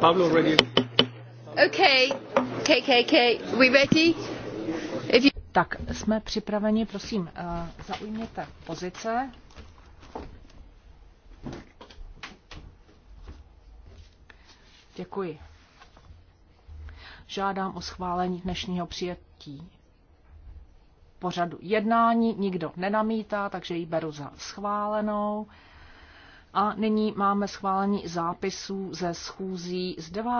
Pablo ready. Okay. KKK, we ready? If you... Tak, jsme připraveni, prosím, uh, zaujměte pozice. Děkuji. Žádám o schválení dnešního přijetí pořadu jednání. Nikdo nenamítá, takže ji beru za schválenou. A nyní máme schválení zápisů ze schůzí z 9.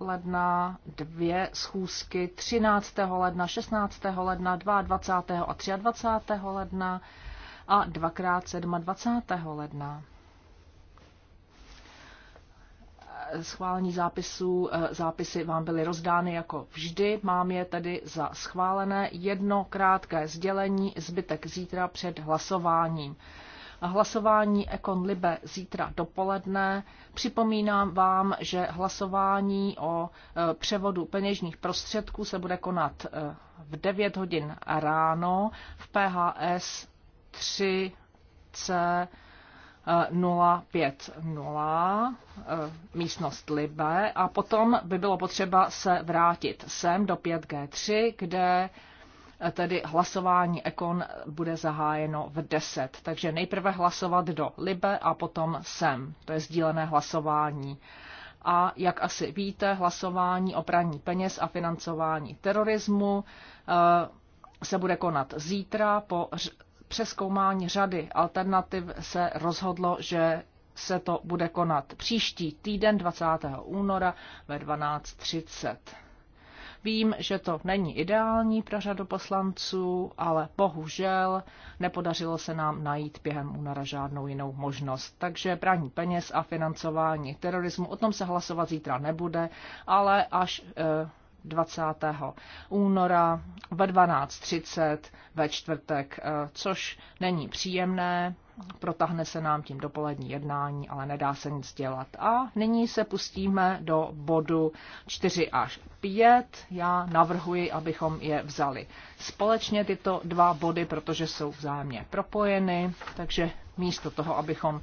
ledna, dvě schůzky 13. ledna, 16. ledna, 22. a 23. ledna a dvakrát 27. ledna. Schválení zápisů, zápisy vám byly rozdány jako vždy, mám je tedy za schválené jedno krátké sdělení, zbytek zítra před hlasováním a hlasování Ekon Libe zítra dopoledne. Připomínám vám, že hlasování o e, převodu peněžních prostředků se bude konat e, v 9 hodin ráno v PHS 3C 050 místnost Libe a potom by bylo potřeba se vrátit sem do 5G3, kde tedy hlasování Ekon bude zahájeno v 10. Takže nejprve hlasovat do Libe a potom sem. To je sdílené hlasování. A jak asi víte, hlasování o praní peněz a financování terorismu eh, se bude konat zítra. Po přeskoumání řady alternativ se rozhodlo, že se to bude konat příští týden 20. února ve 12.30. Vím, že to není ideální pro řadu poslanců, ale bohužel nepodařilo se nám najít během února žádnou jinou možnost. Takže braní peněz a financování terorismu, o tom se hlasovat zítra nebude, ale až 20. Eh, února ve 12.30 ve čtvrtek, eh, což není příjemné, Protahne se nám tím dopolední jednání, ale nedá se nic dělat. A nyní se pustíme do bodu 4 až 5. Já navrhuji, abychom je vzali společně tyto dva body, protože jsou vzájemně propojeny. Takže místo toho, abychom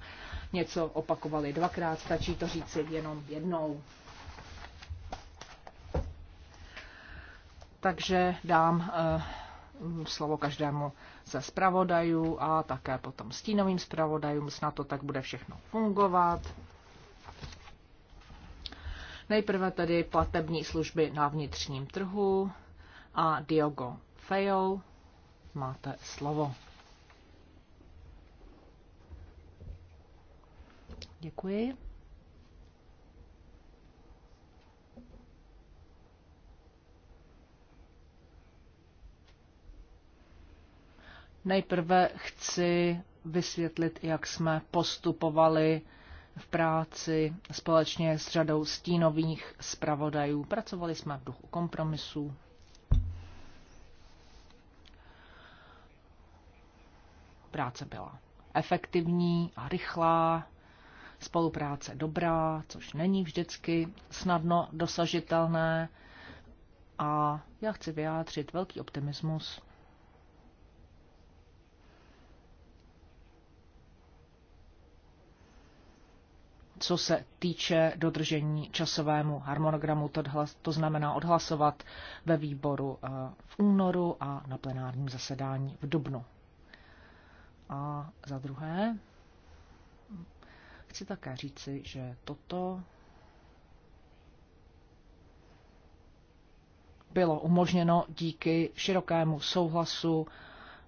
něco opakovali dvakrát, stačí to říci jenom jednou. Takže dám eh, slovo každému ze zpravodajů a také potom stínovým zpravodajům. Snad to tak bude všechno fungovat. Nejprve tedy platební služby na vnitřním trhu a Diogo Feo Máte slovo. Děkuji. Nejprve chci vysvětlit, jak jsme postupovali v práci společně s řadou stínových zpravodajů. Pracovali jsme v duchu kompromisů. Práce byla efektivní a rychlá, spolupráce dobrá, což není vždycky snadno dosažitelné. A já chci vyjádřit velký optimismus co se týče dodržení časovému harmonogramu, to, to znamená odhlasovat ve výboru eh, v únoru a na plenárním zasedání v dubnu. A za druhé, chci také říci, že toto bylo umožněno díky širokému souhlasu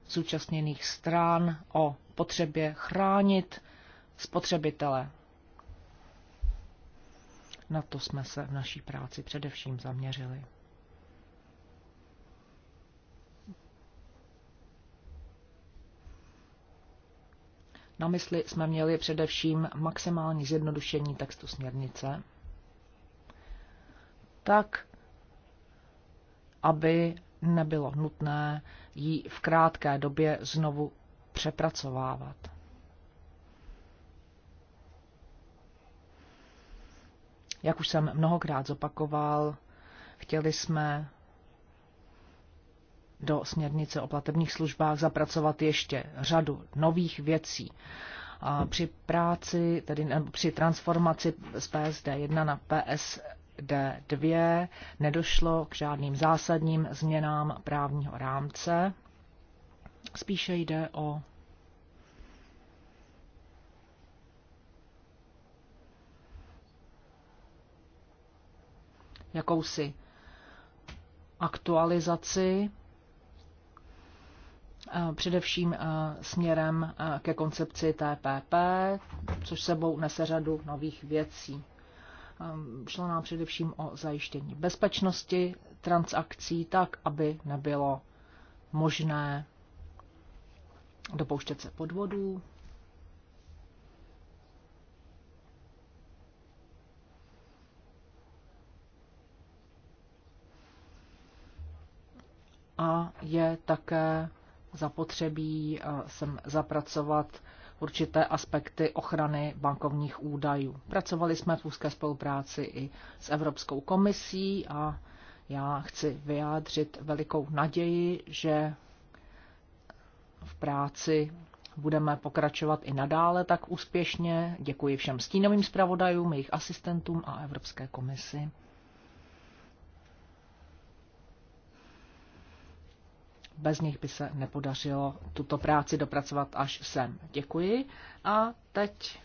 zúčastněných stran o potřebě chránit spotřebitele na to jsme se v naší práci především zaměřili. Na mysli jsme měli především maximální zjednodušení textu směrnice, tak, aby nebylo nutné ji v krátké době znovu přepracovávat. Jak už jsem mnohokrát zopakoval, chtěli jsme do směrnice o platebních službách zapracovat ještě řadu nových věcí. A při práci, tedy při transformaci z PSD1 na PSD2 nedošlo k žádným zásadním změnám právního rámce. Spíše jde o jakousi aktualizaci, eh, především eh, směrem eh, ke koncepci TPP, což sebou nese řadu nových věcí. Ehm, šlo nám především o zajištění bezpečnosti transakcí tak, aby nebylo možné dopouštět se podvodů, a je také zapotřebí eh, sem zapracovat určité aspekty ochrany bankovních údajů. Pracovali jsme v úzké spolupráci i s Evropskou komisí a já chci vyjádřit velikou naději, že v práci budeme pokračovat i nadále tak úspěšně. Děkuji všem stínovým zpravodajům, jejich asistentům a Evropské komisi. bez nich by se nepodařilo tuto práci dopracovat až sem. Děkuji. A teď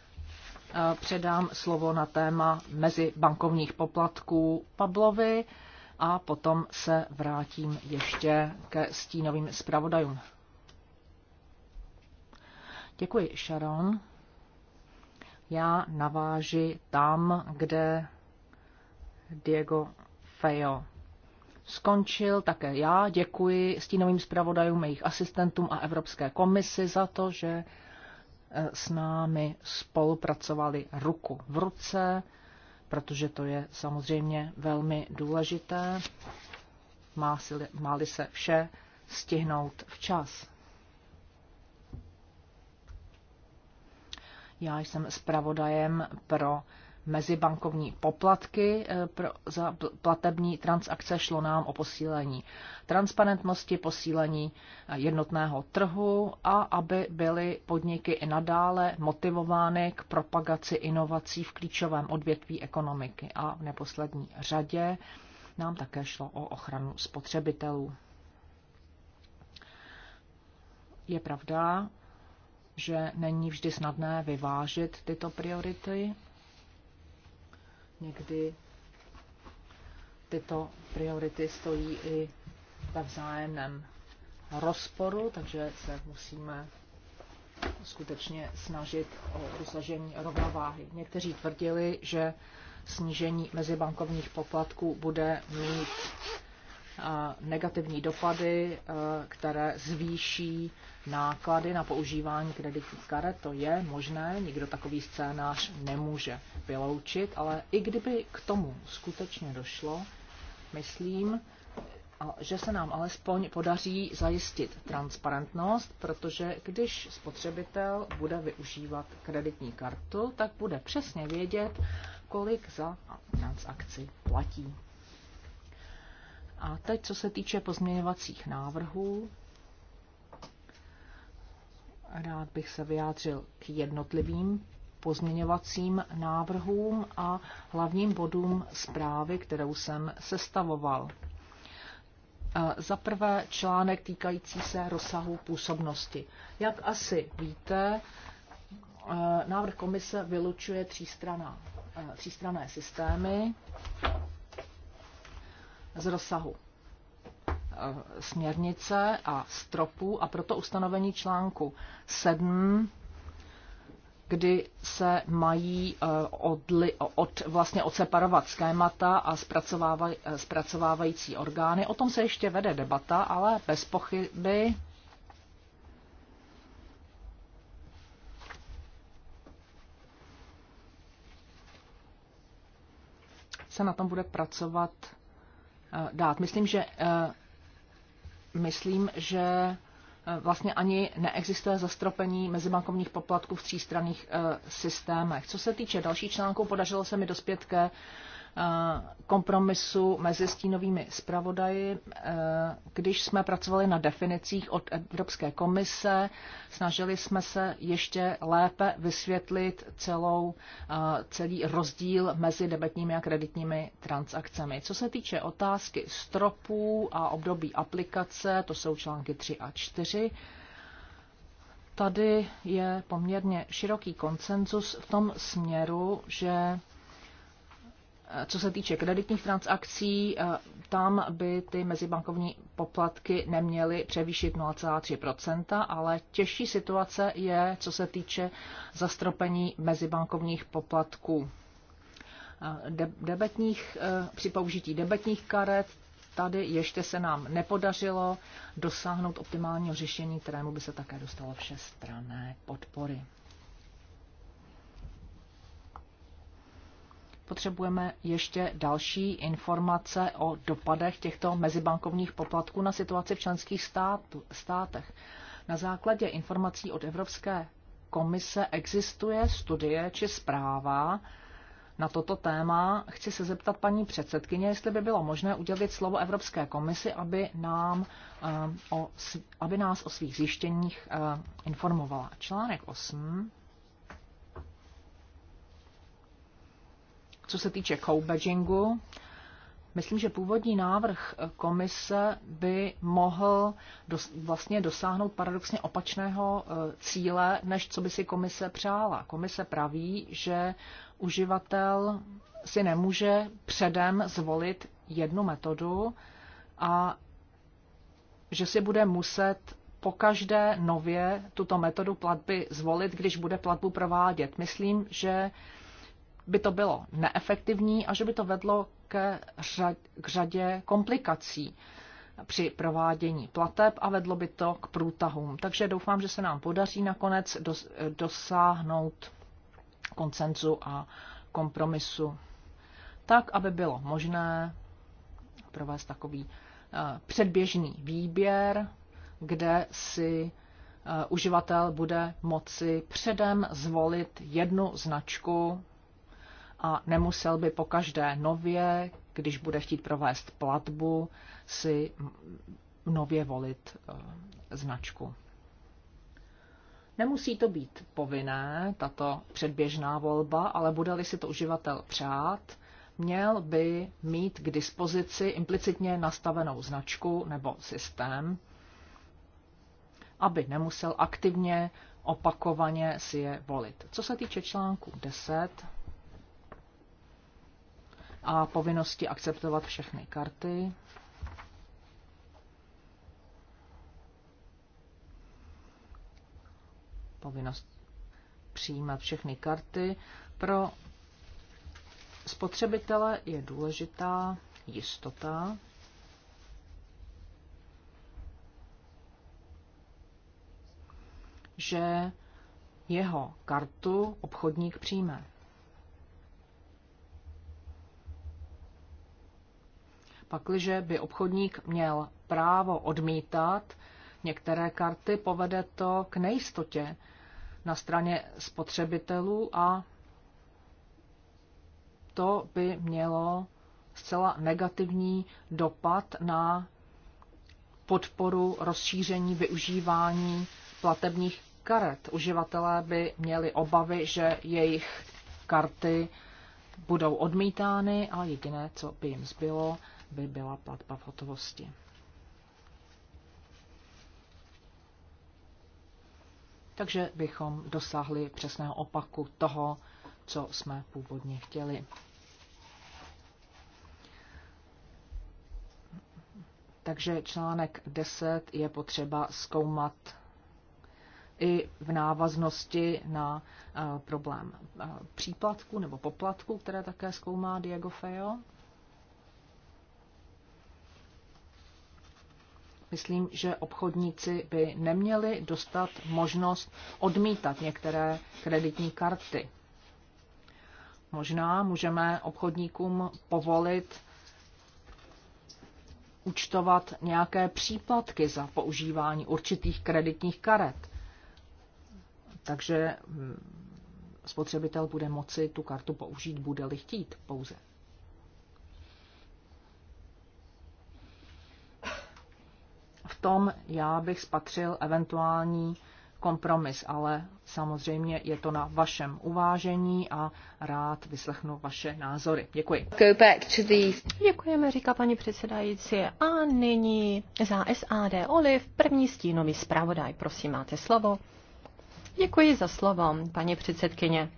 eh, předám slovo na téma mezi bankovních poplatků Pablovi a potom se vrátím ještě ke stínovým zpravodajům. Děkuji, Sharon. Já naváži tam, kde Diego Fejo skončil. Také já děkuji stínovým zpravodajům, jejich asistentům a Evropské komisi za to, že eh, s námi spolupracovali ruku v ruce, protože to je samozřejmě velmi důležité. Má si, má-li se vše stihnout včas. Já jsem zpravodajem pro mezibankovní poplatky eh, pro, za platební transakce. Šlo nám o posílení transparentnosti, posílení eh, jednotného trhu a aby byly podniky i nadále motivovány k propagaci inovací v klíčovém odvětví ekonomiky. A v neposlední řadě nám také šlo o ochranu spotřebitelů. Je pravda, že není vždy snadné vyvážit tyto priority, někdy tyto priority stojí i ve vzájemném rozporu, takže se musíme skutečně snažit o dosažení rovnováhy. Někteří tvrdili, že snížení mezibankovních poplatků bude mít negativní dopady, které zvýší náklady na používání kreditních karet, to je možné, nikdo takový scénář nemůže vyloučit, ale i kdyby k tomu skutečně došlo, myslím, že se nám alespoň podaří zajistit transparentnost, protože když spotřebitel bude využívat kreditní kartu, tak bude přesně vědět, kolik za transakci platí. A teď, co se týče pozměňovacích návrhů, Rád bych se vyjádřil k jednotlivým pozměňovacím návrhům a hlavním bodům zprávy, kterou jsem sestavoval. Eh, za prvé článek týkající se rozsahu působnosti. Jak asi víte, eh, návrh komise vylučuje třístrana, eh, třístrané systémy z rozsahu Eh, směrnice a stropu a proto ustanovení článku 7 kdy se mají eh, odli, od, vlastně odseparovat schémata a zpracovávaj, eh, zpracovávající orgány. O tom se ještě vede debata, ale bez pochyby se na tom bude pracovat dát. Myslím, že myslím, že eh, vlastně ani neexistuje zastropení mezibankovních poplatků v třístranných eh, systémech. Co se týče dalších článků, podařilo se mi dospět ke Eh, kompromisu mezi stínovými zpravodaji, eh, když jsme pracovali na definicích od Evropské komise, snažili jsme se ještě lépe vysvětlit celou, eh, celý rozdíl mezi debetními a kreditními transakcemi. Co se týče otázky stropů a období aplikace, to jsou články 3 a 4, Tady je poměrně široký konsenzus v tom směru, že co se týče kreditních transakcí, eh, tam by ty mezibankovní poplatky neměly převýšit 0,3%, ale těžší situace je, co se týče zastropení mezibankovních poplatků. Eh, debetních, eh, při použití debetních karet tady ještě se nám nepodařilo dosáhnout optimálního řešení, kterému by se také dostalo vše strané podpory. potřebujeme ještě další informace o dopadech těchto mezibankovních poplatků na situaci v členských státu, státech. Na základě informací od Evropské komise existuje studie či zpráva na toto téma. Chci se zeptat paní předsedkyně, jestli by bylo možné udělit slovo Evropské komisi, aby, nám, eh, aby nás o svých zjištěních eh, informovala. Článek 8 Co se týče co-badgingu, myslím, že původní návrh komise by mohl dos- vlastně dosáhnout paradoxně opačného eh, cíle, než co by si komise přála. Komise praví, že uživatel si nemůže předem zvolit jednu metodu a že si bude muset po každé nově tuto metodu platby zvolit, když bude platbu provádět. Myslím, že by to bylo neefektivní a že by to vedlo ke řad, k řadě komplikací při provádění plateb a vedlo by to k průtahům. Takže doufám, že se nám podaří nakonec dos, dosáhnout koncenzu a kompromisu, tak, aby bylo možné provést takový eh, předběžný výběr, kde si eh, uživatel bude moci předem zvolit jednu značku a nemusel by po každé nově, když bude chtít provést platbu, si nově volit eh, značku. Nemusí to být povinné, tato předběžná volba, ale bude-li si to uživatel přát, měl by mít k dispozici implicitně nastavenou značku nebo systém, aby nemusel aktivně opakovaně si je volit. Co se týče článku 10, a povinnosti akceptovat všechny karty. Povinnost přijímat všechny karty. Pro spotřebitele je důležitá jistota, že jeho kartu obchodník přijme. Pakliže by obchodník měl právo odmítat některé karty, povede to k nejistotě na straně spotřebitelů a to by mělo zcela negativní dopad na podporu rozšíření využívání platebních karet. Uživatelé by měli obavy, že jejich karty budou odmítány a jediné, co by jim zbylo, by byla platba v hotovosti. Takže bychom dosáhli přesného opaku toho, co jsme původně chtěli. Takže článek 10 je potřeba zkoumat i v návaznosti na eh, problém eh, příplatku nebo poplatku, které také zkoumá Diego Feo. Myslím, že obchodníci by neměli dostat možnost odmítat některé kreditní karty. Možná můžeme obchodníkům povolit účtovat nějaké příplatky za používání určitých kreditních karet. Takže mm, spotřebitel bude moci tu kartu použít, bude-li chtít pouze. tom já bych spatřil eventuální kompromis, ale samozřejmě je to na vašem uvážení a rád vyslechnu vaše názory. Děkuji. Go back to the... Děkujeme, říká paní předsedající. A nyní za SAD Oliv, první stínový zpravodaj. Prosím, máte slovo. Děkuji za slovo, paní předsedkyně.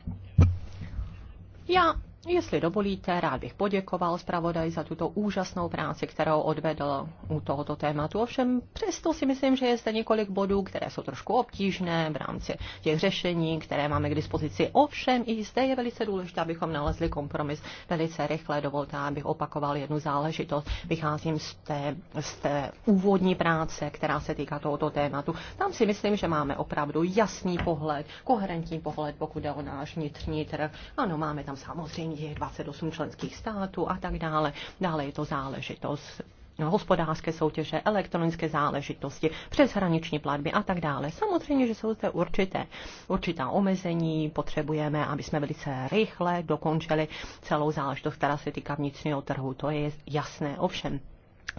Já Jestli dovolíte, rád bych poděkoval zpravodaj za tuto úžasnou práci, kterou odvedl u tohoto tématu. Ovšem přesto si myslím, že je zde několik bodů, které jsou trošku obtížné v rámci těch řešení, které máme k dispozici. Ovšem i zde je velice důležité, abychom nalezli kompromis velice rychle. Dovolte, abych opakoval jednu záležitost. Vycházím z té, z té úvodní práce, která se týká tohoto tématu. Tam si myslím, že máme opravdu jasný pohled, koherentní pohled, pokud jde o náš vnitřní trh. Ano, máme tam samozřejmě je 28 členských států a tak dále. Dále je to záležitost hospodářské soutěže, elektronické záležitosti, přeshraniční platby a tak dále. Samozřejmě, že jsou zde určité, určitá omezení, potřebujeme, aby jsme velice rychle dokončili celou záležitost, která se týká vnitřního trhu, to je jasné. Ovšem,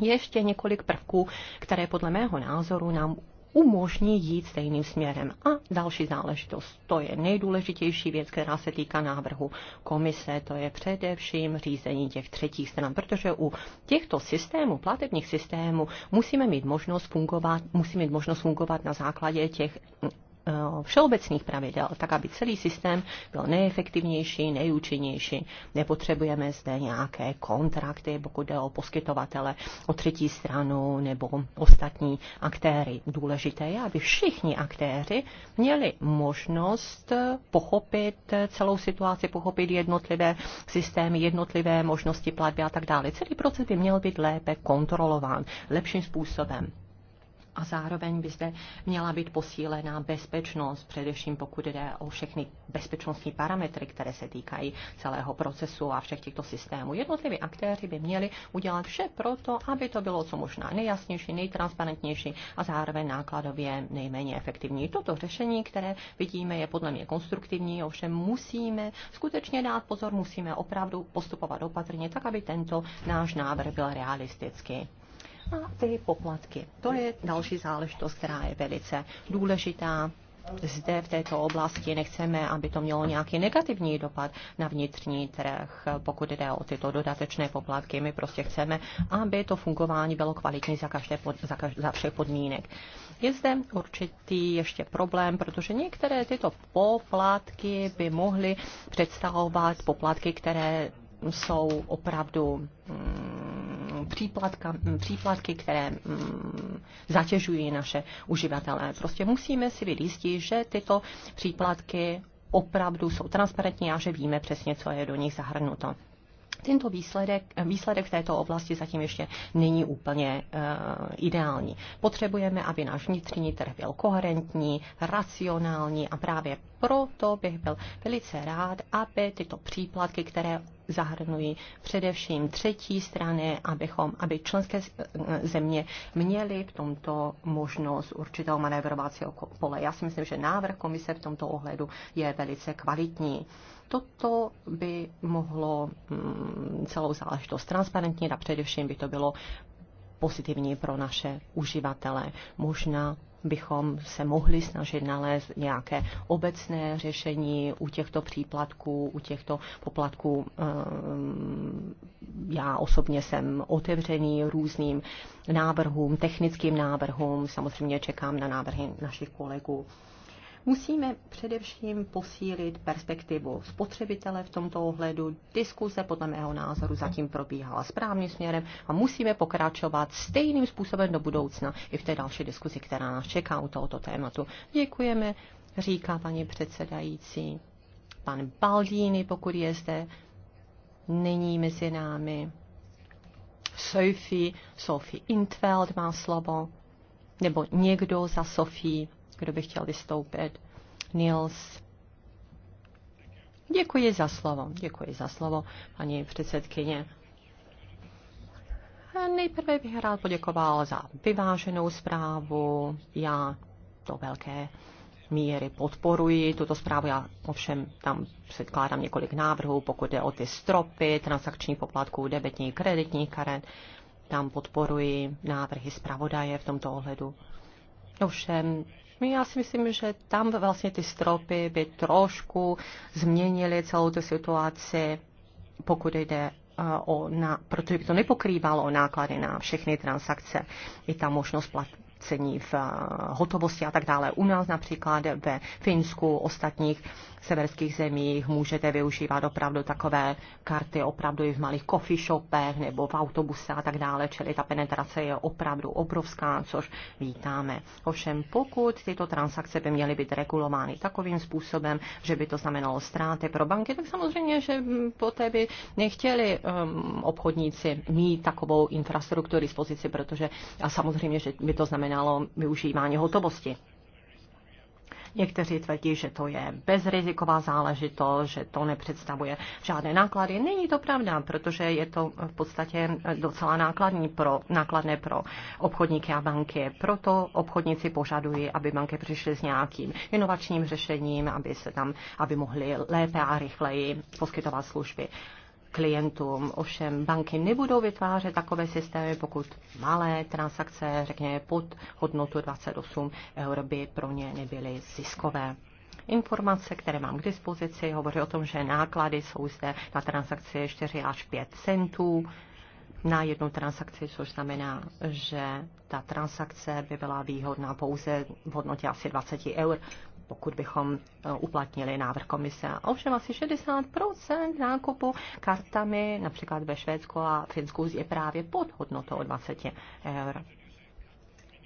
ještě několik prvků, které podle mého názoru nám umožní jít stejným směrem. A další záležitost, to je nejdůležitější věc, která se týká návrhu komise, to je především řízení těch třetích stran, protože u těchto systémů, platebních systémů, musíme mít možnost fungovat, musí mít možnost fungovat na základě těch Eh, všeobecných pravidel, tak aby celý systém byl neefektivnější, nejúčinnější. Nepotřebujeme zde nějaké kontrakty, pokud jde o poskytovatele, o třetí stranu nebo ostatní aktéry. Důležité je, aby všichni aktéři měli možnost pochopit celou situaci, pochopit jednotlivé systémy, jednotlivé možnosti platby a tak dále. Celý proces by měl být lépe kontrolován, lepším způsobem a zároveň by zde měla být posílená bezpečnost, především pokud jde o všechny bezpečnostní parametry, které se týkají celého procesu a všech těchto systémů. Jednotliví aktéři by měli udělat vše proto, aby to bylo co možná nejjasnější, nejtransparentnější a zároveň nákladově nejméně efektivní. Toto řešení, které vidíme, je podle mě konstruktivní, ovšem musíme skutečně dát pozor, musíme opravdu postupovat opatrně, tak aby tento náš návrh byl realistický a ty poplatky. To je další záležitost, která je velice důležitá. Zde v této oblasti nechceme, aby to mělo nějaký negativní dopad na vnitřní trh, pokud jde o tyto dodatečné poplatky. My prostě chceme, aby to fungování bylo kvalitní za, každé pod, za, každé, za všech podmínek. Je zde určitý ještě problém, protože některé tyto poplatky by mohly představovat poplatky, které jsou opravdu hmm, příplatka, mm, příplatky, které mm, zatěžují naše uživatele. Prostě musíme si být jistí, že tyto příplatky opravdu jsou transparentní a že víme přesně, co je do nich zahrnuto tento výsledek, výsledek v této oblasti zatím ještě není úplně uh, ideální. Potřebujeme, aby náš vnitřní trh byl koherentní, racionální a právě proto bych byl velice rád, aby tyto příplatky, které zahrnují především třetí strany, abychom, aby členské eh, země měly v tomto možnost určitého manévrovacího pole. Já si myslím, že návrh komise v tomto ohledu je velice kvalitní. Toto by mohlo mm, celou záležitost transparentnit a především by to bylo pozitivní pro naše uživatele. Možná bychom se mohli snažit nalézt nějaké obecné řešení u těchto příplatků, u těchto poplatků. Ehm, já osobně jsem otevřený různým návrhům, technickým návrhům, samozřejmě čekám na návrhy našich kolegů Musíme především posílit perspektivu spotřebitele v tomto ohledu. Diskuse podle mého názoru zatím probíhala správným směrem a musíme pokračovat stejným způsobem do budoucna i v té další diskuzi, která nás čeká u tohoto tématu. Děkujeme, říká paní předsedající. Pan Baldíny, pokud je zde, není mezi námi. Sophie, Sophie Intveld má slovo, nebo někdo za Sophie kdo by chtěl vystoupit. Nils. Děkuji za slovo. Děkuji za slovo, paní předsedkyně. Nejprve bych rád poděkoval za vyváženou zprávu. Já to velké míry podporuji tuto zprávu. Já ovšem tam předkládám několik návrhů, pokud jde o ty stropy, transakční poplatků, debetní, kreditní karet. Tam podporuji návrhy zpravodaje v tomto ohledu. Ovšem, my já si myslím, že tam vlastně ty stropy by trošku změnily celou tu situaci, pokud jde o, na, protože by to nepokrývalo náklady na všechny transakce. i ta možnost placení v hotovosti a tak dále. U nás například ve Finsku, ostatních severských zemích můžete využívat opravdu takové karty opravdu i v malých coffee shopech nebo v autobuse a tak dále, čili ta penetrace je opravdu obrovská, což vítáme. Ovšem, pokud tyto transakce by měly být regulovány takovým způsobem, že by to znamenalo ztráty pro banky, tak samozřejmě, že poté by nechtěli um, obchodníci mít takovou infrastrukturu dispozici, protože a samozřejmě, že by to znamenalo využívání hotovosti. Někteří tvrdí, že to je bezriziková záležitost, že to nepředstavuje žádné náklady. Není to pravda, protože je to v podstatě docela nákladní pro, nákladné pro obchodníky a banky. Proto obchodníci požadují, aby banky přišly s nějakým inovačním řešením, aby, se tam, aby mohli lépe a rychleji poskytovat služby klientům. Ovšem banky nebudou vytvářet takové systémy, pokud malé transakce, řekněme pod hodnotu 28 eur, by pro ně nebyly ziskové informace, které mám k dispozici, hovoří o tom, že náklady jsou zde na transakci 4 až 5 centů na jednu transakci, což znamená, že ta transakce by byla výhodná pouze v hodnotě asi 20 eur pokud bychom e, uplatnili návrh komise. Ovšem asi 60% nákupu kartami například ve Švédsku a Finsku je právě pod hodnotou 20 eur.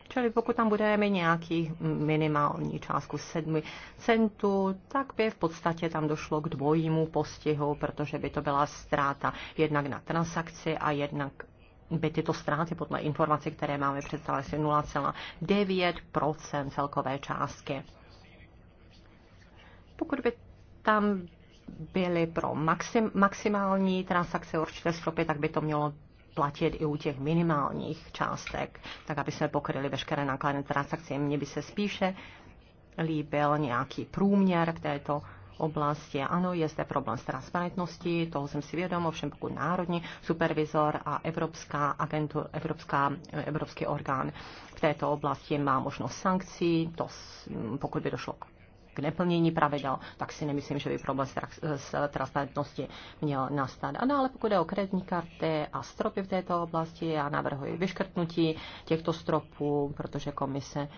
Čili pokud tam budeme nějaký minimální částku 7 centů, tak by v podstatě tam došlo k dvojímu postihu, protože by to byla ztráta jednak na transakci a jednak by tyto ztráty podle informací, které máme, představili, si 0,9 celkové částky. Pokud by tam byly pro maxim, maximální transakce určité stropy, tak by to mělo platit i u těch minimálních částek, tak aby jsme pokryli veškeré náklady transakce. Mně by se spíše líbil nějaký průměr v této oblasti. Ano, je zde problém s transparentností, toho jsem si vědom, ovšem pokud národní supervizor a evropská agentu, evropská, evropský orgán v této oblasti má možnost sankcí, to, pokud by došlo k k neplnění pravidel, tak si nemyslím, že by problém s transparentnosti měl nastat. A dále, pokud je o kreditní karty a stropy v této oblasti, já navrhuji vyškrtnutí těchto stropů, protože komise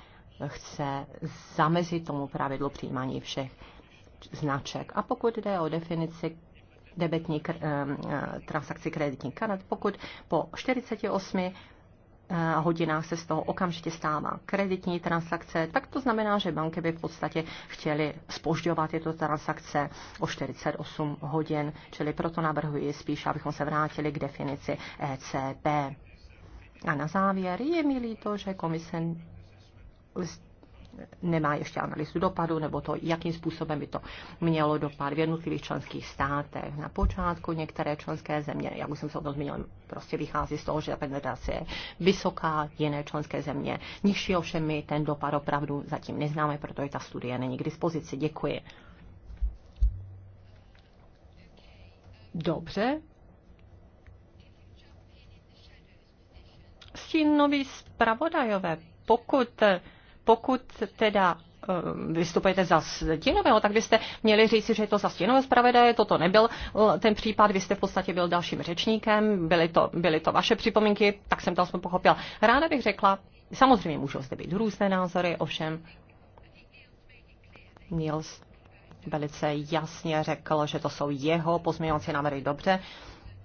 chce zamezit tomu pravidlu přijímání všech značek. A pokud jde o definici debetní eh, eh, transakci kreditní karet, pokud po 48 hodinách se z toho okamžitě stává kreditní transakce, tak to znamená, že banky by v podstatě chtěly spožďovat tyto transakce o 48 hodin, čili proto navrhuji spíš, abychom se vrátili k definici ECB. A na závěr je mi líto, že komise nemá ještě analýzu dopadu, nebo to, jakým způsobem by to mělo dopad v jednotlivých členských státech. Na počátku některé členské země, jak už jsem se o tom zmínil, prostě vychází z toho, že ta penetrace je vysoká, jiné členské země nižší, ovšem my ten dopad opravdu zatím neznáme, protože ta studie není k dispozici. Děkuji. Dobře, stínoví zpravodajové, pokud pokud teda eh, vystupujete za stěnového, tak byste měli říci, že je to za stěnové zpravodaje, toto nebyl eh, ten případ, vy jste v podstatě byl dalším řečníkem, byly to, byly to vaše připomínky, tak jsem to aspoň pochopila. Ráda bych řekla, samozřejmě můžou zde být různé názory, ovšem Nils velice jasně řekl, že to jsou jeho pozměňovací návrhy dobře.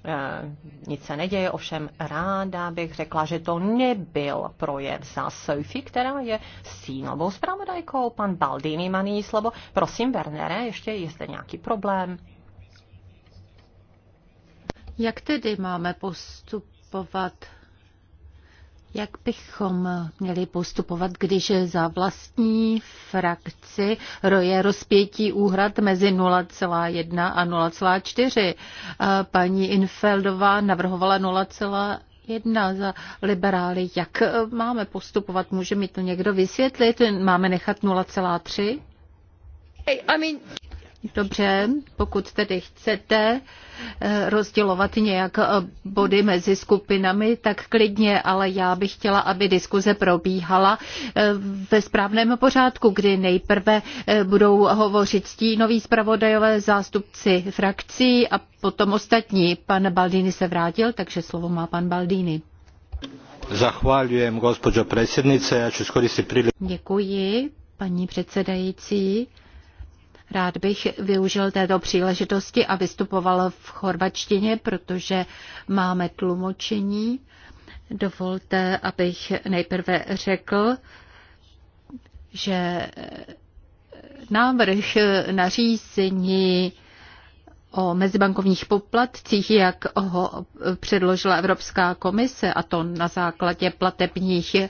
Eh, nic se neděje, ovšem ráda bych řekla, že to nebyl projev za Sophie, která je sínovou zpravodajkou. Pan Baldini má nyní slovo. Prosím, Wernere, ještě je zde nějaký problém. Jak tedy máme postupovat? Jak bychom měli postupovat, když za vlastní frakci roje rozpětí úhrad mezi 0,1 a 0,4? Paní Infeldová navrhovala 0,1 za liberály. Jak e, máme postupovat? Může mi to někdo vysvětlit? Máme nechat 0,3? I mean... Dobře, pokud tedy chcete eh, rozdělovat nějak eh, body mezi skupinami, tak klidně, ale já bych chtěla, aby diskuze probíhala eh, ve správném pořádku, kdy nejprve budou hovořit stínoví zpravodajové zástupci frakcí a potom ostatní. Pan Baldini se vrátil, takže slovo má pan Baldini. Zachválujem, gospođo predsjednice, já ću skoristi priliku. Děkuji, paní předsedající. Rád bych využil této příležitosti a vystupoval v chorvačtině, protože máme tlumočení. Dovolte, abych nejprve řekl, že návrh nařízení o mezibankovních poplatcích, jak ho předložila Evropská komise, a to na základě platebních eh,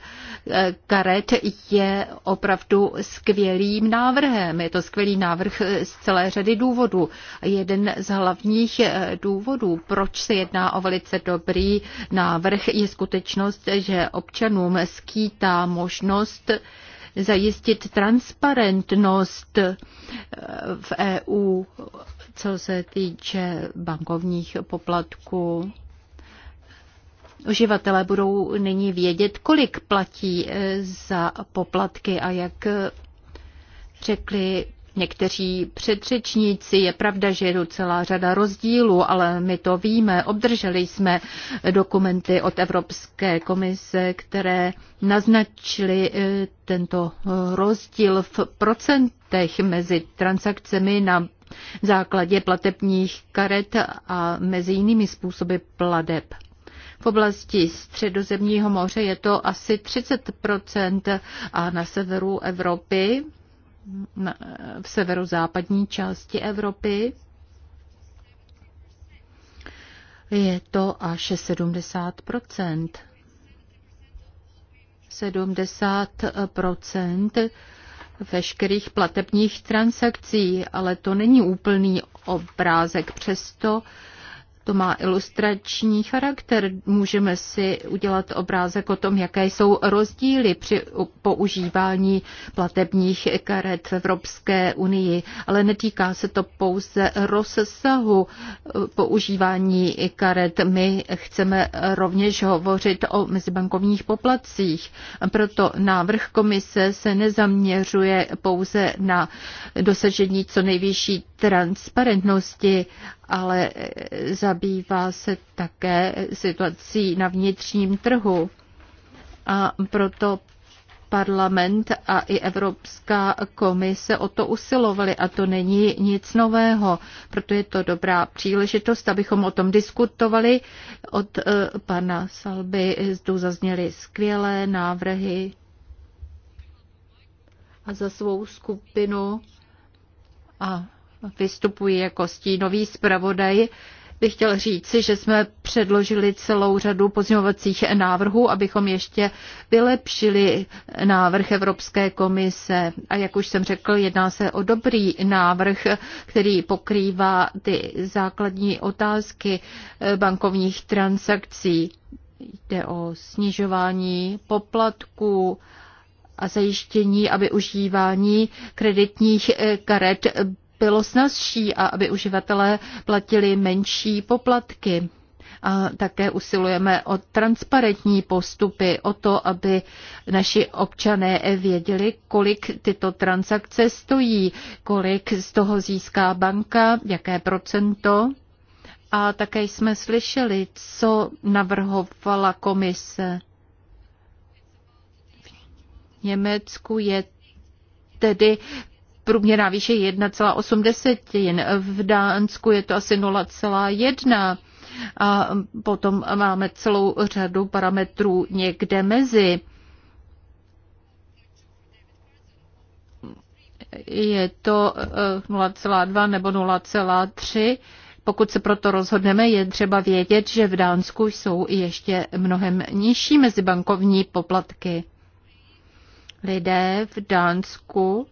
karet, je opravdu skvělým návrhem. Je to skvělý návrh z celé řady důvodů. Jeden z hlavních eh, důvodů, proč se jedná o velice dobrý návrh, je skutečnost, že občanům skýtá možnost zajistit transparentnost eh, v EU, co se týče bankovních poplatků. Uživatelé budou nyní vědět, kolik platí eh, za poplatky a jak eh, řekli někteří předřečníci. Je pravda, že je tu celá řada rozdílů, ale my to víme. Obdrželi jsme dokumenty od Evropské komise, které naznačily e, tento e, rozdíl v procentech mezi transakcemi na základě platebních karet a mezi jinými způsoby pladeb. V oblasti středozemního moře je to asi 30 a na severu Evropy v severozápadní části Evropy. Je to až 70 70 veškerých platebních transakcí, ale to není úplný obrázek. Přesto to má ilustrační charakter. Můžeme si udělat obrázek o tom, jaké jsou rozdíly při používání platebních karet v Evropské unii, ale netýká se to pouze rozsahu eh, používání karet. My chceme rovněž hovořit o mezibankovních poplatcích. Proto návrh komise se nezaměřuje pouze na dosažení co nejvyšší transparentnosti, ale e, zabývá se také situací na vnitřním trhu. A proto parlament a i Evropská komise o to usilovali a to není nic nového. Proto je to dobrá příležitost, abychom o tom diskutovali. Od e, pana Salby zde zazněly skvělé návrhy a za svou skupinu a vystupuji jako stínový zpravodaj, bych chtěl říci, že jsme předložili celou řadu pozměňovacích návrhů, abychom ještě vylepšili návrh Evropské komise. A jak už jsem řekl, jedná se o dobrý návrh, který pokrývá ty základní otázky bankovních transakcí. Jde o snižování poplatků a zajištění aby užívání kreditních karet bylo snazší a aby uživatelé platili menší poplatky. A také usilujeme o transparentní postupy, o to, aby naši občané věděli, kolik tyto transakce stojí, kolik z toho získá banka, jaké procento. A také jsme slyšeli, co navrhovala komise. V Německu je tedy průměrná výše 1,8. V Dánsku je to asi 0,1. A potom máme celou řadu parametrů někde mezi. Je to 0,2 eh, nebo 0,3. Pokud se proto rozhodneme, je třeba vědět, že v Dánsku jsou ještě mnohem nižší mezibankovní poplatky. Lidé v Dánsku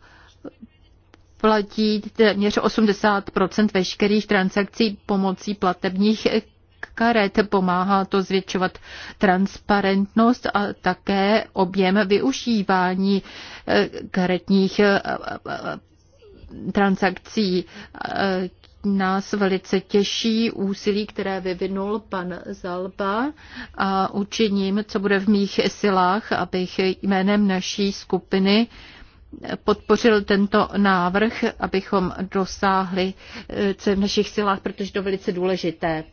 platí téměř 80 veškerých transakcí pomocí platebních karet. Pomáhá to zvětšovat transparentnost a také objem využívání eh, karetních eh, eh, transakcí. Nás velice těší úsilí, které vyvinul pan Zalba a učiním, co bude v mých silách, abych jménem naší skupiny podpořil tento návrh, abychom dosáhli, eh, co v našich silách, protože to je velice důležité.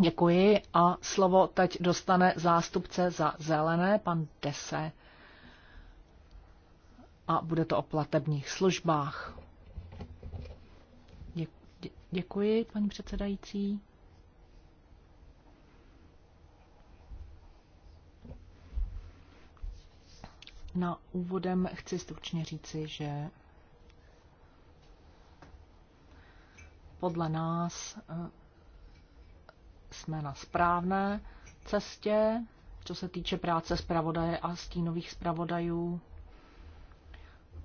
Děkuji a slovo teď dostane zástupce za zelené, pan Dese. A bude to o platebních službách. Děkuji, paní předsedající. Na úvodem chci stručně říci, že podle nás eh, jsme na správné cestě, co se týče práce zpravodaje a stínových zpravodajů.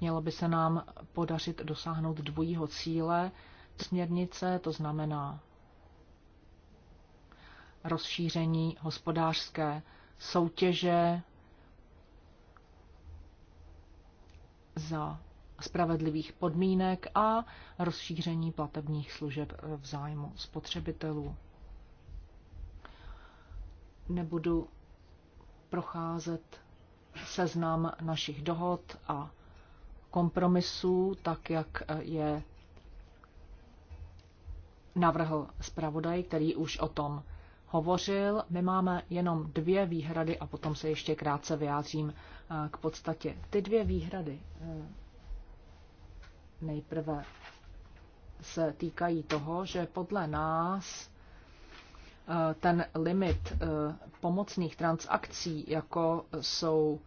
Mělo by se nám podařit dosáhnout dvojího cíle směrnice, to znamená rozšíření hospodářské soutěže za spravedlivých podmínek a rozšíření platebních služeb v zájmu spotřebitelů. Nebudu procházet seznam našich dohod a kompromisů, tak jak je navrhl zpravodaj, který už o tom hovořil. My máme jenom dvě výhrady a potom se ještě krátce vyjádřím k podstatě. Ty dvě výhrady eh, nejprve se týkají toho, že podle nás eh, ten limit eh, pomocných transakcí, jako jsou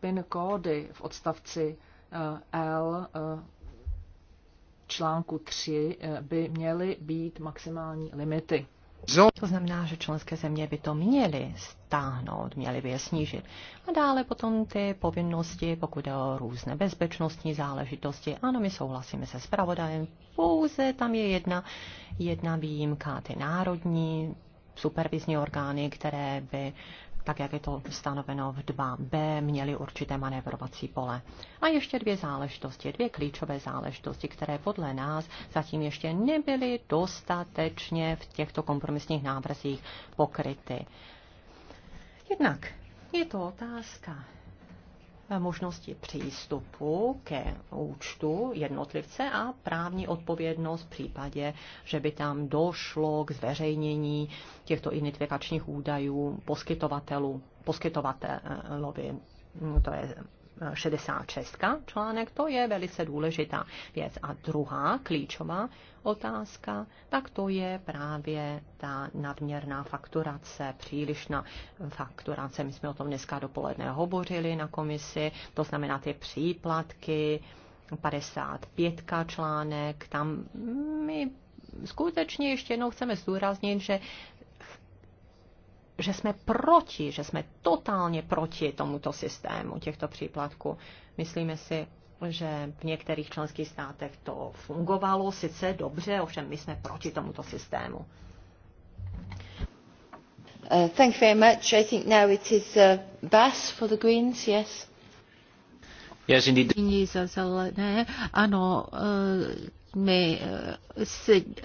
PIN kódy v odstavci L článku 3, by měly být maximální limity. To znamená, že členské země by to měly stáhnout, měly by je snížit. A dále potom ty povinnosti, pokud jde o různé bezpečnostní záležitosti. Ano, my souhlasíme se zpravodajem, pouze tam je jedna, jedna výjimka, ty národní supervizní orgány, které by uh, tak jak je to stanoveno v 2b, měli určité manévrovací pole. A ještě dvě záležitosti, dvě klíčové záležitosti, které podle nás zatím ještě nebyly dostatečně v těchto kompromisních návrzích pokryty. Jednak je to otázka možnosti přístupu ke účtu jednotlivce a právní odpovědnost v případě, že by tam došlo k zveřejnění těchto identifikačních údajů poskytovatelů, poskytovatelovi. To je 66, článek, to je velice důležitá věc. A druhá klíčová otázka, tak to je právě ta nadměrná fakturace, přílišná fakturace. My jsme o tom dneska dopoledne hovořili na komisi, to znamená ty příplatky, 55 článek, tam my skutečně ještě jednou chceme zdůraznit, že že jsme proti, že jsme totálně proti tomuto systému těchto příplatků. Myslíme si, že v některých členských státech to fungovalo sice dobře, ovšem my jsme proti tomuto systému. Uh, thank you very much. I think now it is uh, Bass for the Greens, yes. Yes, indeed. Ano, uh my eh,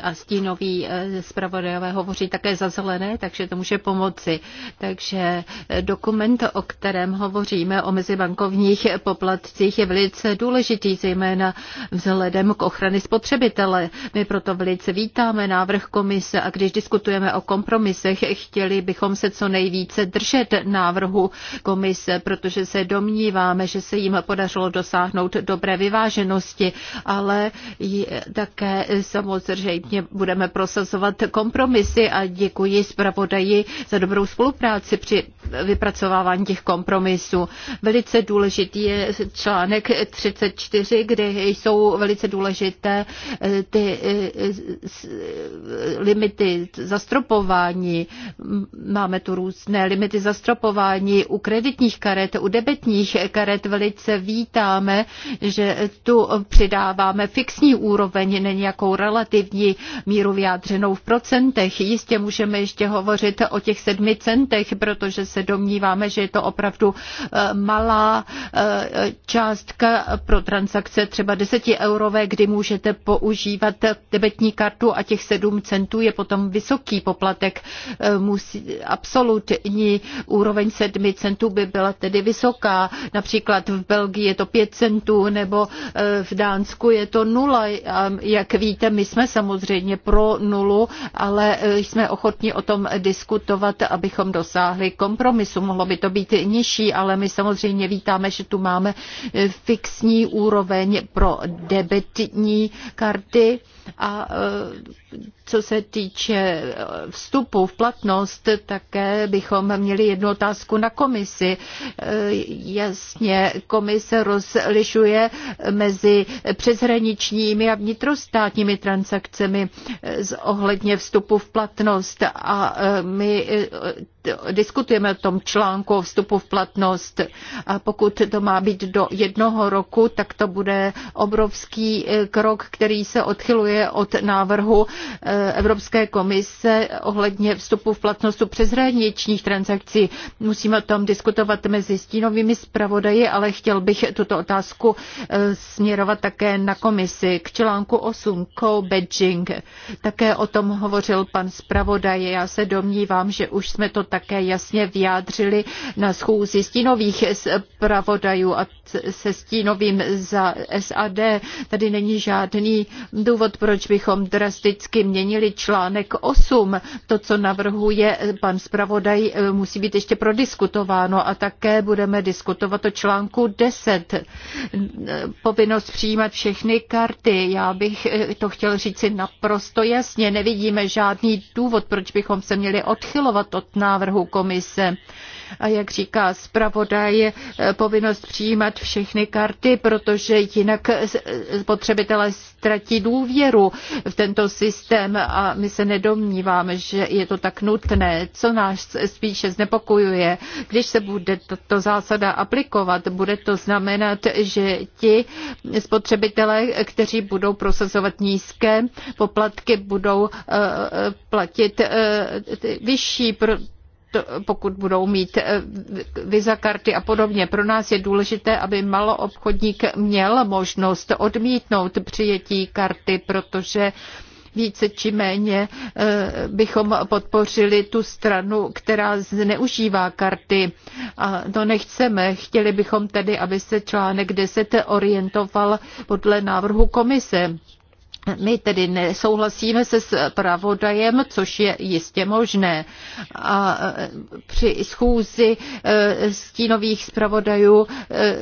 a stínoví eh, zpravodajové hovoří také za zelené, takže to může pomoci. Takže eh, dokument, o kterém hovoříme, o mezibankovních poplatcích, je velice důležitý, zejména vzhledem k ochrany spotřebitele. My proto velice vítáme návrh komise a když diskutujeme o kompromisech, chtěli bychom se co nejvíce držet návrhu komise, protože se domníváme, že se jim podařilo dosáhnout dobré vyváženosti, ale je také samozřejmě budeme prosazovat kompromisy a děkuji zpravodaji za dobrou spolupráci při vypracovávání těch kompromisů. Velice důležitý je článek 34, kde jsou velice důležité eh, ty eh, limity zastropování. Máme tu různé limity zastropování u kreditních karet, u debetních karet velice vítáme, že tu přidáváme fixní úroveň zároveň není nějakou relativní míru vyjádřenou v procentech. Jistě můžeme ještě hovořit o těch sedmi centech, protože se domníváme, že je to opravdu eh, malá eh, částka pro transakce třeba 10 eurové, kdy můžete používat debetní kartu a těch sedm centů je potom vysoký poplatek. Eh, musí, absolutní úroveň sedmi centů by byla tedy vysoká. Například v Belgii je to 5 centů nebo v Dánsku je to nula jak víte, my jsme samozřejmě pro nulu, ale e, jsme ochotni o tom diskutovat, abychom dosáhli kompromisu. Mohlo by to být nižší, ale my samozřejmě vítáme, že tu máme e, fixní úroveň pro debitní karty a e, co se týče eh, vstupu v platnost, také bychom měli jednu otázku na komisi. Eh, jasně, komise rozlišuje mezi přeshraničními a vnitrostátními transakcemi eh, z ohledně vstupu v platnost a my diskutujeme o tom článku o vstupu v platnost. A pokud to má být do jednoho roku, tak to bude obrovský eh, krok, který se odchyluje od návrhu eh, Evropské komise ohledně vstupu v platnost u přeshraničních transakcí. Musíme o tom diskutovat mezi stínovými zpravodaji, ale chtěl bych tuto otázku eh, směrovat také na komisi k článku 8 co-badging. Také o tom hovořil pan zpravodaj. Já se domnívám, že už jsme to také jasně vyjádřili na schůzi stínových zpravodajů a se stínovým za SAD. Tady není žádný důvod, proč bychom drasticky měnili článek 8. To, co navrhuje pan zpravodaj, e, musí být ještě prodiskutováno a také budeme diskutovat o článku 10. E, povinnost přijímat všechny karty. Já bych e, to chtěl říci naprosto jasně. Nevidíme žádný důvod, proč bychom se měli odchylovat od návrhu návrhu komise. A jak říká zpravodaj, eh, povinnost přijímat všechny karty, protože jinak spotřebitelé ztratí důvěru v tento systém a my se nedomníváme, že je to tak nutné. Co nás spíše znepokojuje, když se bude tato zásada aplikovat, bude to znamenat, že ti spotřebitelé, kteří budou prosazovat nízké poplatky, budou eh, eh, platit vyšší, pro pokud budou mít eh, visa karty a podobně. Pro nás je důležité, aby maloobchodník měl možnost odmítnout přijetí karty, protože více či méně eh, bychom podpořili tu stranu, která zneužívá karty. A to nechceme. Chtěli bychom tedy, aby se článek 10 orientoval podle návrhu komise. My tedy nesouhlasíme se zpravodajem, což je jistě možné. A e, při schůzi e, stínových zpravodajů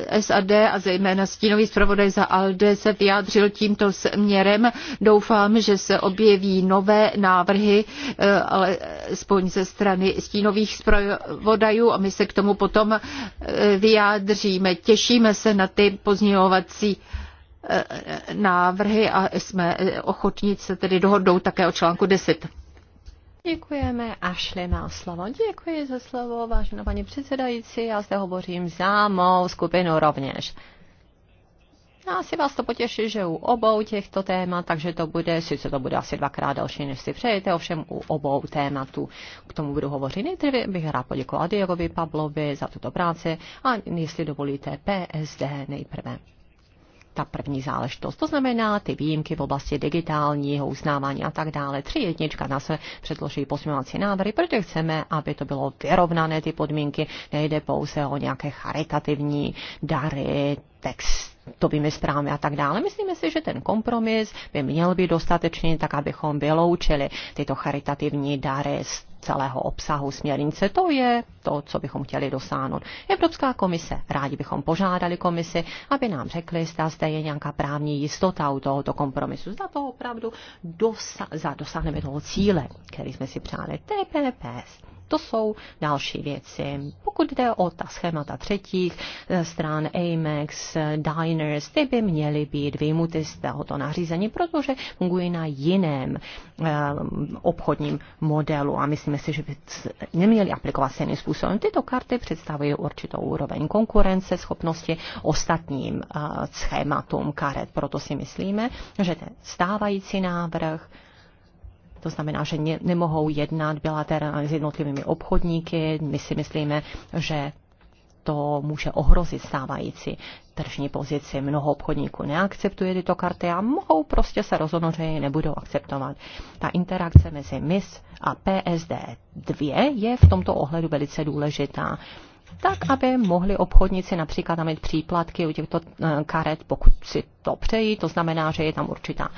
e, SAD a zejména stínový zpravodaj za ALDE se vyjádřil tímto směrem. Doufám, že se objeví nové návrhy, ale spoň ze strany stínových zpravodajů a my se k tomu potom vyjádříme. Těšíme se na ty pozměňovací Eh, návrhy a jsme ochotní se tedy dohodnout také o článku 10. Děkujeme. šli na slovo. Děkuji za slovo, vážená paní předsedající. Já zde hovořím za mou skupinu rovněž. Asi vás to potěší, že u obou těchto témat, takže to bude, sice to bude asi dvakrát další, než si přejete, ovšem u obou tématů k tomu budu hovořit. Nejdříve bych rád poděkoval Diegovi Pavlovi za tuto práci a jestli dovolíte PSD nejprve ta první záležitost. To znamená ty výjimky v oblasti digitálního uznávání a tak dále. Tři jednička na se předloží posměvací návrhy, protože chceme, aby to bylo vyrovnané ty podmínky. Nejde pouze o nějaké charitativní dary, text, to textovými správně a tak dále. Myslíme si, že ten kompromis by měl být dostatečný, tak abychom vyloučili tyto charitativní dary z celého obsahu směrnice. To je to, co bychom chtěli dosáhnout. Evropská komise, rádi bychom požádali komisi, aby nám řekli, zda zde je nějaká právní jistota u tohoto kompromisu. Zda to opravdu dosa- za dosáhneme toho cíle, který jsme si přáli. TPPS. To jsou další věci. Pokud jde o ta schémata třetích eh, stran, Amex, Diners, ty by měly být vyjmuty z tohoto nařízení, protože fungují na jiném eh, obchodním modelu a myslíme si, že by neměli aplikovat stejným způsobem. Tyto karty představují určitou úroveň konkurence, schopnosti ostatním eh, schématům karet. Proto si myslíme, že ten stávající návrh to znamená, že ne, nemohou jednat bilaterálně s jednotlivými obchodníky. My si myslíme, že to může ohrozit stávající tržní pozici. Mnoho obchodníků neakceptuje tyto karty a mohou prostě se rozhodnout, že je nebudou akceptovat. Ta interakce mezi MIS a PSD 2 je v tomto ohledu velice důležitá tak aby mohli obchodníci například tam mít příplatky u těchto eh, karet, pokud si to přejí, to znamená, že je tam určitá,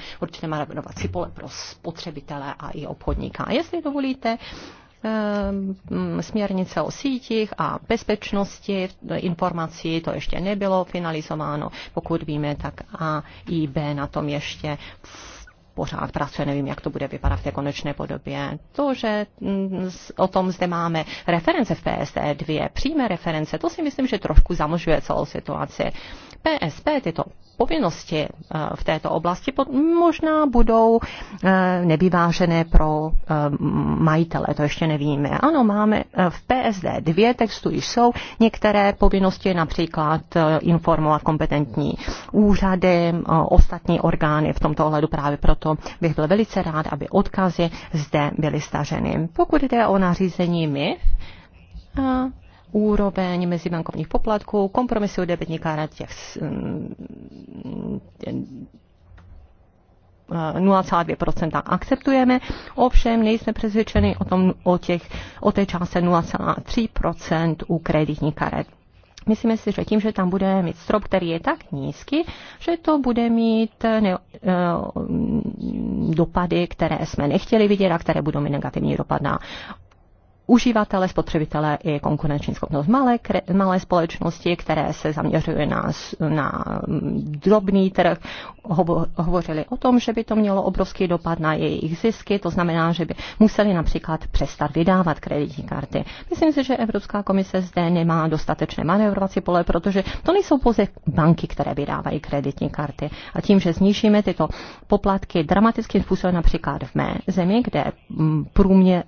má manevrovací pole pro spotřebitele a i obchodníka. A jestli dovolíte, eh, mm, směrnice o sítích a bezpečnosti informací, to ještě nebylo finalizováno, pokud víme, tak AIB na tom ještě pořád pracuje, nevím, jak to bude vypadat v té konečné podobě. To, že mm, o tom zde máme reference v PSD e 2, přímé reference, to si myslím, že trošku zamlžuje celou situaci. PSP, tyto povinnosti eh, v této oblasti možná budou eh, nevyvážené pro eh, majitele, to ještě nevíme. Ano, máme v PSD dvě textu jsou některé povinnosti, například informovat kompetentní úřady, ostatní orgány v tomto ohledu právě proto bych byl velice rád, aby odkazy zde byly staženy. Pokud jde o nařízení MIF, úroveň mezibankovních poplatků, kompromisy u debitníka na těch 0,2% mm, eh, akceptujeme, ovšem nejsme přesvědčeni o, tom, o, těch, o té části 0,3% u kreditních karet. Myslíme si, že tím, že tam bude mít strop, který je tak nízký, že to bude mít eh, ne, eh, dopady, které jsme nechtěli vidět a které budou mít negativní dopad na uživatele, spotřebitele i konkurenční schopnost malé, malé společnosti, které se zaměřuje na, na mm, drobný trh. Hovo, hovořili o tom, že by to mělo obrovský dopad na jejich zisky, to znamená, že by museli například přestat vydávat kreditní karty. Myslím si, že Evropská komise zde nemá dostatečné manévrovací pole, protože to nejsou pouze banky, které vydávají kreditní karty. A tím, že snížíme tyto poplatky dramatickým způsobem například v mé zemi, kde mm, průměr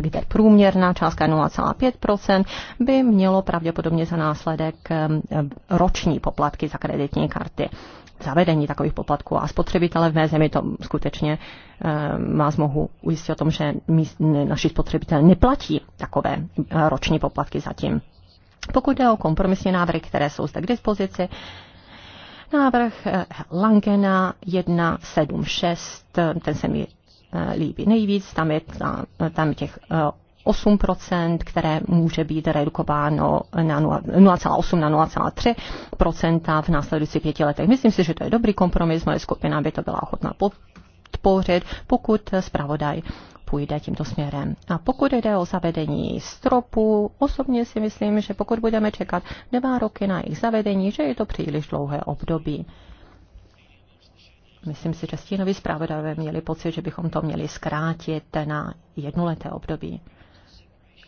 kde průměrná částka 0,5 by mělo pravděpodobně za následek roční poplatky za kreditní karty zavedení takových poplatků a spotřebitele v mé zemi to skutečně má mohu ujistit o tom, že naši spotřebitelé neplatí takové roční poplatky zatím. Pokud jde o kompromisní návrhy, které jsou zde k dispozici, návrh eh, Langena 176, ten se mi Eh, líbí nejvíc, tam je tam, těch 8%, eh, které může být redukováno na 0,8 na 0,3% v následujících pěti letech. Myslím si, že to je dobrý kompromis, moje skupina by to byla ochotná podpořit, pokud zpravodaj půjde tímto směrem. A pokud jde o zavedení stropu, osobně si myslím, že pokud budeme čekat dva roky na jejich zavedení, že je to příliš dlouhé období. Myslím si, že stínoví zpravodajové měli pocit, že bychom to měli zkrátit na jednoleté období.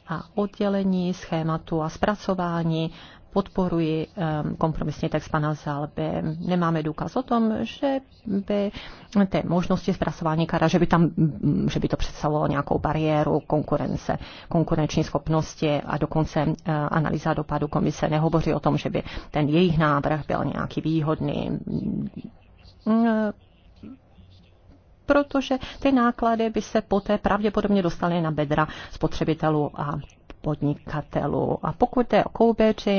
A oddělení schématu a zpracování podporuji ehm, kompromisní text pana Zalby. Nemáme důkaz o tom, že by té možnosti zpracování kara, že by, tam, mm, že by to představovalo nějakou bariéru konkurence, konkurenční schopnosti a dokonce eh, analýza dopadu komise nehovoří o tom, že by ten jejich návrh byl nějaký výhodný mm, protože ty náklady by se poté pravděpodobně dostaly na bedra spotřebitelů a podnikatelů. A pokud jde o co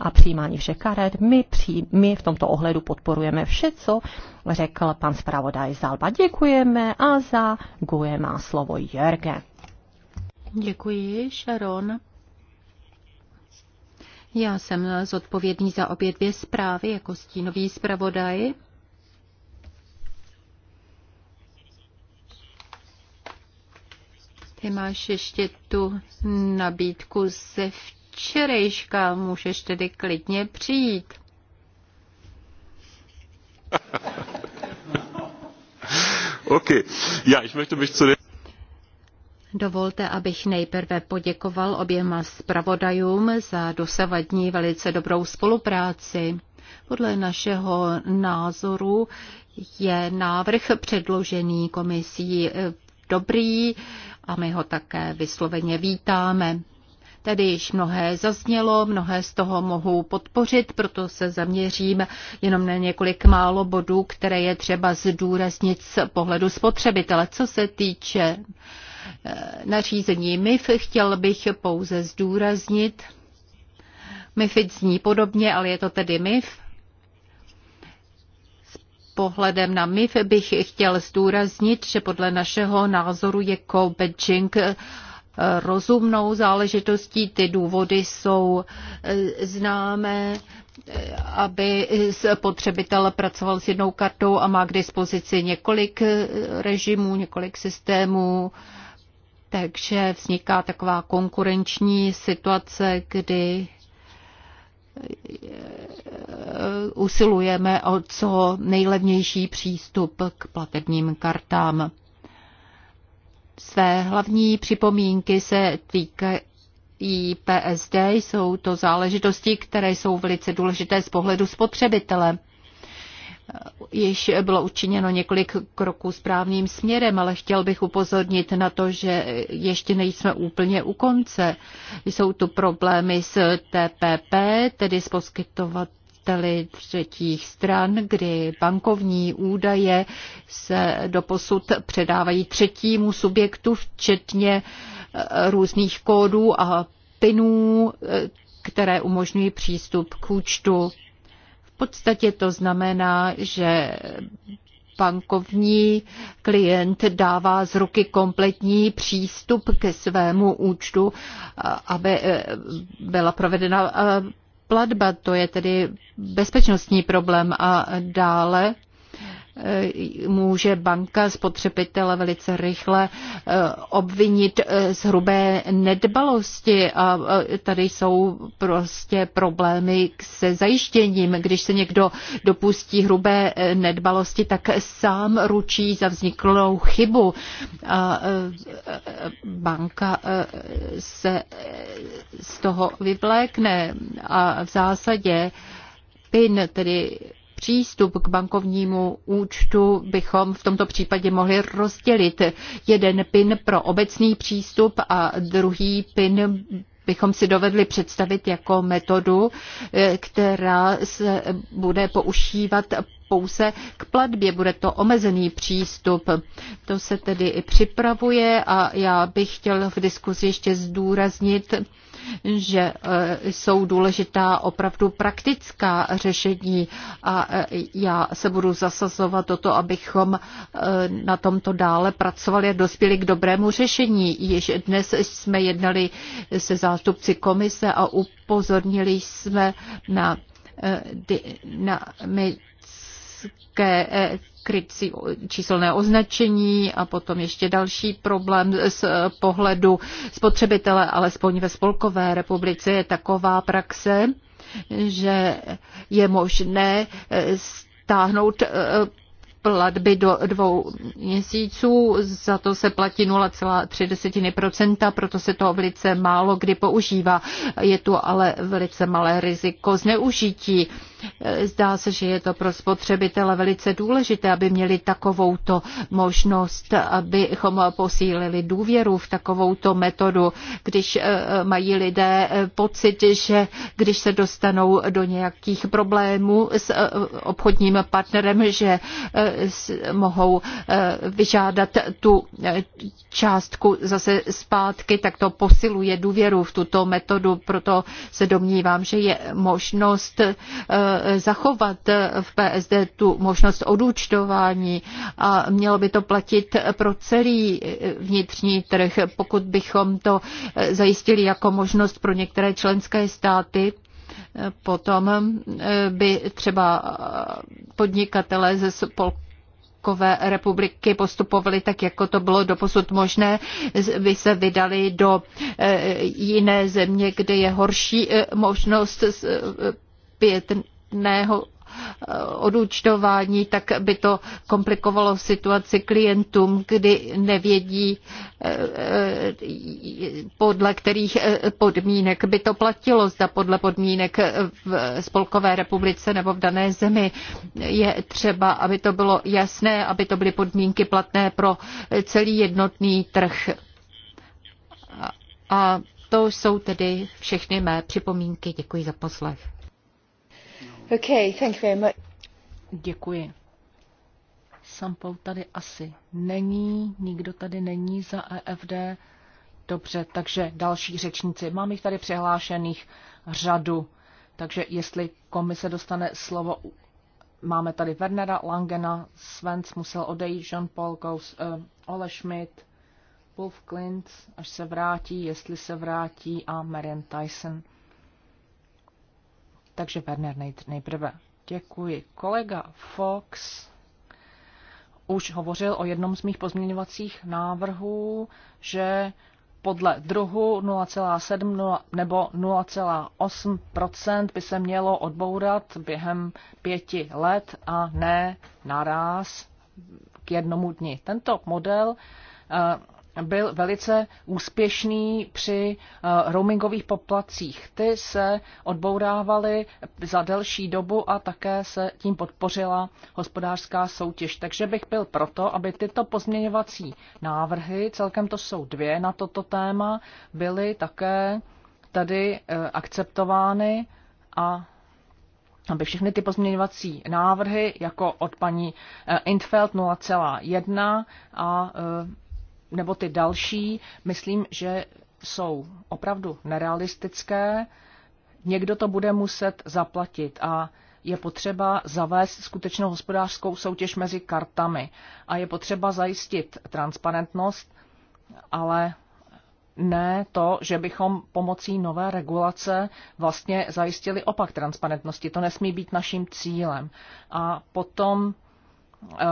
a přijímání všech karet, my, při, my v tomto ohledu podporujeme vše, co řekl pan zpravodaj Zalba. Děkujeme a za Guje má slovo Jörge. Děkuji, Sharon. Já jsem zodpovědný za obě dvě zprávy jako stínový zpravodaj Ty máš ještě tu nabídku ze včerejška, můžeš tedy klidně přijít. okay. Já, ich möchte Dovolte, abych nejprve poděkoval oběma zpravodajům za dosavadní velice dobrou spolupráci. Podle našeho názoru je návrh předložený komisí dobrý a my ho také vysloveně vítáme. Tedy již mnohé zaznělo, mnohé z toho mohu podpořit, proto se zaměřím jenom na několik málo bodů, které je třeba zdůraznit z pohledu spotřebitele. Co se týče eh, nařízení MIF, chtěl bych pouze zdůraznit, MIFID zní podobně, ale je to tedy MIF, pohledem na MIF bych chtěl zdůraznit, že podle našeho názoru je co-badging eh, rozumnou záležitostí. Ty důvody jsou eh, známé, eh, aby spotřebitel pracoval s jednou kartou a má k dispozici několik režimů, několik systémů. Takže vzniká taková konkurenční situace, kdy usilujeme o co nejlevnější přístup k platebním kartám. Své hlavní připomínky se týkají PSD, jsou to záležitosti, které jsou velice důležité z pohledu spotřebitele. Již bylo učiněno několik kroků správným směrem, ale chtěl bych upozornit na to, že ještě nejsme úplně u konce. Jsou tu problémy s TPP, tedy s poskytovat třetích stran, kdy bankovní údaje se doposud předávají třetímu subjektu, včetně e, různých kódů a pinů, e, které umožňují přístup k účtu podstatě to znamená, že bankovní klient dává z ruky kompletní přístup ke svému účtu, aby eh, byla provedena eh, platba. To je tedy bezpečnostní problém a dále Eh, může banka spotřebitele velice rychle eh, obvinit eh, z hrubé nedbalosti a tady jsou prostě problémy se zajištěním. Když se někdo dopustí hrubé nedbalosti, tak sám ručí za vzniklou chybu. A banka se z toho vyvlékne a v zásadě PIN, tedy přístup k bankovnímu účtu bychom v tomto případě mohli rozdělit. Jeden PIN pro obecný přístup a druhý PIN bychom si dovedli představit jako metodu, eh, která se bude používat pouze k platbě. Bude to omezený přístup. To se tedy i připravuje a já bych chtěl v diskuzi ještě zdůraznit, že e, jsou důležitá opravdu praktická řešení a e, já se budu zasazovat o to, abychom e, na tomto dále pracovali a dospěli k dobrému řešení. Již dnes jsme jednali se zástupci komise a upozornili jsme na na dynamiku elektronické krycí číselné označení a potom ještě další problém z e, pohledu spotřebitele, alespoň ve Spolkové republice je taková praxe, že je možné e, stáhnout e, platby do dvou měsíců, za to se platí 0,3%, proto se to velice málo kdy používá. Je tu ale velice malé riziko zneužití. Zdá se, že je to pro spotřebitele velice důležité, aby měli takovouto možnost, abychom posílili důvěru v takovouto metodu, když eh, mají lidé eh, pocit, že když se dostanou do nějakých problémů s eh, obchodním partnerem, že mohou eh, vyžádat tu eh, částku zase zpátky, tak to posiluje důvěru v tuto metodu, proto se domnívám, že je možnost eh, zachovat v PSD tu možnost odúčtování a mělo by to platit pro celý vnitřní trh, pokud bychom to zajistili jako možnost pro některé členské státy, Potom eh, by třeba eh, podnikatelé ze spolku republiky postupovali tak, jako to bylo doposud možné, by se vydali do eh, jiné země, kde je horší možnost pětného Eh, odúčtování, tak by to komplikovalo situaci klientům, kdy nevědí, eh, eh, podle kterých podmínek by to platilo, zda podle podmínek v Spolkové republice nebo v dané zemi. Je třeba, aby to bylo jasné, aby to byly podmínky platné pro celý jednotný trh. A to jsou tedy všechny mé připomínky. Děkuji za poslech. Děkuji. Sampou tady asi není, nikdo tady není za EFD. Dobře, takže další řečníci. Mám jich tady přihlášených řadu. Takže jestli komise dostane slovo, máme tady Wernera, Langena, Svenc musel odejít, Jean-Paul Gauss, uh, Ole Schmidt, Wolf Klintz, až se vrátí, jestli se vrátí, a Marian Tyson. Takže Werner nejprve. Děkuji. Kolega Fox už hovořil o jednom z mých pozměňovacích návrhů, že podle druhu 0,7 nebo 0,8 by se mělo odbourat během pěti let a ne naraz k jednomu dni. Tento model eh, byl velice úspěšný při eh, roamingových poplacích. Ty se odbourávaly za delší dobu a také se tím podpořila hospodářská soutěž. Takže bych byl proto, aby tyto pozměňovací návrhy, celkem to jsou dvě na toto téma, byly také tady eh, akceptovány a aby všechny ty pozměňovací návrhy, jako od paní eh, Intfeld 0,1 a nebo ty další, myslím, že jsou opravdu nerealistické. Někdo to bude muset zaplatit a je potřeba zavést skutečnou hospodářskou soutěž mezi kartami a je potřeba zajistit transparentnost, ale ne to, že bychom pomocí nové regulace vlastně zajistili opak transparentnosti. To nesmí být naším cílem. A potom eh,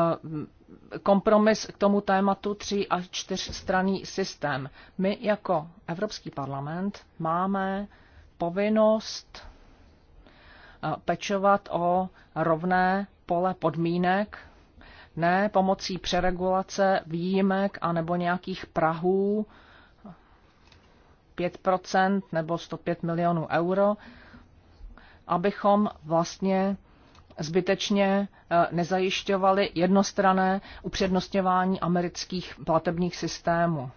kompromis k tomu tématu tří a čtyřstranný systém. My jako Evropský parlament máme povinnost eh, pečovat o rovné pole podmínek, ne pomocí přeregulace výjimek nebo nějakých prahů 5% nebo 105 milionů euro, abychom vlastně zbytečně eh, nezajišťovali jednostrané upřednostňování amerických platebních systémů.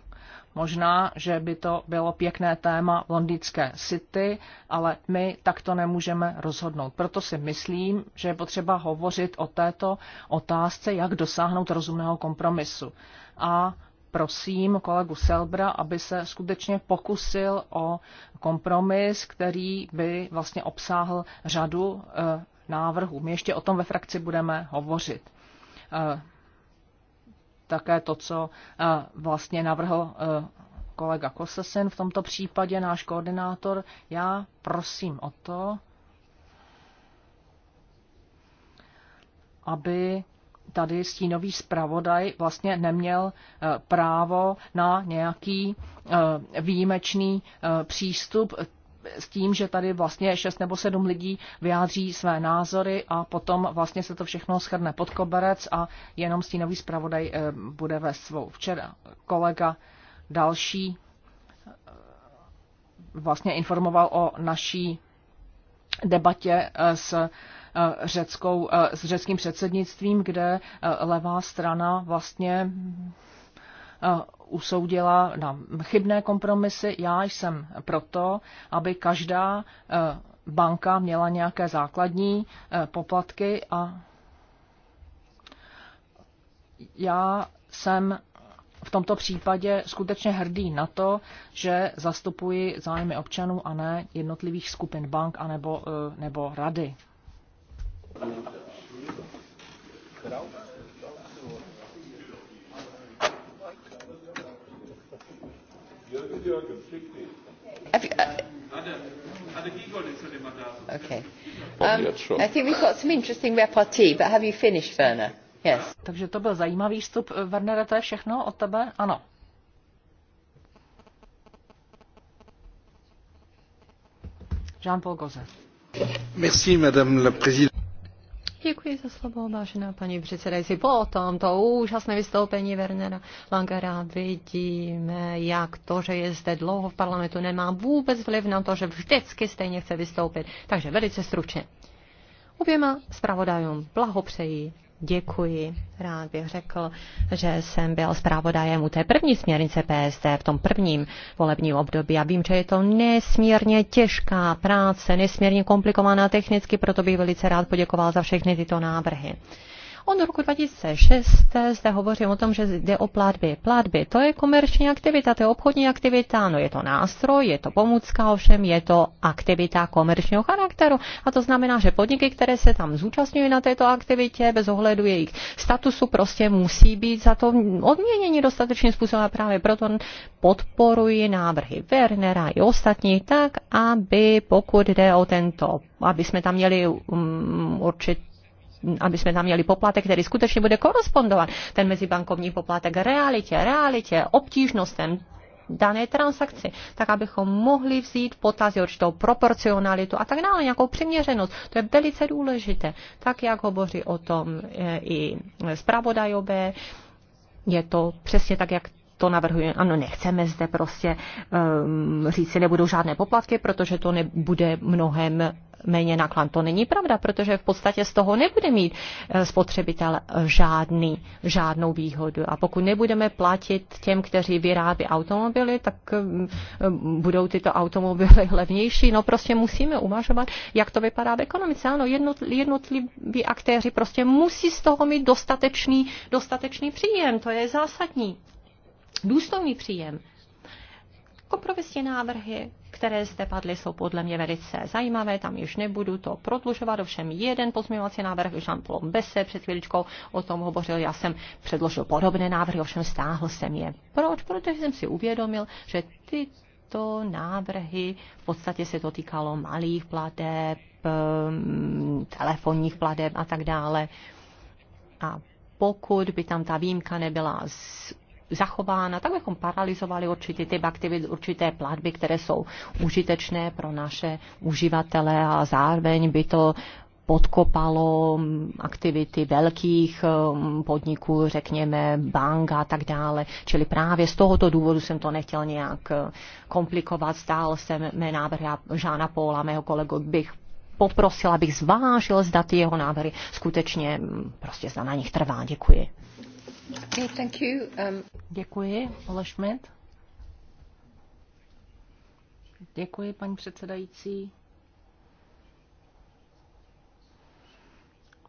Možná, že by to bylo pěkné téma v londýnské city, ale my takto nemůžeme rozhodnout. Proto si myslím, že je potřeba hovořit o této otázce, jak dosáhnout rozumného kompromisu. A prosím kolegu Selbra, aby se skutečně pokusil o kompromis, který by vlastně obsáhl řadu eh, my Ještě o tom ve frakci budeme hovořit. Eh, také to, co eh, vlastně navrhl eh, kolega Kosesin, v tomto případě náš koordinátor, já prosím o to, aby tady stínový zpravodaj vlastně neměl právo na nějaký výjimečný přístup s tím, že tady vlastně šest nebo sedm lidí vyjádří své názory a potom vlastně se to všechno schrne pod koberec a jenom stínový zpravodaj eh, bude ve svou. Včera kolega další eh, vlastně informoval o naší debatě eh, s řeckou, s řeckým předsednictvím, kde levá strana vlastně usoudila na chybné kompromisy. Já jsem proto, aby každá eh, banka měla nějaké základní eh, poplatky a já jsem v tomto případě skutečně hrdý na to, že zastupuji zájmy občanů a ne jednotlivých skupin bank a nebo, eh, nebo rady. Uh, okay. Um, I think we've got some interesting repartee, but have you finished, Werner? Yes. Takže to byl zajímavý vstup. Eh, Wernere, to je všechno od tebe? Ano. Jean-Paul Gauzet. Merci, madame la présidente. Děkuji za slovo, vážená paní předsedající. Po tomto úžasné vystoupení Wernera Langera vidíme, jak to, že je zde dlouho v parlamentu, nemá vůbec vliv na to, že vždycky stejně chce vystoupit. Takže velice stručně. Oběma zpravodajům blahopřeji děkuji. Rád bych řekl, že jsem byl zpravodajem u té první směrnice PSD v tom prvním volebním období a vím, že je to nesmírně těžká práce, nesmírně komplikovaná technicky, proto bych velice rád poděkoval za všechny tyto návrhy. Od roku 2006 zde hovořím o tom, že jde o platby. Platby, to je komerční aktivita, to je obchodní aktivita, no je to nástroj, je to pomůcka, ovšem je to aktivita komerčního charakteru. A to znamená, že podniky, které se tam zúčastňují na této aktivitě, bez ohledu jejich statusu, prostě musí být za to odměnění dostatečným způsobem a právě proto podporuji návrhy Wernera i ostatní tak, aby pokud jde o tento, aby jsme tam měli um, určitě aby jsme tam měli poplatek, který skutečně bude korespondovat ten mezibankovní poplatek realitě, realitě, obtížnostem dané transakci, tak abychom mohli vzít potaz určitou proporcionalitu a tak dále, nějakou přiměřenost. To je velice důležité. Tak, jak hovoří o tom eh, i zpravodajové, je to přesně tak, jak to navrhuje. Ano, nechceme zde prostě um, říct že nebudou žádné poplatky, protože to nebude mnohem méně náklad. To není pravda, protože v podstatě z toho nebude mít eh, spotřebitel žádný, žádnou výhodu. A pokud nebudeme platit těm, kteří vyrábí automobily, tak ehm, budou tyto automobily levnější. No prostě musíme uvažovat, jak to vypadá v ekonomice. Ano, jednotliví aktéři prostě musí z toho mít dostatečný, dostatečný příjem. To je zásadní důstojný příjem. Kompromisní návrhy, které zde padly, jsou podle mě velice zajímavé, tam již nebudu to prodlužovat, ovšem jeden pozměňovací návrh, Jean Paul Bese před chvíličkou o tom hovořil, já jsem předložil podobné návrhy, ovšem stáhl jsem je. Proč? Protože jsem si uvědomil, že ty tyto návrhy, v podstatě se to týkalo malých plateb, ehm, telefonních plateb a tak dále. A pokud by tam ta výjimka nebyla z zachována, tak bychom paralizovali určitý typ aktivit, určité platby, které jsou užitečné pro naše uživatele a zároveň by to podkopalo aktivity velkých um, podniků, řekněme bank a tak dále. Čili právě z tohoto důvodu jsem to nechtěl nějak uh, komplikovat. Stál jsem mé návrhy a Žána Póla, mého kolegu, bych poprosila, abych zvážil, zda ty jeho návrhy skutečně um, prostě za na nich trvá. Děkuji. Um, Děkuji, Ole Schmidt. Děkuji, paní předsedající.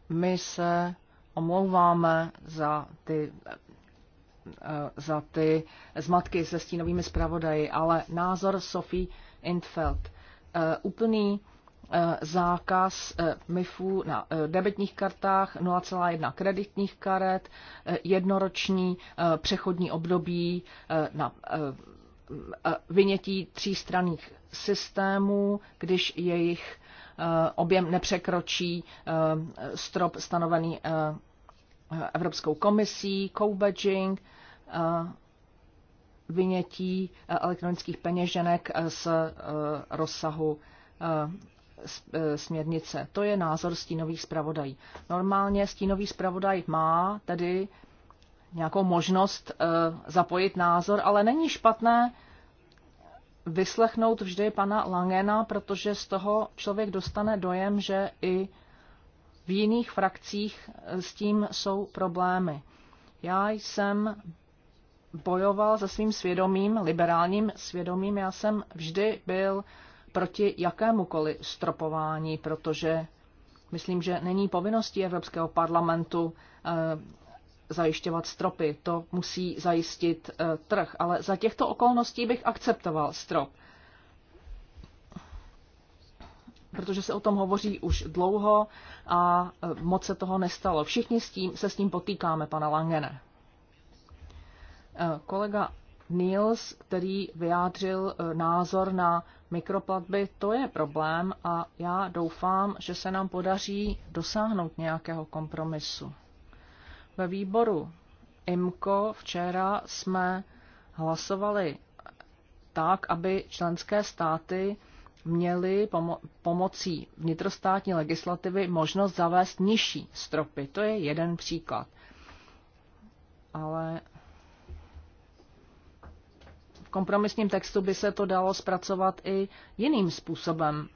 My se omlouváme za ty eh, za ty zmatky se stínovými zpravodaji, ale názor Sophie Intfeld. Eh, úplný Eh, zákaz eh, MIFů na eh, debetních kartách, 0,1 kreditních karet, jednoroční přechodní období na vynětí třístranných systémů, když jejich objem nepřekročí strop stanovený Evropskou komisí, co-badging, vynětí elektronických peněženek z rozsahu E, směrnice. To je názor stínových zpravodají. Normálně stínový zpravodaj má tedy nějakou možnost e, zapojit názor, ale není špatné vyslechnout vždy pana Langena, protože z toho člověk dostane dojem, že i v jiných frakcích e, s tím jsou problémy. Já jsem bojoval se svým svědomím, liberálním svědomím. Já jsem vždy byl proti jakémukoliv stropování, protože myslím, že není povinností Evropského parlamentu eh, zajišťovat stropy. To musí zajistit eh, trh, ale za těchto okolností bych akceptoval strop. Protože se o tom hovoří už dlouho a eh, moc se toho nestalo. Všichni s tím, se s tím potýkáme, pane Langene. Kolega Niels, který vyjádřil názor na mikroplatby, to je problém a já doufám, že se nám podaří dosáhnout nějakého kompromisu. Ve výboru IMCO včera jsme hlasovali tak, aby členské státy měly pomo- pomocí vnitrostátní legislativy možnost zavést nižší stropy. To je jeden příklad. Ale kompromisním textu by se to dalo zpracovat i jiným způsobem,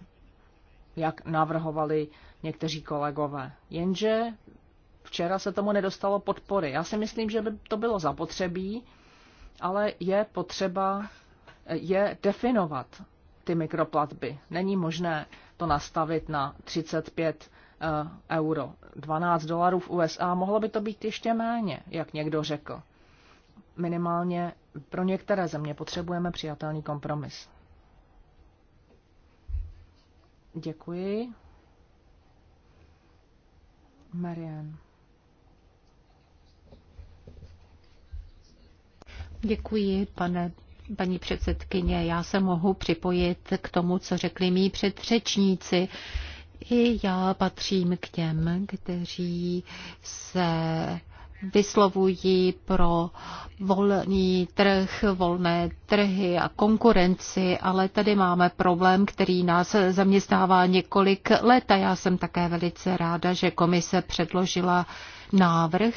jak navrhovali někteří kolegové. Jenže včera se tomu nedostalo podpory. Já si myslím, že by to bylo zapotřebí, ale je potřeba je definovat ty mikroplatby. Není možné to nastavit na 35 eh, euro. 12 dolarů v USA, mohlo by to být ještě méně, jak někdo řekl minimálně pro některé země potřebujeme přijatelný kompromis. Děkuji. Marian. Děkuji, pane paní předsedkyně. Já se mohu připojit k tomu, co řekli mý předřečníci. I já patřím k těm, kteří se vyslovují pro volný trh, volné trhy a konkurenci, ale tady máme problém, který nás zaměstnává několik let a já jsem také velice ráda, že komise předložila návrh,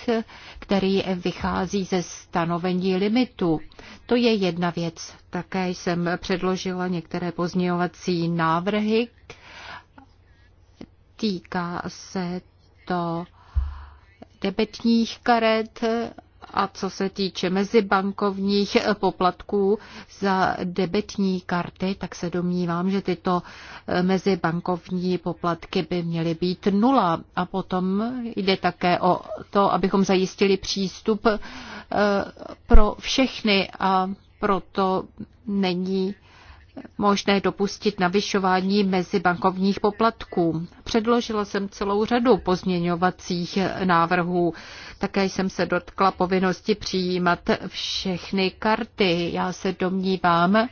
který vychází ze stanovení limitu. To je jedna věc. Také jsem předložila některé pozměňovací návrhy. Týká se to debetních karet a co se týče mezibankovních poplatků za debetní karty, tak se domnívám, že tyto mezibankovní poplatky by měly být nula. A potom jde také o to, abychom zajistili přístup eh, pro všechny a proto není možné dopustit navyšování mezi bankovních poplatků. Předložila jsem celou řadu pozměňovacích návrhů. Také jsem se dotkla povinnosti přijímat všechny karty. Já se domnívám,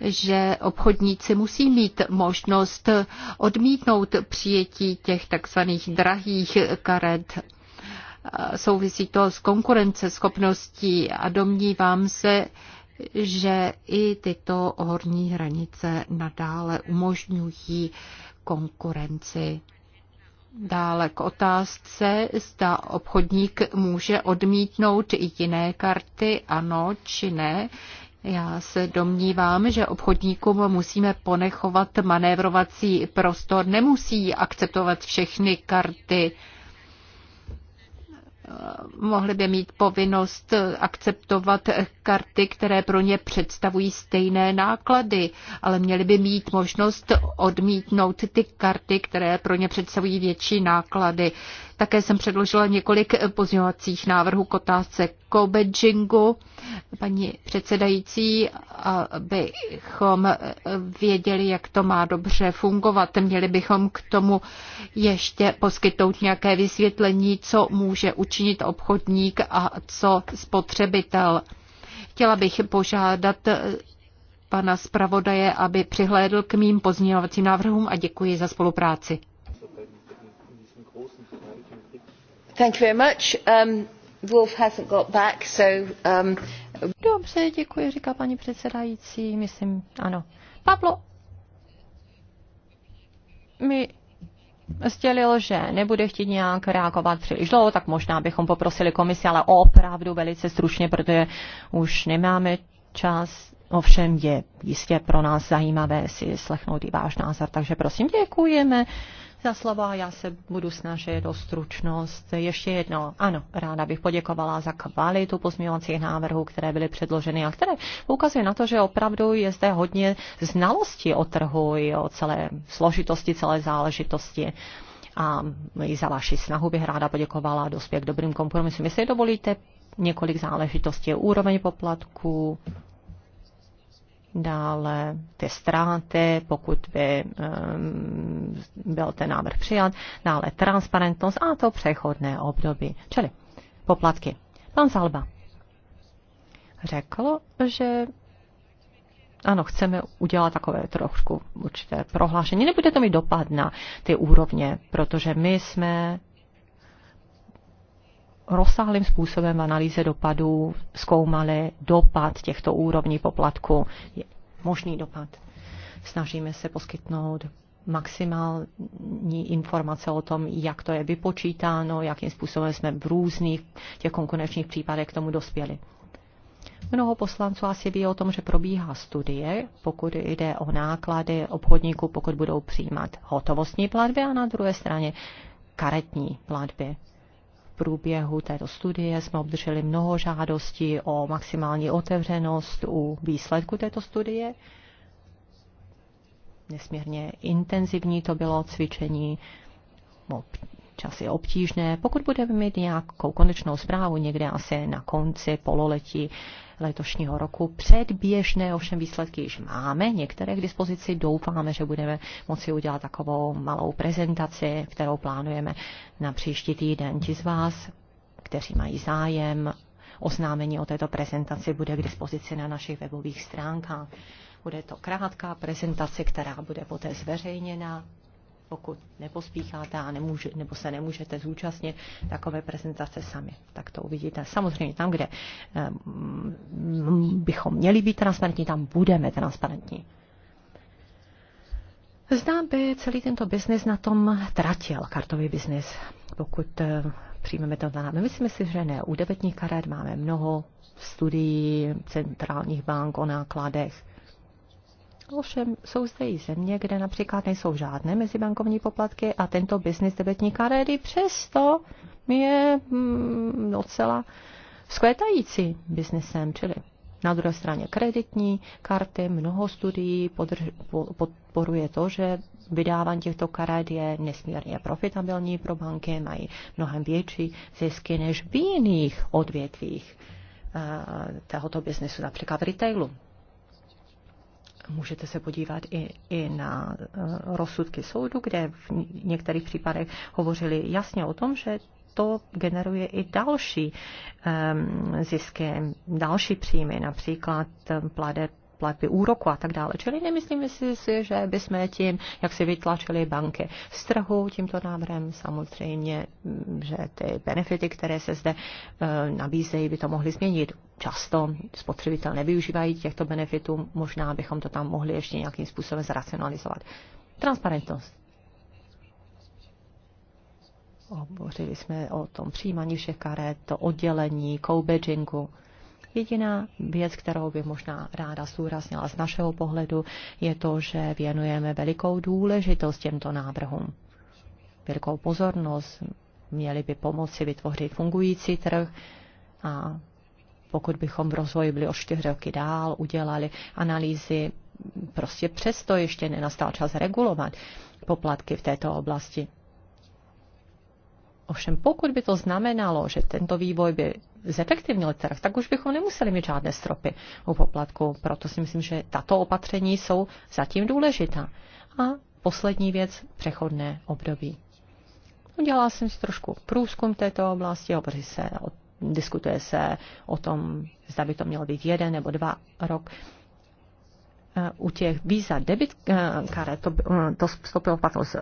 že obchodníci musí mít možnost odmítnout přijetí těch takzvaných drahých karet souvisí to s konkurenceschopností a domnívám se, že i tyto horní hranice nadále umožňují konkurenci. Dále k otázce, zda obchodník může odmítnout i jiné karty, ano či ne. Já se domnívám, že obchodníkům musíme ponechovat manévrovací prostor, nemusí akceptovat všechny karty mohli by mít povinnost akceptovat karty, které pro ně představují stejné náklady, ale měli by mít možnost odmítnout ty karty, které pro ně představují větší náklady. Také jsem předložila několik pozměňovacích návrhů k otázce Kobejingu, Paní předsedající, abychom věděli, jak to má dobře fungovat, měli bychom k tomu ještě poskytnout nějaké vysvětlení, co může učinit obchodník a co spotřebitel. Chtěla bych požádat pana zpravodaje, aby přihlédl k mým pozměňovacím návrhům a děkuji za spolupráci. Um, Wolf um, Dobře, děkuji, říká paní předsedající, myslím, ano. Pablo mi sdělil, že nebude chtít nějak reagovat příliš dlouho, tak možná bychom poprosili komisi, ale opravdu velice stručně, protože už nemáme čas. Ovšem je jistě pro nás zajímavé si slechnout i váš názor, takže prosím děkujeme za a Já se budu snažit o stručnost. Ještě jedno. Ano, ráda bych poděkovala za kvalitu pozměňovacích návrhů, které byly předloženy a které ukazují na to, že opravdu je zde hodně znalosti o trhu i o celé složitosti, celé záležitosti a i za vaši snahu bych ráda poděkovala dospět k dobrým kompromisům. Jestli dovolíte, několik záležitostí. Úroveň poplatků, dále ty ztráty, pokud by um, byl ten návrh přijat, dále transparentnost a to přechodné období, čili poplatky. Pan Salba řekl, že ano, chceme udělat takové trošku určité prohlášení. Nebude to mít dopad na ty úrovně, protože my jsme rozsáhlým způsobem v analýze dopadů zkoumali dopad těchto úrovní poplatku, možný dopad. Snažíme se poskytnout maximální informace o tom, jak to je vypočítáno, jakým způsobem jsme v různých těch konkurenčních případech k tomu dospěli. Mnoho poslanců asi ví o tom, že probíhá studie, pokud jde o náklady obchodníků, pokud budou přijímat hotovostní platby a na druhé straně karetní platby průběhu této studie jsme obdrželi mnoho žádostí o maximální otevřenost u výsledku této studie. Nesmírně intenzivní to bylo cvičení no, čas je obtížné. Pokud budeme mít nějakou konečnou zprávu někde asi na konci pololetí letošního roku, předběžné ovšem výsledky již máme, některé k dispozici, doufáme, že budeme moci udělat takovou malou prezentaci, kterou plánujeme na příští týden. Ti z vás, kteří mají zájem, oznámení o této prezentaci bude k dispozici na našich webových stránkách. Bude to krátká prezentace, která bude poté zveřejněna pokud nepospícháte a nemůže, nebo se nemůžete zúčastnit takové prezentace sami. Tak to uvidíte. Samozřejmě tam, kde ehm, bychom měli být transparentní, tam budeme transparentní. Zdá by celý tento biznis na tom tratil, kartový biznis, pokud eh, přijmeme to na námi. Myslím si, že ne. U debetních karet máme mnoho studií centrálních bank o nákladech Ovšem jsou zde i země, kde například nejsou žádné mezibankovní poplatky a tento biznis debetní karedy přesto je mm, docela skvětající biznesem, čili na druhé straně kreditní karty, mnoho studií podrž, podporuje to, že vydávání těchto karet je nesmírně profitabilní pro banky, mají mnohem větší zisky než v jiných odvětvích eh, tohoto biznesu, například retailu můžete se podívat i, i na eh, rozsudky soudu, kde v některých případech hovořili jasně o tom, že to generuje i další um, zisky, další příjmy, například eh, plateb platby úroku a tak dále. Čili nemyslím si, že bychom tím, jak si vytlačili banky z trhu tímto návrhem, samozřejmě, mm, že ty benefity, které se zde e, nabízejí, by to mohly změnit. Často spotřebitel nevyužívají těchto benefitů, možná bychom to tam mohli ještě nějakým způsobem zracionalizovat. Transparentnost. Hovořili jsme o tom přijímání všech karet, to oddělení, co-badgingu. Jediná věc, kterou bych možná ráda zúraznila z našeho pohledu, je to, že věnujeme velikou důležitost těmto návrhům. Velkou pozornost měli by pomoci vytvořit fungující trh a pokud bychom v rozvoji byli o čtyři roky dál, udělali analýzy, prostě přesto ještě nenastal čas regulovat poplatky v této oblasti. Ovšem pokud by to znamenalo, že tento vývoj by zefektivnil trh, tak už bychom nemuseli mít žádné stropy u poplatku. Proto si myslím, že tato opatření jsou zatím důležitá. A poslední věc, přechodné období. Udělala jsem si trošku průzkum této oblasti, obří se diskutuje se o tom, zda by to mělo být jeden nebo dva rok. Eh, u těch víza debit eh, karet, to, eh, to vstoupilo v platnost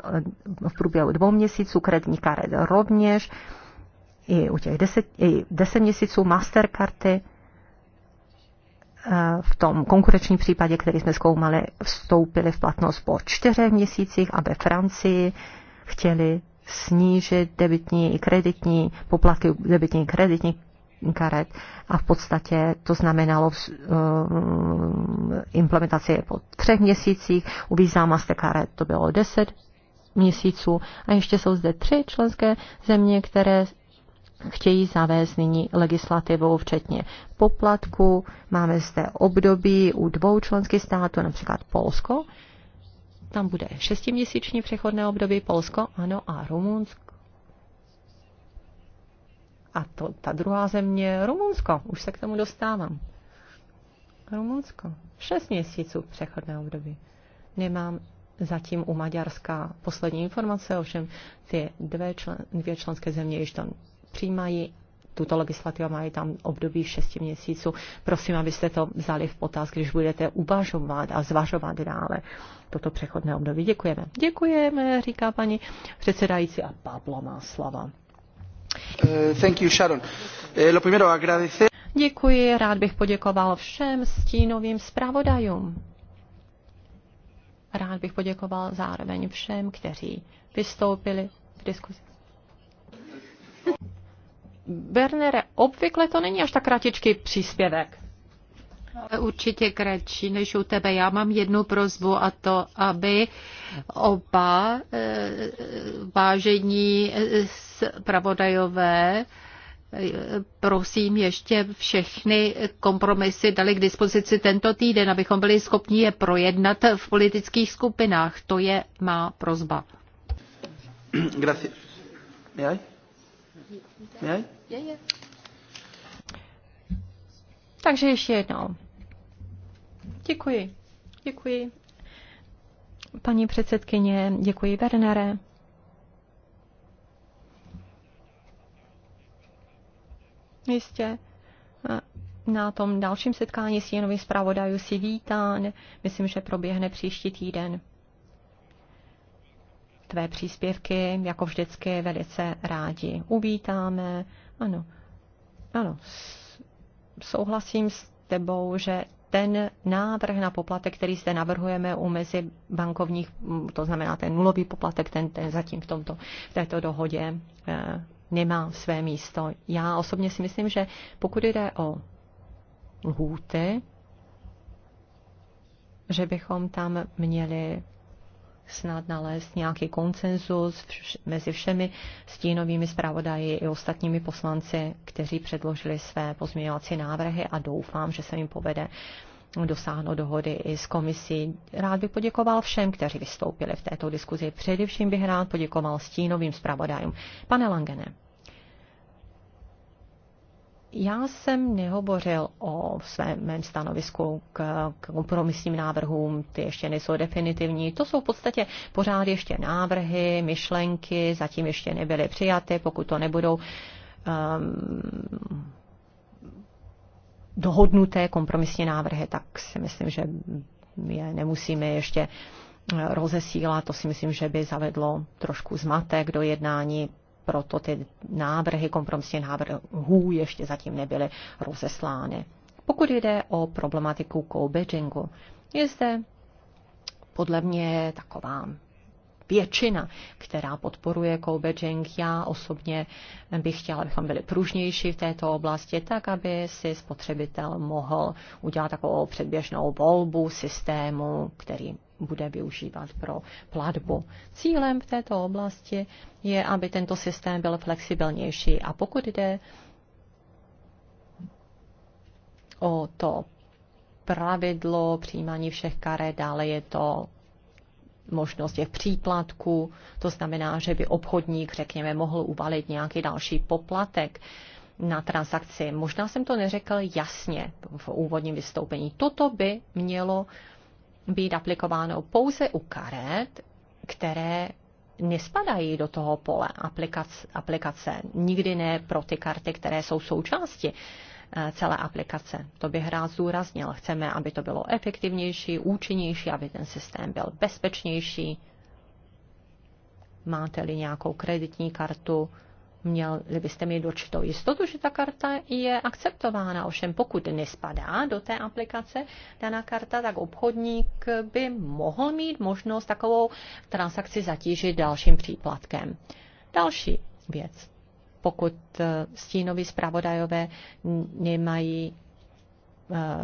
v průběhu dvou měsíců, kreditní karet rovněž, i u těch deset, i deset měsíců Masterkarty v tom konkurenčním případě, který jsme zkoumali, vstoupili v platnost po čtyřech měsících a ve Francii chtěli snížit debitní i kreditní poplatky debitní i kreditní karet a v podstatě to znamenalo eh, implementaci po třech měsících, u Visa karet to bylo deset měsíců a ještě jsou zde tři členské země, které chtějí zavést nyní legislativou, včetně poplatku. Máme zde období u dvou členských států, například Polsko. Tam bude šestiměsíční přechodné období Polsko, ano, a Rumunsko a to, ta druhá země, Rumunsko, už se k tomu dostávám. Rumunsko, šest měsíců přechodné období. Nemám zatím u Maďarska poslední informace, ovšem ty dvě, člen, dvě členské země již tam přijímají tuto legislativu mají tam období šesti měsíců. Prosím, abyste to vzali v potaz, když budete uvažovat a zvažovat dále toto přechodné období. Děkujeme. Děkujeme, říká paní předsedající a Pablo má slova. Eh, eh, Děkuji, rád bych poděkoval všem stínovým zpravodajům. Rád bych poděkoval zároveň všem, kteří vystoupili v diskuzi. Bernere, obvykle to není až tak kratičký příspěvek ale určitě kratší než u tebe. Já mám jednu prozbu a to, aby oba eh, vážení eh, pravodajové eh, prosím ještě všechny kompromisy dali k dispozici tento týden, abychom byli schopni je projednat v politických skupinách. To je má prozba. Takže ještě jednou. Děkuji. Děkuji. Paní předsedkyně, děkuji Bernere. Jistě. Eh, na tom dalším setkání s jenovým zpravodajů si vítán. Myslím, že proběhne příští týden. Tvé příspěvky, jako vždycky, velice rádi uvítáme. Ano, ano, souhlasím s tebou, že ten návrh na poplatek, který zde navrhujeme u mezi bankovních, to znamená ten nulový poplatek, ten, ten zatím v, tomto, v této dohodě eh, nemá své místo. Já osobně si myslím, že pokud jde o lhůty, že bychom tam měli snad nalézt nějaký koncenzus vš- mezi všemi stínovými zpravodaji i ostatními poslanci, kteří předložili své pozměňovací návrhy a doufám, že se jim povede dosáhnout dohody i s komisí. Rád bych poděkoval všem, kteří vystoupili v této diskuzi. Především bych rád poděkoval stínovým zpravodajům. Pane Langene. Já jsem nehovořil o svém mém stanovisku k, k kompromisním návrhům, ty ještě nejsou definitivní. To jsou v podstatě pořád ještě návrhy, myšlenky, zatím ještě nebyly přijaty, pokud to nebudou um, dohodnuté kompromisní návrhy, tak si myslím, že je nemusíme ještě rozesílat. To si myslím, že by zavedlo trošku zmatek do jednání proto ty návrhy, kompromisní návrhů ještě zatím nebyly rozeslány. Pokud jde o problematiku co-badgingu, je zde podle mě taková většina, která podporuje co Já osobně bych chtěla, abychom byli pružnější v této oblasti, tak aby si spotřebitel mohl udělat takovou předběžnou volbu systému, který bude využívat pro platbu. Cílem v této oblasti je, aby tento systém byl flexibilnější. A pokud jde o to pravidlo přijímání všech karet, dále je to možnost těch příplatků, to znamená, že by obchodník, řekněme, mohl uvalit nějaký další poplatek na transakci. Možná jsem to neřekl jasně v úvodním vystoupení. Toto by mělo být aplikováno pouze u karet, které nespadají do toho pole aplikace, aplikace. Nikdy ne pro ty karty, které jsou součástí eh, celé aplikace. To bych rád zúraznil. Chceme, aby to bylo efektivnější, účinnější, aby ten systém byl bezpečnější. Máte-li nějakou kreditní kartu, Měli byste mít určitou jistotu, že ta karta je akceptována. Ovšem, pokud nespadá do té aplikace daná karta, tak obchodník by mohl mít možnost takovou transakci zatížit dalším příplatkem. Další věc. Pokud eh, stínoví zpravodajové nemají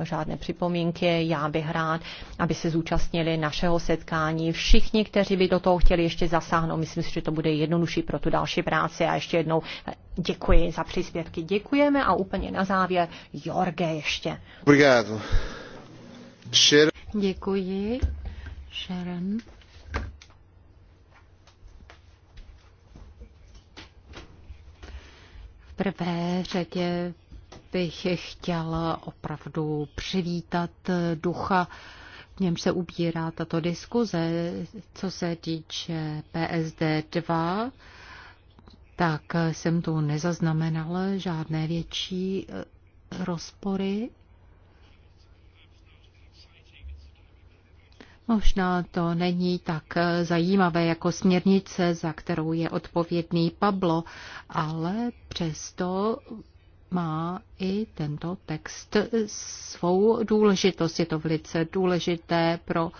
žádné eh, připomínky. Já bych rád, aby se zúčastnili našeho setkání všichni, kteří by do toho chtěli ještě zasáhnout. Myslím si, že to bude jednodušší pro tu další práci. A ještě jednou eh, děkuji za příspěvky. Děkujeme a úplně na závěr Jorge ještě. Obrigado. Děkuji. Sharon. V prvé řadě bych chtěl opravdu přivítat ducha, v němž se ubírá tato diskuze, co se týče PSD 2, tak jsem tu nezaznamenal žádné větší eh, rozpory. Možná to není tak eh, zajímavé jako směrnice, za kterou je odpovědný Pablo, ale přesto má i tento text svou důležitost. Je to velice důležité pro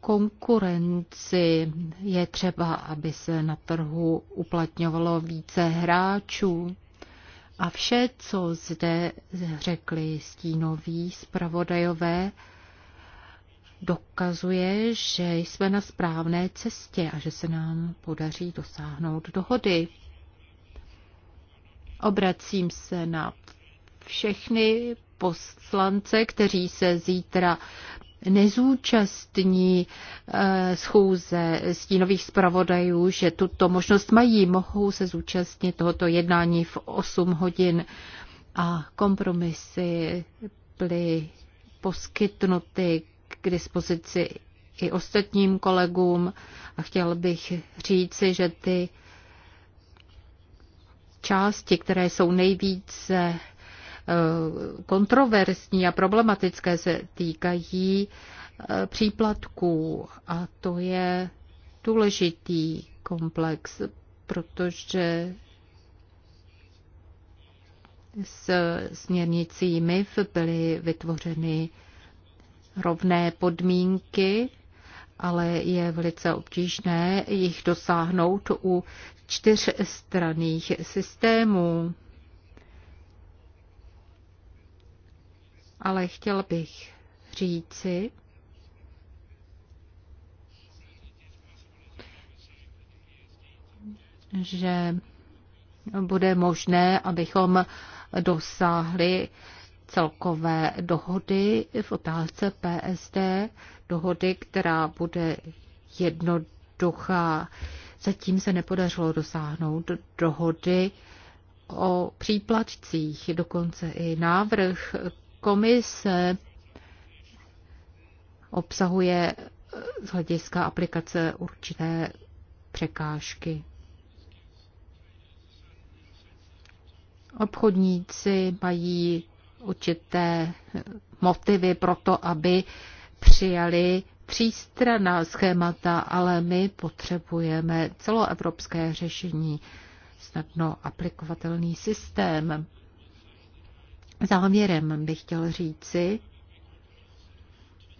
konkurenci. Je třeba, aby se na trhu uplatňovalo více hráčů. A vše, co zde řekli stínoví zpravodajové, dokazuje, že jsme na správné cestě a že se nám podaří dosáhnout dohody. Obracím se na všechny poslance, kteří se zítra nezúčastní eh, schůze stínových zpravodajů, že tuto možnost mají, mohou se zúčastnit tohoto jednání v 8 hodin a kompromisy byly poskytnuty k dispozici i ostatním kolegům a chtěl bych říci, že ty části, které jsou nejvíce eh, kontroverzní a problematické, se týkají eh, příplatků a to je důležitý komplex, protože s MIF byly vytvořeny rovné podmínky ale je velice obtížné jich dosáhnout u čtyřstranných systémů. Ale chtěl bych říci, že bude možné, abychom dosáhli celkové dohody v otázce PSD, dohody, která bude jednoduchá. Zatím se nepodařilo dosáhnout dohody o příplatcích, dokonce i návrh komise obsahuje z hlediska aplikace určité překážky. Obchodníci mají určité motivy pro to, aby přijali přístraná schémata, ale my potřebujeme celoevropské řešení, snadno aplikovatelný systém. Závěrem bych chtěl říci,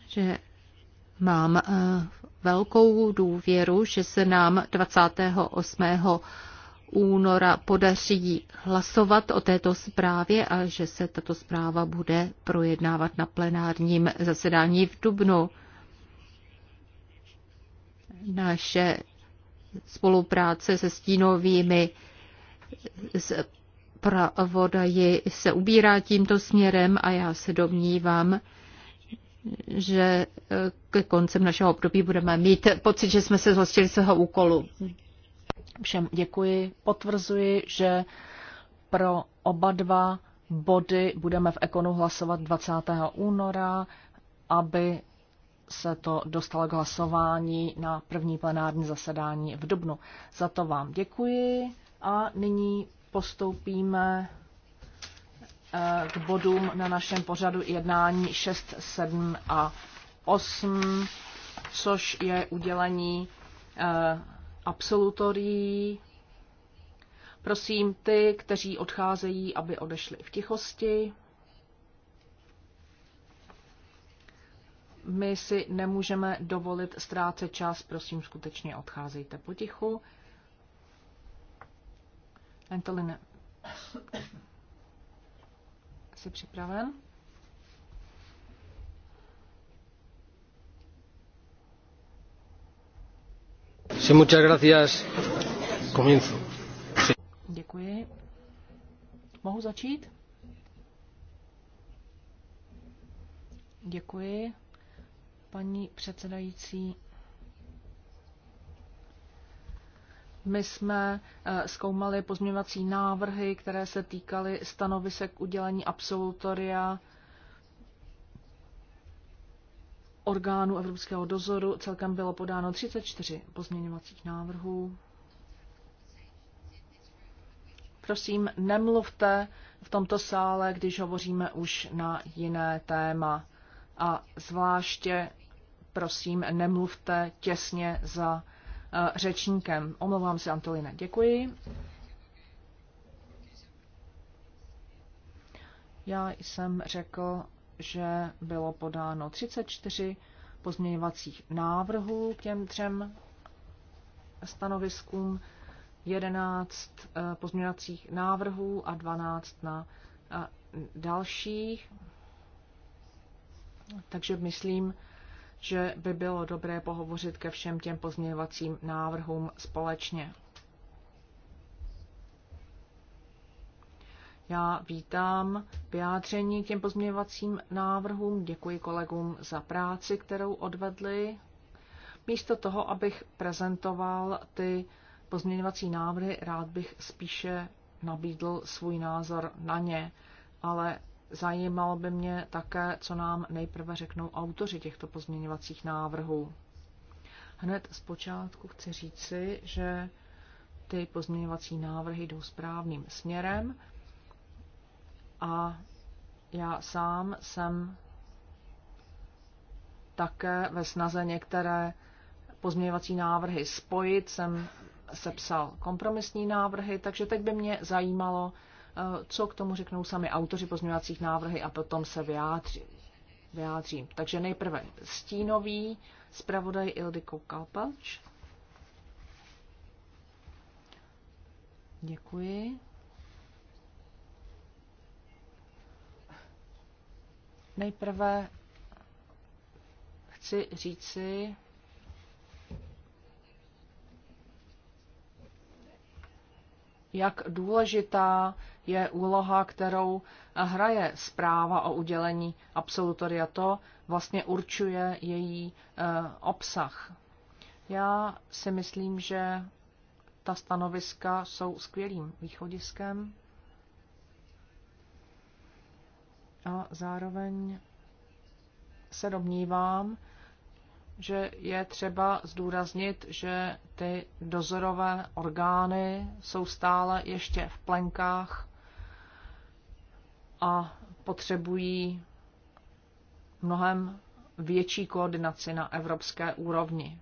že mám eh, velkou důvěru, že se nám 28 února podaří hlasovat o této zprávě a že se tato zpráva bude projednávat na plenárním zasedání v Dubnu. Naše spolupráce se stínovými zpravodaji se ubírá tímto směrem a já se domnívám, že ke koncem našeho období budeme mít pocit, že jsme se zhostili svého úkolu. Všem děkuji. Potvrzuji, že pro oba dva body budeme v Ekonu hlasovat 20. února, aby se to dostalo k hlasování na první plenární zasedání v Dubnu. Za to vám děkuji a nyní postoupíme eh, k bodům na našem pořadu jednání 6, 7 a 8, což je udělení eh, absolutorií. Prosím ty, kteří odcházejí, aby odešli v tichosti. My si nemůžeme dovolit ztrácet čas, prosím, skutečně odcházejte potichu. Antoline, jsi připraven? Sí, muchas Děkuji. Mohu začít? Děkuji, paní předsedající. My jsme eh, zkoumali pozměňovací návrhy, které se týkaly stanovisek udělení absolutoria orgánů evropského dozoru. Celkem bylo podáno 34 pozměňovacích návrhů. Prosím, nemluvte v tomto sále, když hovoříme už na jiné téma. A zvláště, prosím, nemluvte těsně za eh, řečníkem. Omlouvám se, Antolina. Děkuji. Já jsem řekl, že bylo podáno 34 pozměňovacích návrhů k těm třem stanoviskům, 11 eh, pozměňovacích návrhů a 12 na eh, dalších. Takže myslím, že by bylo dobré pohovořit ke všem těm pozměňovacím návrhům společně. Já vítám vyjádření k těm pozměňovacím návrhům. Děkuji kolegům za práci, kterou odvedli. Místo toho, abych prezentoval ty pozměňovací návrhy, rád bych spíše nabídl svůj názor na ně, ale zajímalo by mě také, co nám nejprve řeknou autoři těchto pozměňovacích návrhů. Hned počátku chci říci, že ty pozměňovací návrhy jdou správným směrem. A já sám jsem také ve snaze některé pozměňovací návrhy spojit, jsem sepsal kompromisní návrhy, takže teď by mě zajímalo, eh, co k tomu řeknou sami autoři pozměňovacích návrhy a potom se vyjádřím. vyjádřím. Takže nejprve stínový zpravodaj Ildiko Kalpač. Děkuji. Nejprve chci říci, jak důležitá je úloha, kterou hraje zpráva o udělení absolutoria. To vlastně určuje její eh, obsah. Já si myslím, že ta stanoviska jsou skvělým východiskem. A zároveň se domnívám, že je třeba zdůraznit, že ty dozorové orgány jsou stále ještě v plenkách a potřebují mnohem větší koordinaci na evropské úrovni.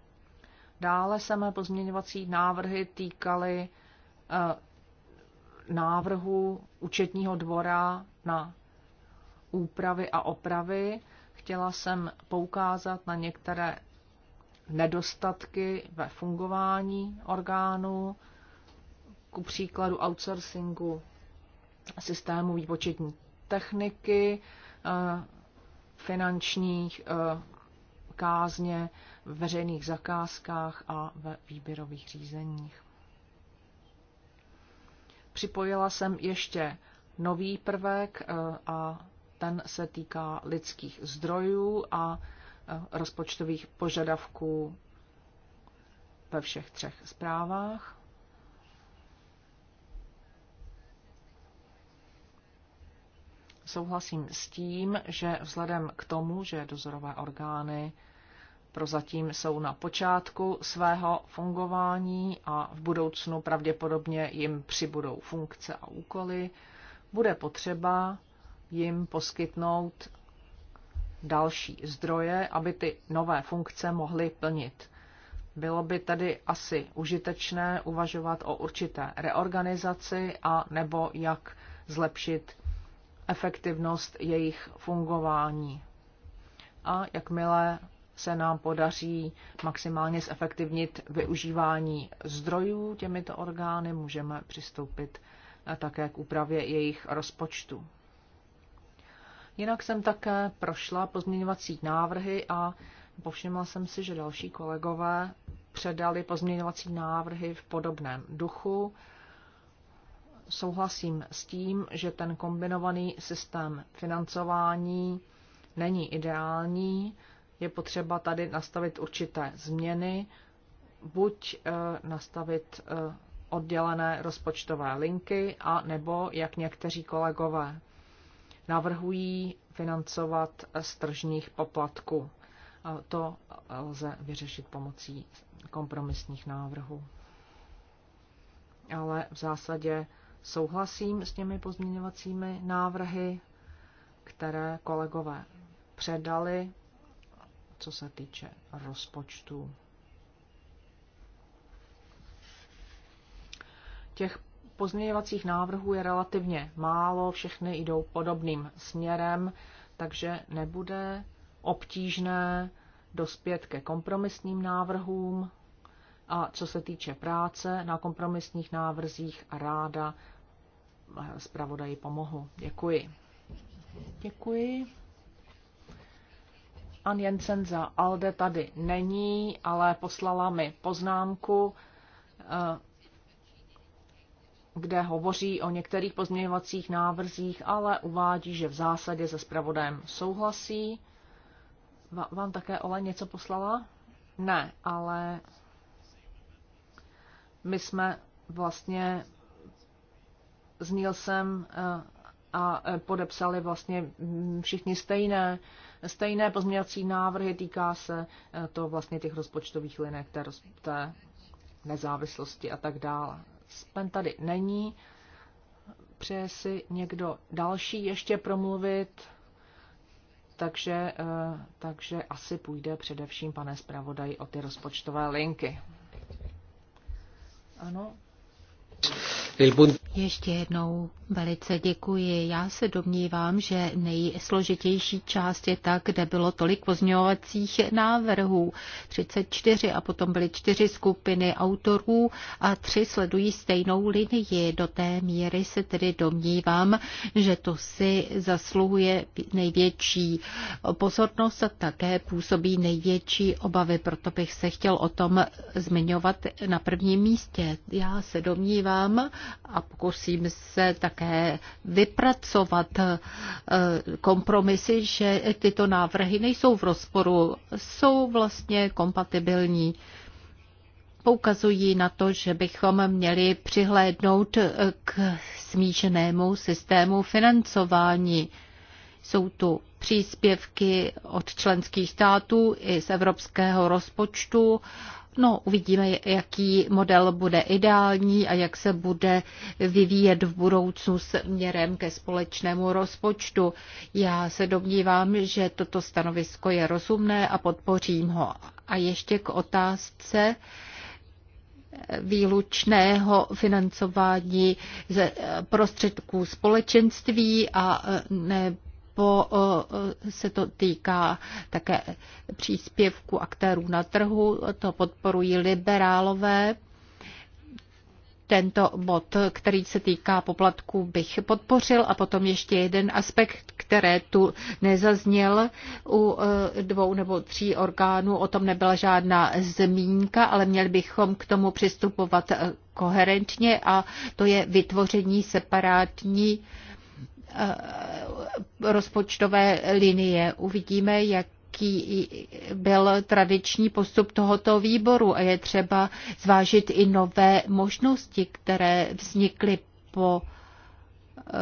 Dále se mé pozměňovací návrhy týkaly eh, návrhu účetního dvora na úpravy a opravy. Chtěla jsem poukázat na některé nedostatky ve fungování orgánů, ku příkladu outsourcingu systému výpočetní techniky, eh, finančních eh, kázně v veřejných zakázkách a ve výběrových řízeních. Připojila jsem ještě nový prvek eh, a ten se týká lidských zdrojů a e, rozpočtových požadavků ve všech třech zprávách. Souhlasím s tím, že vzhledem k tomu, že dozorové orgány prozatím jsou na počátku svého fungování a v budoucnu pravděpodobně jim přibudou funkce a úkoly, bude potřeba jim poskytnout další zdroje, aby ty nové funkce mohly plnit. Bylo by tedy asi užitečné uvažovat o určité reorganizaci a nebo jak zlepšit efektivnost jejich fungování. A jakmile se nám podaří maximálně zefektivnit využívání zdrojů těmito orgány, můžeme přistoupit také k úpravě jejich rozpočtu. Jinak jsem také prošla pozměňovací návrhy a povšimla jsem si, že další kolegové předali pozměňovací návrhy v podobném duchu. Souhlasím s tím, že ten kombinovaný systém financování není ideální. Je potřeba tady nastavit určité změny, buď e, nastavit e, oddělené rozpočtové linky, a nebo, jak někteří kolegové navrhují financovat z tržních poplatků. To lze vyřešit pomocí kompromisních návrhů. Ale v zásadě souhlasím s těmi pozměňovacími návrhy, které kolegové předali, co se týče rozpočtu. Těch pozměňovacích návrhů je relativně málo, všechny jdou podobným směrem, takže nebude obtížné dospět ke kompromisním návrhům. A co se týče práce na kompromisních návrzích, ráda zpravodaji pomohu. Děkuji. Děkuji. An Jensen za Alde tady není, ale poslala mi poznámku eh, kde hovoří o některých pozměňovacích návrzích, ale uvádí, že v zásadě se zpravodajem souhlasí. vám také Ole něco poslala? Ne, ale my jsme vlastně s Nielsem eh, a eh, podepsali vlastně mm, všichni stejné, stejné pozměňovací návrhy, týká se eh, to vlastně těch rozpočtových linek, té, té nezávislosti a tak dále. Spen tady není. Přeje si někdo další ještě promluvit? takže, eh, takže asi půjde především, pane zpravodaj, o ty rozpočtové linky. Ano. Ještě jednou velice děkuji. Já se domnívám, že nejsložitější část je ta, kde bylo tolik pozměňovacích návrhů. 34 a potom byly čtyři skupiny autorů a tři sledují stejnou linii. Do té míry se tedy domnívám, že to si zasluhuje největší pozornost a také působí největší obavy. Proto bych se chtěl o tom zmiňovat na prvním místě. Já se domnívám a pokud pokusím se také vypracovat eh, kompromisy, že tyto návrhy nejsou v rozporu, jsou vlastně kompatibilní. Poukazují na to, že bychom měli přihlédnout eh, k smíšenému systému financování. Jsou tu příspěvky od členských států i z evropského rozpočtu No, uvidíme, jaký model bude ideální a jak se bude vyvíjet v budoucnu směrem ke společnému rozpočtu. Já se domnívám, že toto stanovisko je rozumné a podpořím ho. A ještě k otázce výlučného financování ze prostředků společenství a nebo nebo se to týká také příspěvku aktérů na trhu, to podporují liberálové. Tento bod, který se týká poplatků, bych podpořil. A potom ještě jeden aspekt, které tu nezazněl u e, dvou nebo tří orgánů. O tom nebyla žádná zmínka, ale měli bychom k tomu přistupovat e, koherentně a to je vytvoření separátní uh, Eh, rozpočtové linie. Uvidíme, jak jaký byl tradiční postup tohoto výboru a je třeba zvážit i nové možnosti, které vznikly po eh,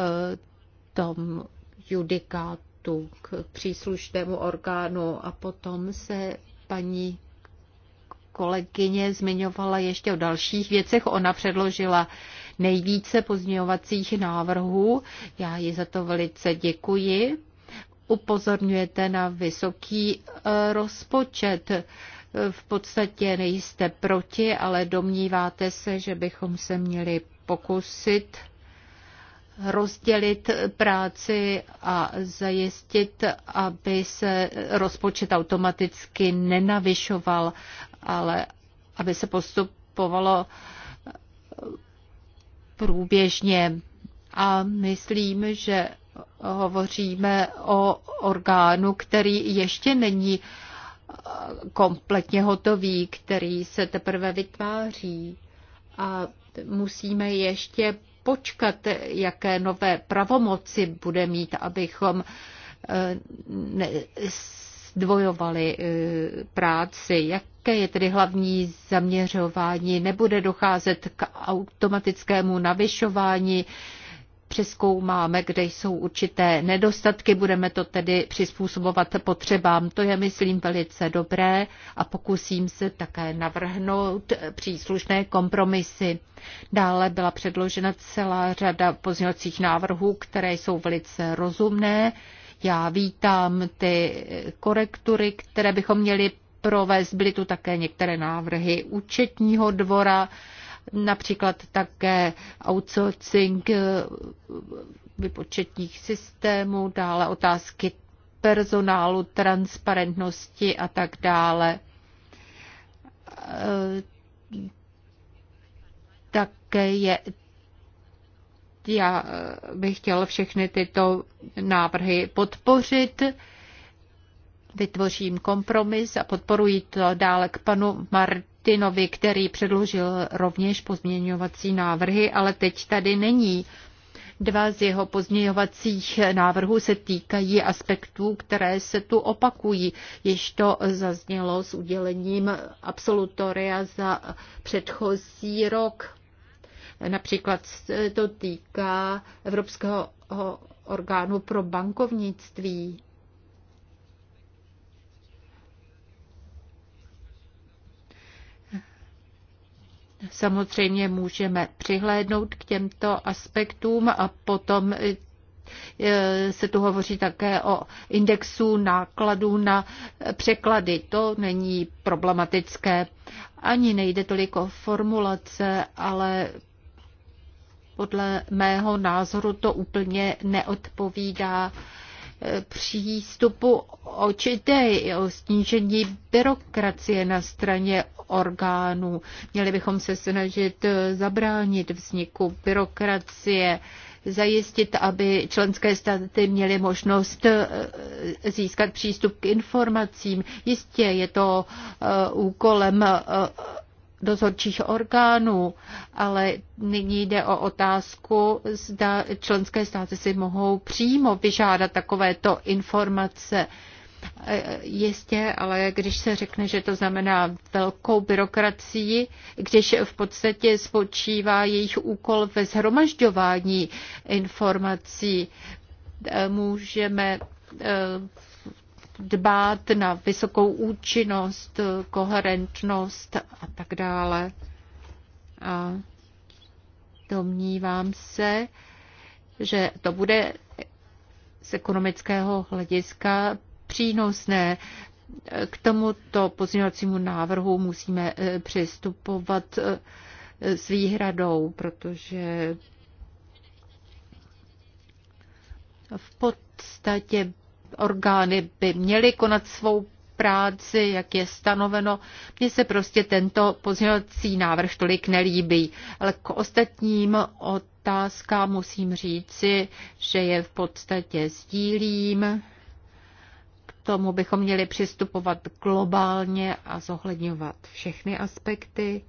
tom judikátu k příslušnému orgánu a potom se paní kolegyně zmiňovala ještě o dalších věcech. Ona předložila nejvíce pozměňovacích návrhů. Já ji za to velice děkuji. Upozorňujete na vysoký e, rozpočet. V podstatě nejste proti, ale domníváte se, že bychom se měli pokusit rozdělit práci a zajistit, aby se rozpočet automaticky nenavyšoval, ale aby se postupovalo průběžně. A myslím, že hovoříme o orgánu, který ještě není eh, kompletně hotový, který se teprve vytváří. A musíme ještě počkat, jaké nové pravomoci bude mít, abychom eh, zdvojovali eh, práci. Jaké je tedy hlavní zaměřování? Nebude docházet k automatickému navyšování přeskoumáme, kde jsou určité nedostatky, budeme to tedy přizpůsobovat potřebám. To je, myslím, velice dobré a pokusím se také navrhnout příslušné kompromisy. Dále byla předložena celá řada pozměňovacích návrhů, které jsou velice rozumné já vítám ty korektury, které bychom měli provést. Byly tu také některé návrhy účetního dvora, například také outsourcing eh, vypočetních systémů, dále otázky personálu, transparentnosti a tak dále. Eh, také je já eh, bych chtěl všechny tyto návrhy podpořit. Vytvořím kompromis a podporuji to dále k panu Martinovi, který předložil rovněž pozměňovací návrhy, ale teď tady není. Dva z jeho pozměňovacích návrhů se týkají aspektů, které se tu opakují. Již to zaznělo s udělením absolutoria za předchozí rok. Například se to týká Evropského orgánu pro bankovnictví. Samozřejmě můžeme přihlédnout k těmto aspektům a potom eh, se tu hovoří také o indexu nákladů na překlady. To není problematické. Ani nejde tolik o formulace, ale podle mého názoru to úplně neodpovídá eh, přístupu očité o snížení byrokracie na straně orgánů. Měli bychom se snažit eh, zabránit vzniku byrokracie, zajistit, aby členské státy měly možnost eh, získat přístup k informacím. Jistě je to úkolem dozorčích orgánů, ale nyní jde o otázku, zda členské státy si mohou přímo vyžádat takovéto informace. Jistě, ale když se řekne, že to znamená velkou byrokracii, když v podstatě spočívá jejich úkol ve zhromažďování informací, můžeme eh, dbát na vysokou účinnost, koherentnost a tak dále. A domnívám se, že to bude z ekonomického hlediska přínosné. K tomuto pozměňovacímu návrhu musíme eh, přistupovat eh, s výhradou, protože v podstatě orgány by měly konat svou práci, jak je stanoveno. Mně se prostě tento pozměňovací návrh tolik nelíbí, ale k ostatním otázkám musím říci, že je v podstatě sdílím. K tomu bychom měli přistupovat globálně a zohledňovat všechny aspekty.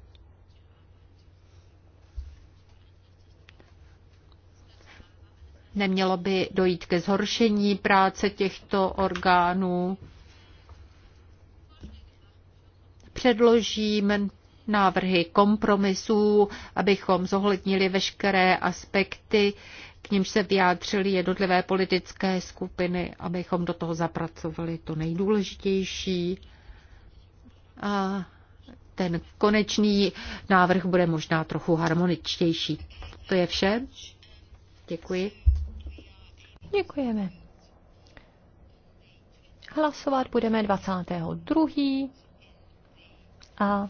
Nemělo by dojít ke zhoršení práce těchto orgánů. Předložím návrhy kompromisů, abychom zohlednili veškeré aspekty, k nímž se vyjádřily jednotlivé politické skupiny, abychom do toho zapracovali to nejdůležitější. A ten konečný návrh bude možná trochu harmoničtější. To je vše. Děkuji. Děkujeme. Hlasovat budeme 22. a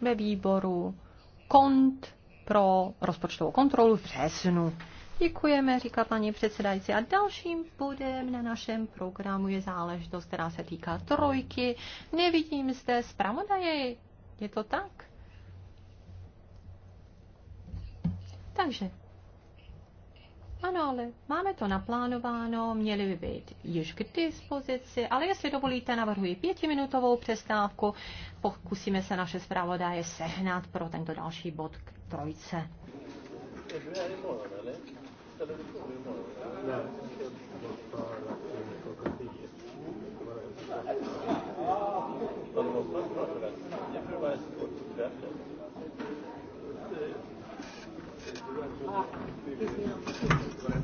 ve výboru kont pro rozpočtovou kontrolu v březnu. Děkujeme, říká paní předsedající. A dalším bodem na našem programu je záležitost, která se týká trojky. Nevidím zde zpravodaje. Je to tak? Takže ano, ale máme to naplánováno, Měli by být již k dispozici, ale jestli dovolíte, navrhuji pětiminutovou přestávku. Pokusíme se naše zpravodaje sehnat pro tento další bod k trojce. Thank you. Jag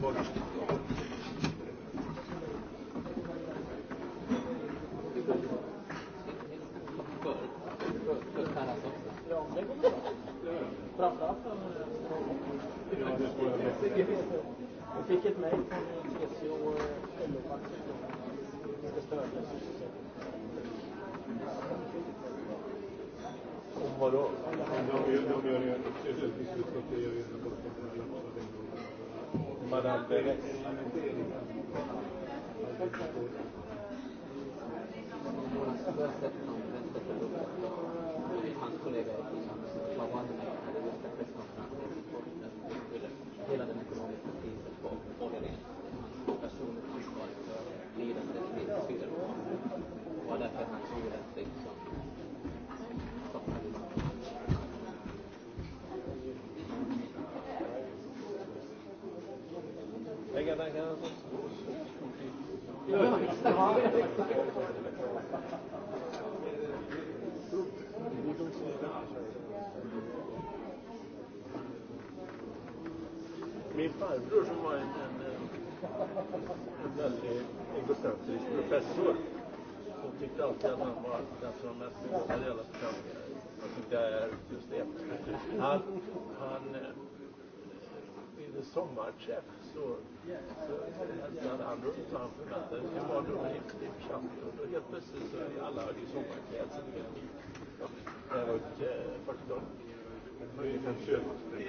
fick ett mejl från TCO och LO-facket som ska stödja sysselsättningen. Om vadå? De gör det. Sysselsättningsutskottet gör ju en rapport om det här para pegar Hela väldigt bestämt sig professor. Hon tyckte alltid att han var kanske den mest begåvade i alla församlingar. Jag tyckte jag är just det. Han, han lite sommarträff så, så hälsade han runt och han förväntade sig att vara runt i församlingen. Och helt plötsligt så är alla i sommarkläder. Det var ett 40-tal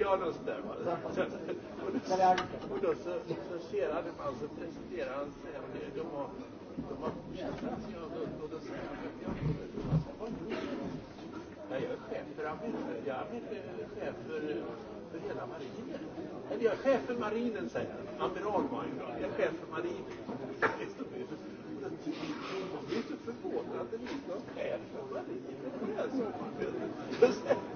Ja, de stämmer. Och då så, så ser han en man som presenterar hans de har de har känslan jag runt och då säger han att jag var Nej, jag är chef för armén. Jag är chef för, för hela marinen. Eller jag är chef för marinen, säger han. Amiral var han ju då. Jag är chef för marinen. Jag blir så förvånad att det finns någon chef för marinen.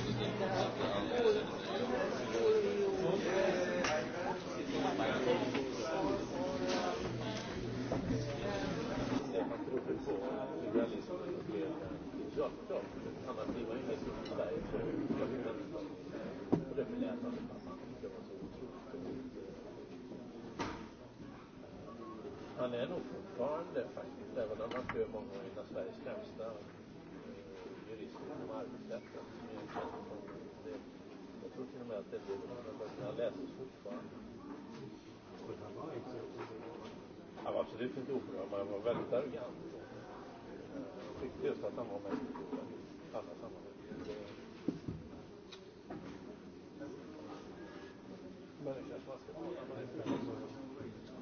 Han är nog fortfarande faktiskt, även om han för många av en av Sveriges främsta eh, jurister inom arbetsrätten. Som är det, jag tror till och med att det blir några böcker. Han läses fortfarande. Han var absolut inte oförhörd, men han var väldigt arrogant. Just att han var med. Alla sammanhang. Men det känns man ska hålla med det.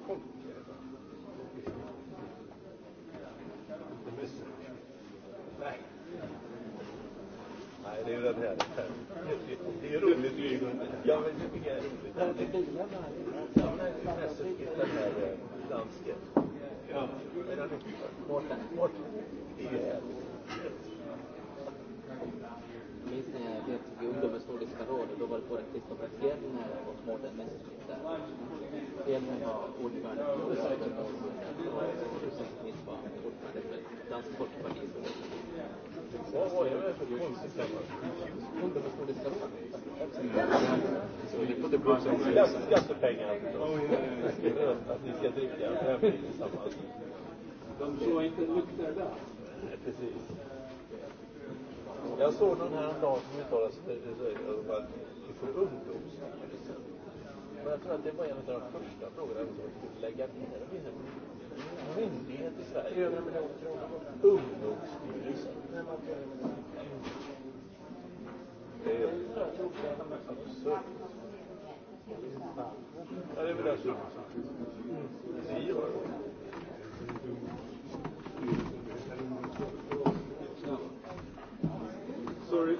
Folkjävlar. Inte missar. Nej. Nej, det är ju den här. Det är roligt. Ja, men det tycker jag är roligt. Det här med bilarna. Ja, men det är ju den här dansken. Jag minns när jag deltog i ungdomens nordiska råd och då var det både Kristoffer Fjellner och Mårten Messerschmidt där. Fjellner var ordförande för Moderaterna och Messerschmidt var ordförande för Dansk Folkeparti. Skaffar pengar. Ni ska dricka, det här blir tillsammans. De så inte nykter där. Precis. Jag såg någon häromdagen som uttalade sig om för ungdomsstyrelsen. Men jag tror att det var en av de första frågorna som skulle lägga ner myndighet i Sorry.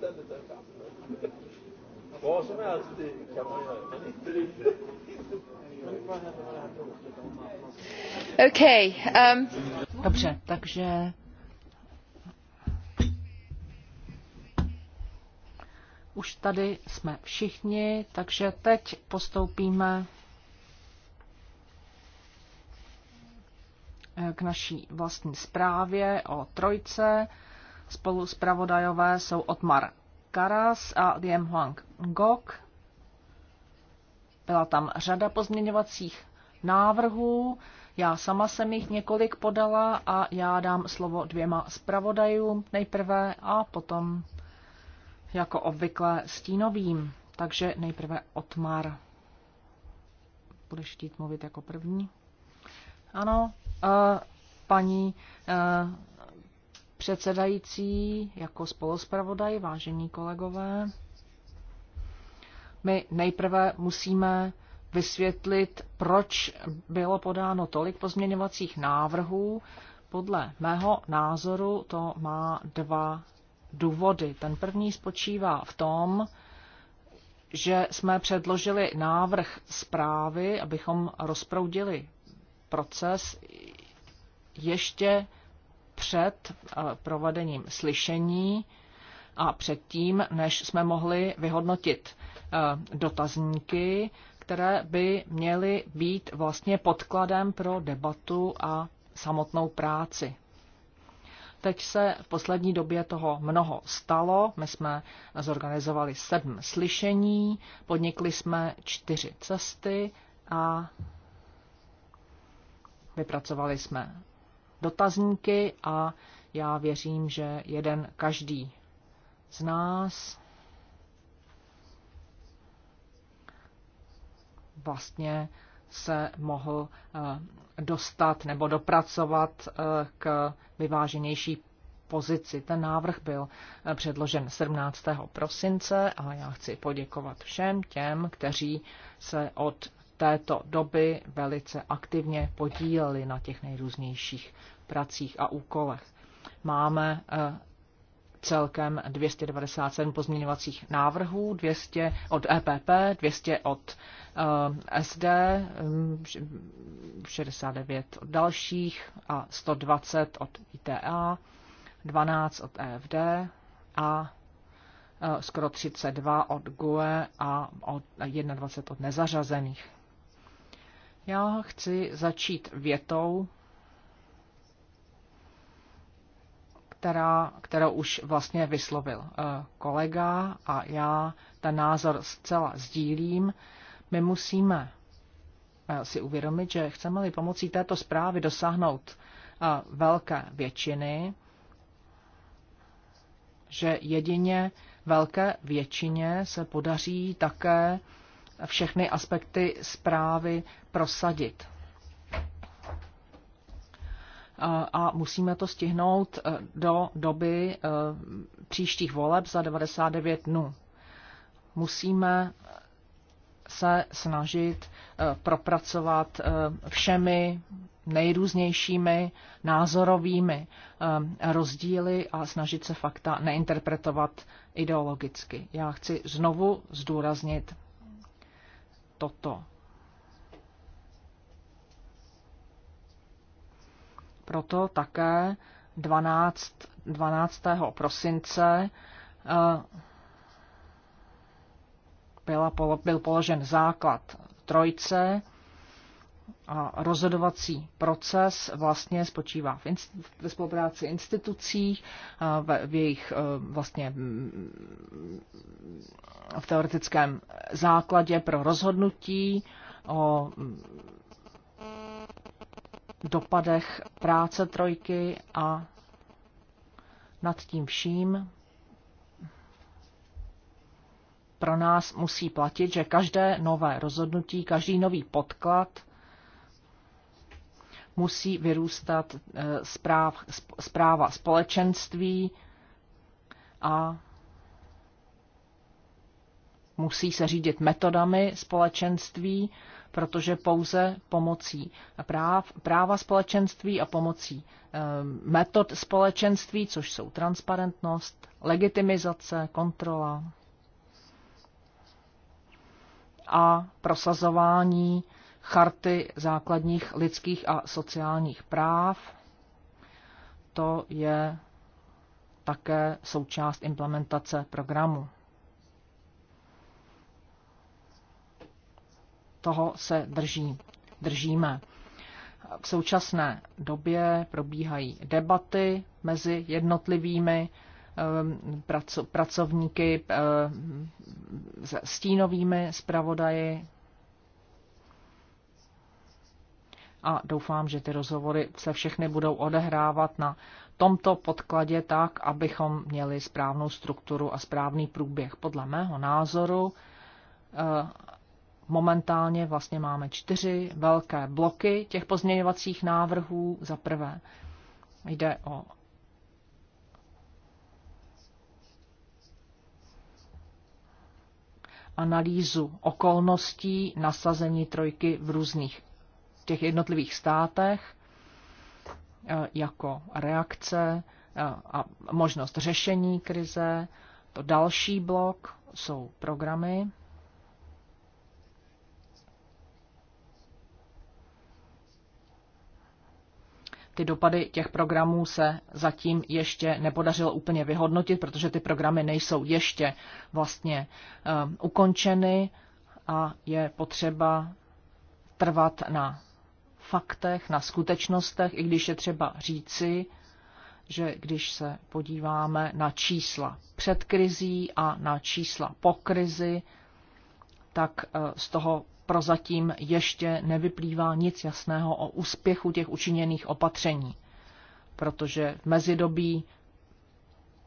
De Okay, um... Dobře, takže už tady jsme všichni, takže teď postoupíme k naší vlastní zprávě o trojce. Spolu zpravodajové jsou Otmar Karas a Diem Huang Gok. Byla tam řada pozměňovacích návrhů. Já sama jsem jich několik podala a já dám slovo dvěma zpravodajům nejprve a potom jako obvykle stínovým. Takže nejprve Otmar. Budeš chtít mluvit jako první? Ano, eh, paní eh, předsedající, jako spoluspravodaj, vážení kolegové, my nejprve musíme vysvětlit, proč bylo podáno tolik pozměňovacích návrhů. Podle mého názoru to má dva důvody. Ten první spočívá v tom, že jsme předložili návrh zprávy, abychom rozproudili proces ještě před eh, provedením slyšení a předtím, než jsme mohli vyhodnotit eh, dotazníky, které by měly být vlastně podkladem pro debatu a samotnou práci. Teď se v poslední době toho mnoho stalo. My jsme zorganizovali sedm slyšení, podnikli jsme čtyři cesty a vypracovali jsme dotazníky a já věřím, že jeden každý z nás vlastně se mohl eh, dostat nebo dopracovat eh, k vyváženější pozici. Ten návrh byl eh, předložen 17. prosince a já chci poděkovat všem těm, kteří se od této doby velice aktivně podíleli na těch nejrůznějších pracích a úkolech. Máme eh, celkem 297 pozměňovacích návrhů, 200 od EPP, 200 od eh, SD, 69 mm, od dalších a 120 od ITA, 12 od EFD a eh, skoro 32 od GUE a od 21 od nezařazených. Já chci začít větou, která, kterou už vlastně vyslovil eh, kolega a já ten názor zcela sdílím. My musíme eh, si uvědomit, že chceme-li pomocí této zprávy dosáhnout eh, velké většiny, že jedině velké většině se podaří také všechny aspekty zprávy prosadit. A musíme to stihnout e, do doby e, příštích voleb za 99 dnů. Musíme se snažit e, propracovat všemi nejrůznějšími názorovými rozdíly a snažit se fakta neinterpretovat ideologicky. Já chci znovu zdůraznit toto. Proto také 12, 12. prosince eh, byla, byl položen základ trojce a rozhodovací proces vlastně spočívá v inst- ve spolupráci institucí, v, v jejich e, vlastně v teoretickém základě pro rozhodnutí o dopadech práce trojky a nad tím vším pro nás musí platit, že každé nové rozhodnutí, každý nový podklad musí vyrůstat zpráv, eh, zpráva společenství a musí se řídit metodami společenství, protože pouze pomocí práv, práva společenství a pomocí eh, metod společenství, což jsou transparentnost, legitimizace, kontrola a prosazování charty základních lidských a sociálních práv. To je také součást implementace programu. Toho se drží, držíme. V současné době probíhají debaty mezi jednotlivými ehm, pracovníky, ehm, stínovými zpravodaji, a doufám, že ty rozhovory se všechny budou odehrávat na tomto podkladě tak, abychom měli správnou strukturu a správný průběh. Podle mého názoru eh, momentálně vlastně máme čtyři velké bloky těch pozměňovacích návrhů. Za prvé jde o analýzu okolností nasazení trojky v různých těch jednotlivých státech eh, jako reakce eh, a možnost řešení krize. To další blok jsou programy. Ty dopady těch programů se zatím ještě nepodařilo úplně vyhodnotit, protože ty programy nejsou ještě vlastně um, ukončeny a je potřeba trvat na faktech, na skutečnostech, i když je třeba říci, že když se podíváme na čísla před krizí a na čísla po krizi, tak eh, z toho prozatím ještě nevyplývá nic jasného o úspěchu těch učiněných opatření, protože v mezidobí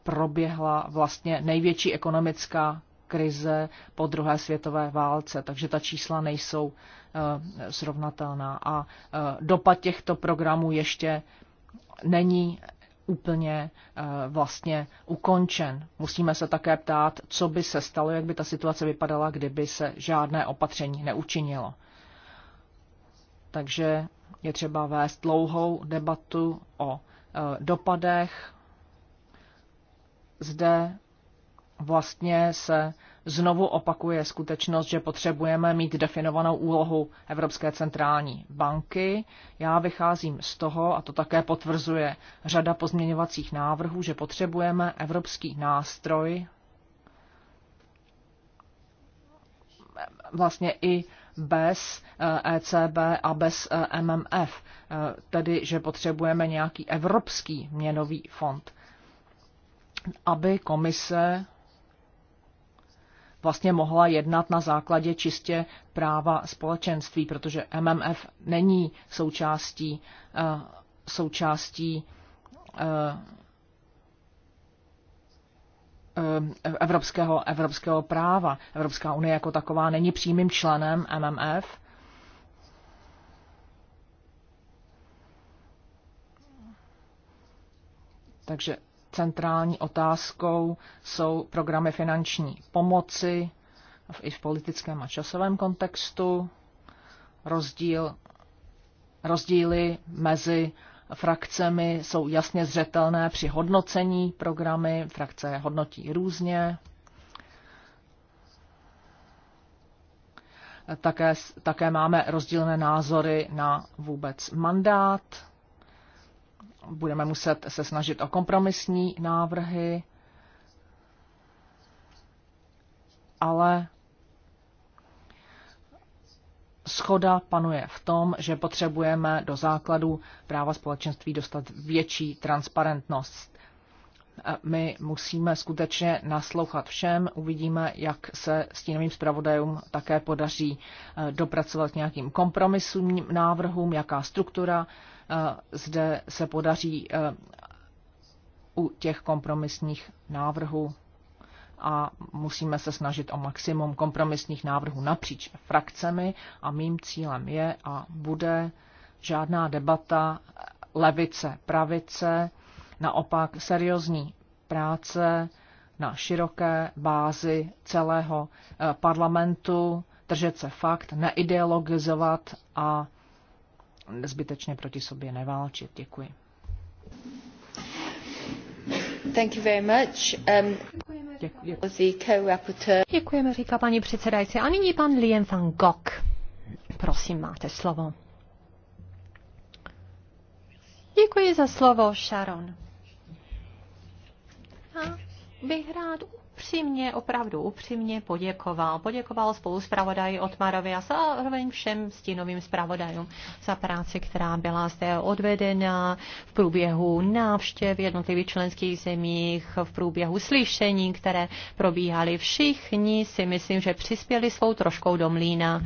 proběhla vlastně největší ekonomická krize po druhé světové válce, takže ta čísla nejsou eh, srovnatelná. A eh, dopad těchto programů ještě není úplně eh, vlastně ukončen. Musíme se také ptát, co by se stalo, jak by ta situace vypadala, kdyby se žádné opatření neučinilo. Takže je třeba vést dlouhou debatu o dopadech. Zde vlastně se znovu opakuje skutečnost, že potřebujeme mít definovanou úlohu Evropské centrální banky. Já vycházím z toho, a to také potvrzuje řada pozměňovacích návrhů, že potřebujeme evropský nástroj vlastně i bez ECB eh, e a bez eh, MMF, eh, tedy že potřebujeme nějaký evropský měnový fond, aby komise vlastně mohla jednat na základě čistě práva společenství, protože MMF není součástí, eh, součástí eh, eh, evropského, evropského práva. Evropská unie jako taková není přímým členem MMF. Takže centrální otázkou jsou programy finanční pomoci i v politickém a časovém kontextu, rozdíl, rozdíly mezi frakcemi jsou jasně zřetelné při hodnocení programy, frakce hodnotí různě. Také, také máme rozdílné názory na vůbec mandát budeme muset se snažit o kompromisní návrhy, ale schoda panuje v tom, že potřebujeme do základu práva společenství dostat větší transparentnost. My musíme skutečně naslouchat všem, uvidíme, jak se s tím zpravodajům také podaří eh, dopracovat nějakým kompromisům návrhům, jaká struktura Eh, zde se podaří eh, u těch kompromisních návrhů a musíme se snažit o maximum kompromisních návrhů napříč frakcemi a mým cílem je a bude žádná debata levice, pravice, naopak seriózní práce na široké bázi celého eh, parlamentu, držet se fakt, neideologizovat a zbytečně proti sobě neválčit. Děkuji. Thank you very much. Um, děkujeme, děkujeme, říká paní předsedající. A nyní pan Lien van Gogh. Prosím, máte slovo. Děkuji za slovo, Sharon. A bych rád upřímně, opravdu upřímně poděkoval. Poděkoval spolu zpravodaji Otmarovi a zároveň všem stínovým zpravodajům za práci, která byla zde odvedena v průběhu návštěv jednotlivých členských zemích, v průběhu slyšení, které probíhaly. Všichni si myslím, že přispěli svou troškou do mlína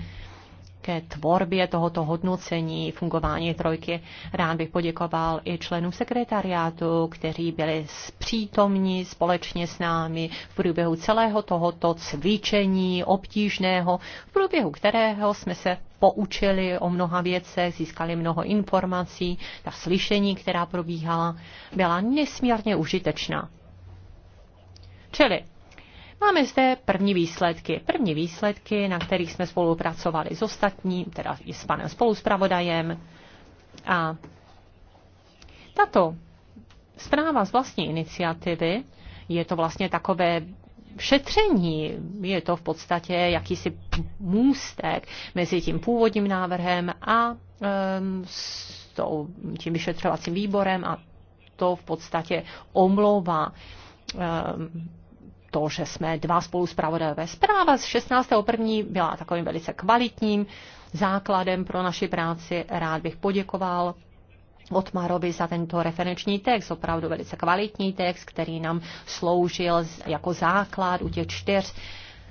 ke tvorbě tohoto hodnocení fungování trojky. Rád bych poděkoval i členům sekretariátu, kteří byli přítomní společně s námi v průběhu celého tohoto cvičení obtížného, v průběhu kterého jsme se poučili o mnoha věcech, získali mnoho informací. Ta slyšení, která probíhala, byla nesmírně užitečná. Čili Máme zde první výsledky. První výsledky, na kterých jsme spolupracovali s ostatním, teda i s panem spoluspravodajem. A tato zpráva z vlastní iniciativy je to vlastně takové šetření. Je to v podstatě jakýsi můstek mezi tím původním návrhem a um, s tou, tím vyšetřovacím výborem a to v podstatě omlouvá um, to, že jsme dva spolu zpravodajové. Zpráva z 16.1. byla takovým velice kvalitním základem pro naši práci. Rád bych poděkoval Otmarovi za tento referenční text, opravdu velice kvalitní text, který nám sloužil jako základ u těch čtyř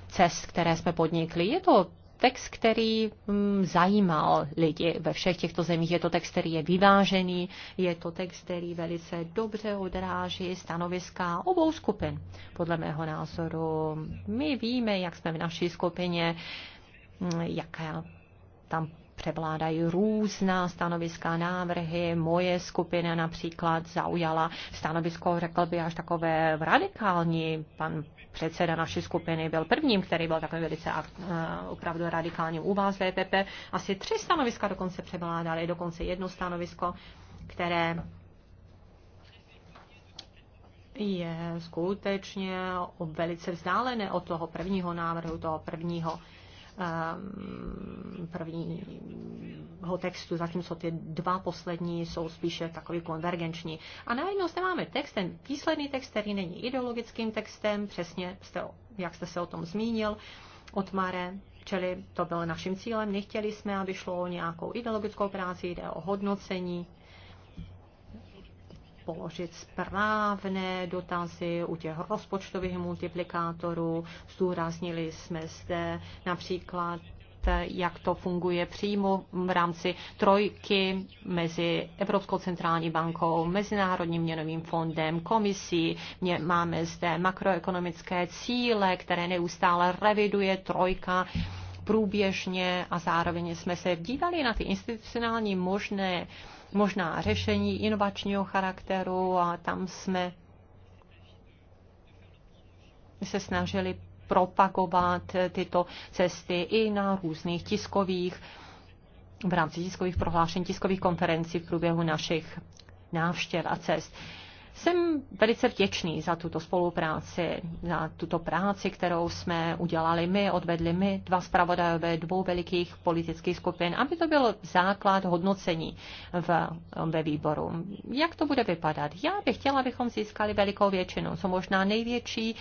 cest, které jsme podnikli. Je to text, který mm, zajímal lidi ve všech těchto zemích. Je to text, který je vyvážený, je to text, který velice dobře odráží stanoviska obou skupin, podle mého názoru. My víme, jak jsme v naší skupině, mm, jaká tam převládají různá stanoviska, návrhy. Moje skupina například zaujala stanovisko, řekl by, až takové radikální. Pan předseda naší skupiny byl prvním, který byl takový velice uh, opravdu radikální u vás VPP. E Asi tři stanoviska dokonce převládaly, dokonce jedno stanovisko, které je skutečně velice vzdálené od toho prvního návrhu, toho prvního Ehm, prvního textu, zatímco ty dva poslední jsou spíše takový konvergenční. A najednou zde máme text, ten výsledný text, který není ideologickým textem, přesně jste, jak jste se o tom zmínil, od Mare, čili to bylo naším cílem, nechtěli jsme, aby šlo o nějakou ideologickou práci, jde o hodnocení položit správné dotazy u těch rozpočtových multiplikátorů. Zdůraznili jsme zde například jak to funguje přímo v rámci trojky mezi Evropskou centrální bankou, Mezinárodním měnovým fondem, komisí. Máme zde makroekonomické cíle, které neustále reviduje trojka průběžně a zároveň jsme se dívali na ty institucionální možné uh, možná řešení inovačního charakteru a tam jsme se snažili propagovat tyto cesty i na různých tiskových, v rámci tiskových prohlášení, tiskových konferencí v průběhu našich návštěv a cest. Jsem velice vděčný za tuto spolupráci, za tuto práci, kterou jsme udělali my, odvedli my, dva zpravodajové dvou velikých politických skupin, aby to byl základ hodnocení v, ve výboru. Jak to bude vypadat? Já bych chtěla, abychom získali velikou většinu, co možná největší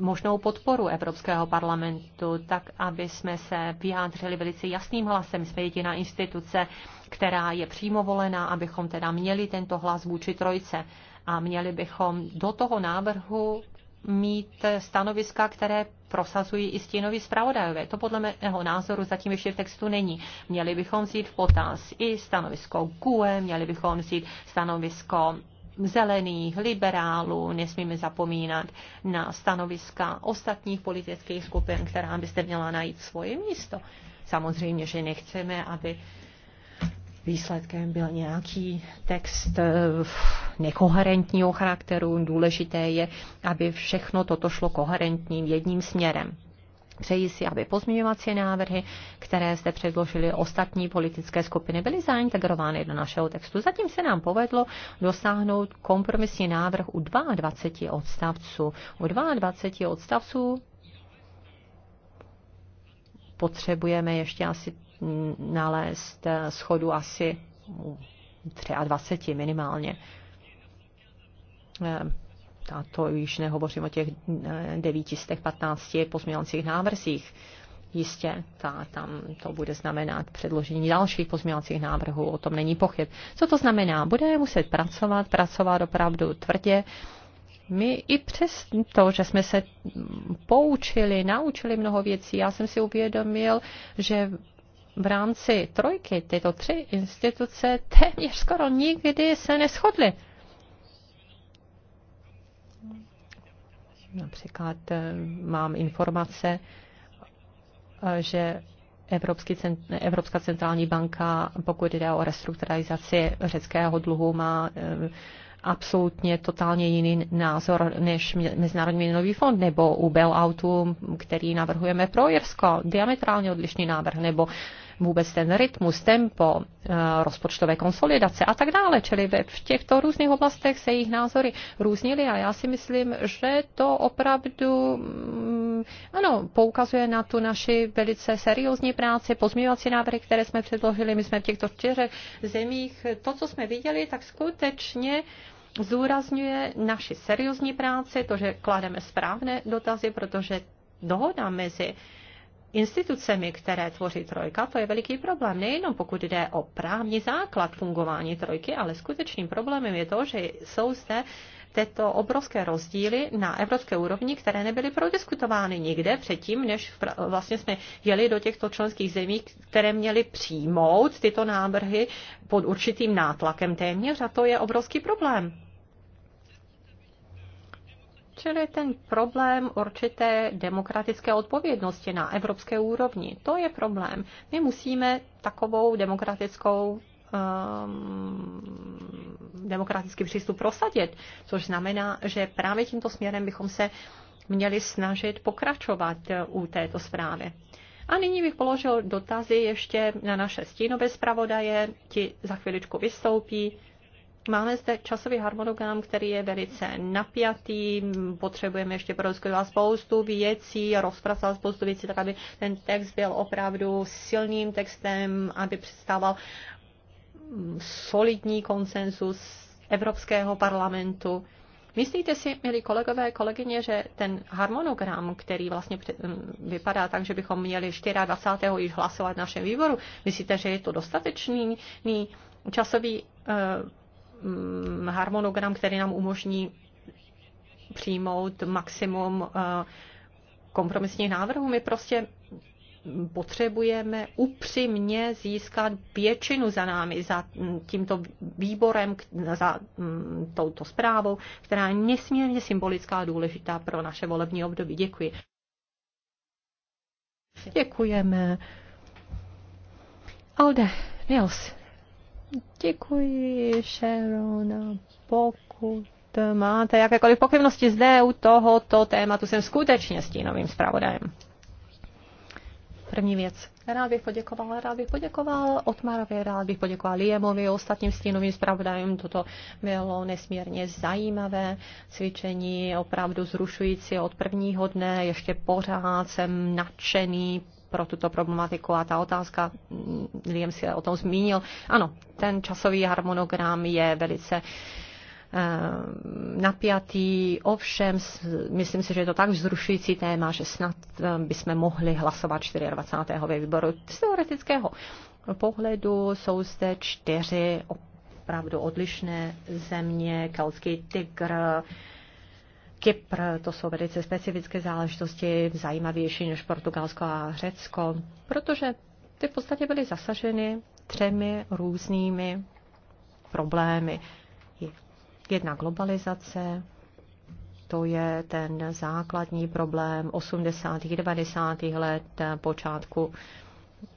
možnou podporu Evropského parlamentu, tak aby jsme se vyjádřili velice jasným hlasem. Jsme jediná instituce, která je přímo volená, abychom teda měli tento hlas vůči trojce a měli bychom do toho návrhu mít stanoviska, které prosazují i stínoví zpravodajové. To podle mého názoru zatím ještě v textu není. Měli bychom vzít v potaz i stanovisko QE, měli bychom vzít stanovisko zelených, liberálů, nesmíme zapomínat na stanoviska ostatních politických skupin, která byste měla najít svoje místo. Samozřejmě, že nechceme, aby výsledkem byl nějaký text eh, nekoherentního charakteru. Důležité je, aby všechno toto šlo koherentním jedním směrem. Přeji si, aby pozměňovací návrhy, které zde předložili ostatní politické skupiny, byly zaintegrovány do našeho textu. Zatím se nám povedlo dosáhnout kompromisní návrh u 22 odstavců. U 22 odstavců potřebujeme ještě asi nalézt schodu asi 23 minimálně a to již nehovořím o těch 915 eh, pozměňovacích návrzích, jistě ta, tam to bude znamenat předložení dalších pozměňovacích návrhů, o tom není pochyb. Co to znamená? Bude muset pracovat, pracovat opravdu tvrdě. My i přes to, že jsme se poučili, naučili mnoho věcí, já jsem si uvědomil, že v rámci trojky tyto tři instituce téměř skoro nikdy se neschodly Například eh, mám informace, eh, že Evropská centrální banka, pokud jde o restrukturalizaci řeckého dluhu, má eh, absolutně totálně jiný názor než Mezinárodní měnový fond nebo u bailoutu, který navrhujeme pro Jirsko. Diametrálně odlišný návrh nebo vůbec ten rytmus, tempo eh, rozpočtové konsolidace a tak dále. Čili v těchto různých oblastech se jejich názory různily a já si myslím, že to opravdu mm, ano, poukazuje na tu naši velice seriózní práci, pozměňovací návrhy, které jsme předložili. My jsme v těchto čtyřech zemích to, co jsme viděli, tak skutečně zúrazňuje naši seriózní práci, to, že klademe správné dotazy, protože dohoda mezi institucemi, které tvoří trojka, to je veliký problém. Nejenom pokud jde o právní základ fungování trojky, ale skutečným problémem je to, že jsou zde tyto obrovské rozdíly na evropské úrovni, které nebyly prodiskutovány nikde předtím, než vlastně jsme jeli do těchto členských zemí, které měly přijmout tyto návrhy pod určitým nátlakem téměř a to je obrovský problém. Čili ten problém určité demokratické odpovědnosti na evropské úrovni, to je problém. My musíme takovou demokratickou um, demokratický přístup prosadit, což znamená, že právě tímto směrem bychom se měli snažit pokračovat u této zprávy. A nyní bych položil dotazy ještě na naše stínové zpravodaje, ti za chviličku vystoupí. Máme zde časový harmonogram, který je velice napjatý, potřebujeme ještě prodiskutovat spoustu věcí, rozpracovat spoustu věcí, tak aby ten text byl opravdu silným textem, aby představoval solidní konsenzus Evropského parlamentu. Myslíte si, milí kolegové, kolegyně, že ten harmonogram, který vlastně vypadá tak, že bychom měli 24. již hlasovat v našem výboru, myslíte, že je to dostatečný časový eh, Mm, harmonogram, který nám umožní přijmout maximum eh, kompromisních návrhů. My prostě potřebujeme upřímně získat většinu za námi, za mm, tímto výborem, za mm, touto zprávou, která je nesmírně symbolická a důležitá pro naše volební období. Děkuji. Děkujeme. Alde, Nils. Děkuji, Sharon. Pokud máte jakékoliv pochybnosti zde u tohoto tématu, jsem skutečně stínovým zpravodajem. První věc. Rád bych poděkoval, rád bych poděkoval Otmarovi, rád bych poděkoval Liemovi, ostatním stínovým zpravodajům. Toto bylo nesmírně zajímavé cvičení, opravdu zrušující od prvního dne. Ještě pořád jsem nadšený, pro tuto problematiku a ta otázka, mm, Liam se o tom zmínil, ano, ten časový harmonogram je velice eh, napjatý, ovšem myslím si, že je to tak vzrušující téma, že snad eh, bychom mohli hlasovat 24. ve výboru. Z teoretického pohledu jsou zde čtyři opravdu odlišné země, Kelský tygr, Kypr, to jsou velice specifické záležitosti, zajímavější než Portugalsko a Řecko, protože ty v podstatě byly zasaženy třemi různými problémy. Jedna globalizace, to je ten základní problém 80. a 90. let počátku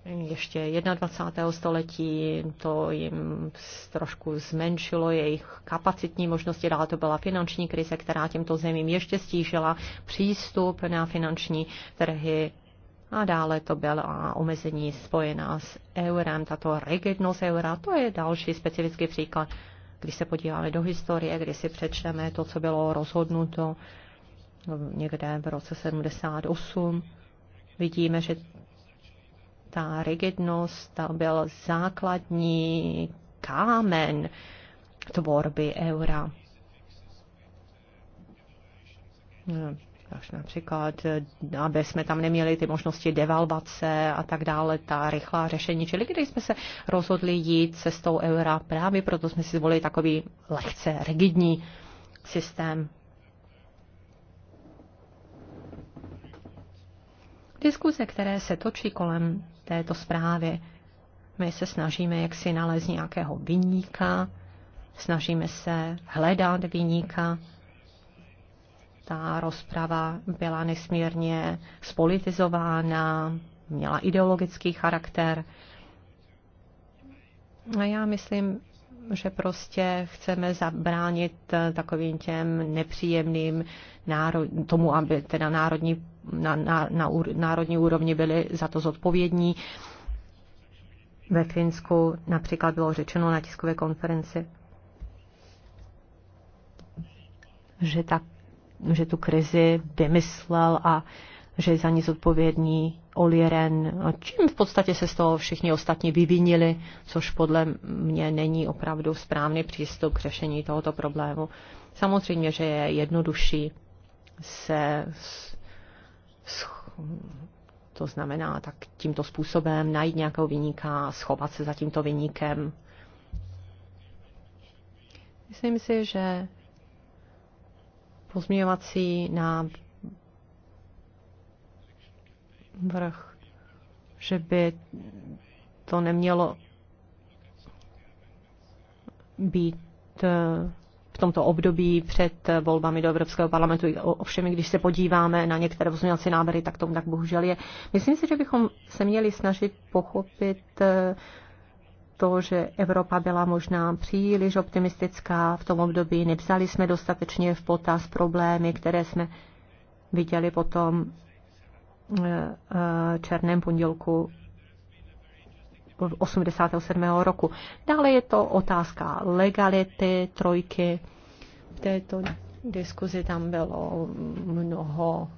ještě 21. století, to jim trošku zmenšilo jejich kapacitní možnosti, dále to byla finanční krize, která těmto zemím ještě stížila přístup na finanční trhy a dále to byla omezení spojená s eurem, tato rigidnost eura, to je další specifický příklad, když se podíváme do historie, když si přečteme to, co bylo rozhodnuto někde v roce 78, vidíme, že ta rigidnost ta byl základní kámen tvorby eura. Takže až například, aby jsme tam neměli ty možnosti devalvace a tak dále, ta rychlá řešení. Čili když jsme se rozhodli jít cestou eura, právě proto jsme si zvolili takový lehce rigidní systém. Diskuze, které se točí kolem této zprávě. My se snažíme jak si nalézt nějakého vyníka, snažíme se hledat vyníka. Ta rozprava byla nesmírně spolitizována, měla ideologický charakter. A já myslím, že prostě chceme zabránit takovým těm nepříjemným národ, tomu, aby teda národní na, na, na národní úrovni byli za to zodpovědní. Ve Finsku například bylo řečeno na tiskové konferenci, že, ta, že tu krizi vymyslel a že je za ní zodpovědný Olieren, čím v podstatě se z toho všichni ostatní vyvinili, což podle mě není opravdu správný přístup k řešení tohoto problému. Samozřejmě, že je jednodušší se to znamená tak tímto způsobem najít nějakého vyníka, schovat se za tímto vyníkem. Myslím si, že pozměňovací vrch, že by to nemělo být eh, v tomto období před volbami do Evropského parlamentu. Ovšem, když se podíváme na některé pozměňovací návrhy, tak tomu tak bohužel je. Myslím si, že bychom se měli snažit pochopit eh, to, že Evropa byla možná příliš optimistická v tom období. Nepsali jsme dostatečně v potaz problémy, které jsme viděli potom eh, eh, černém pondělku 87. roku. Dále je to otázka legality, trojky. V této diskuzi tam bylo mnoho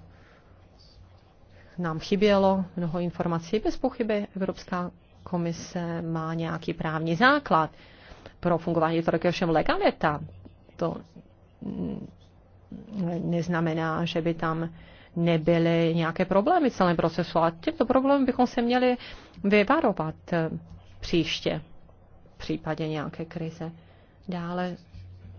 nám chybělo mnoho informací. Bez pochyby Evropská komise má nějaký právní základ pro fungování trojky, ovšem legalita to neznamená, že by tam nebyly nějaké problémy v celém procesu. A těmto problémům bychom se měli vyvarovat eh, příště v případě nějaké krize. Dále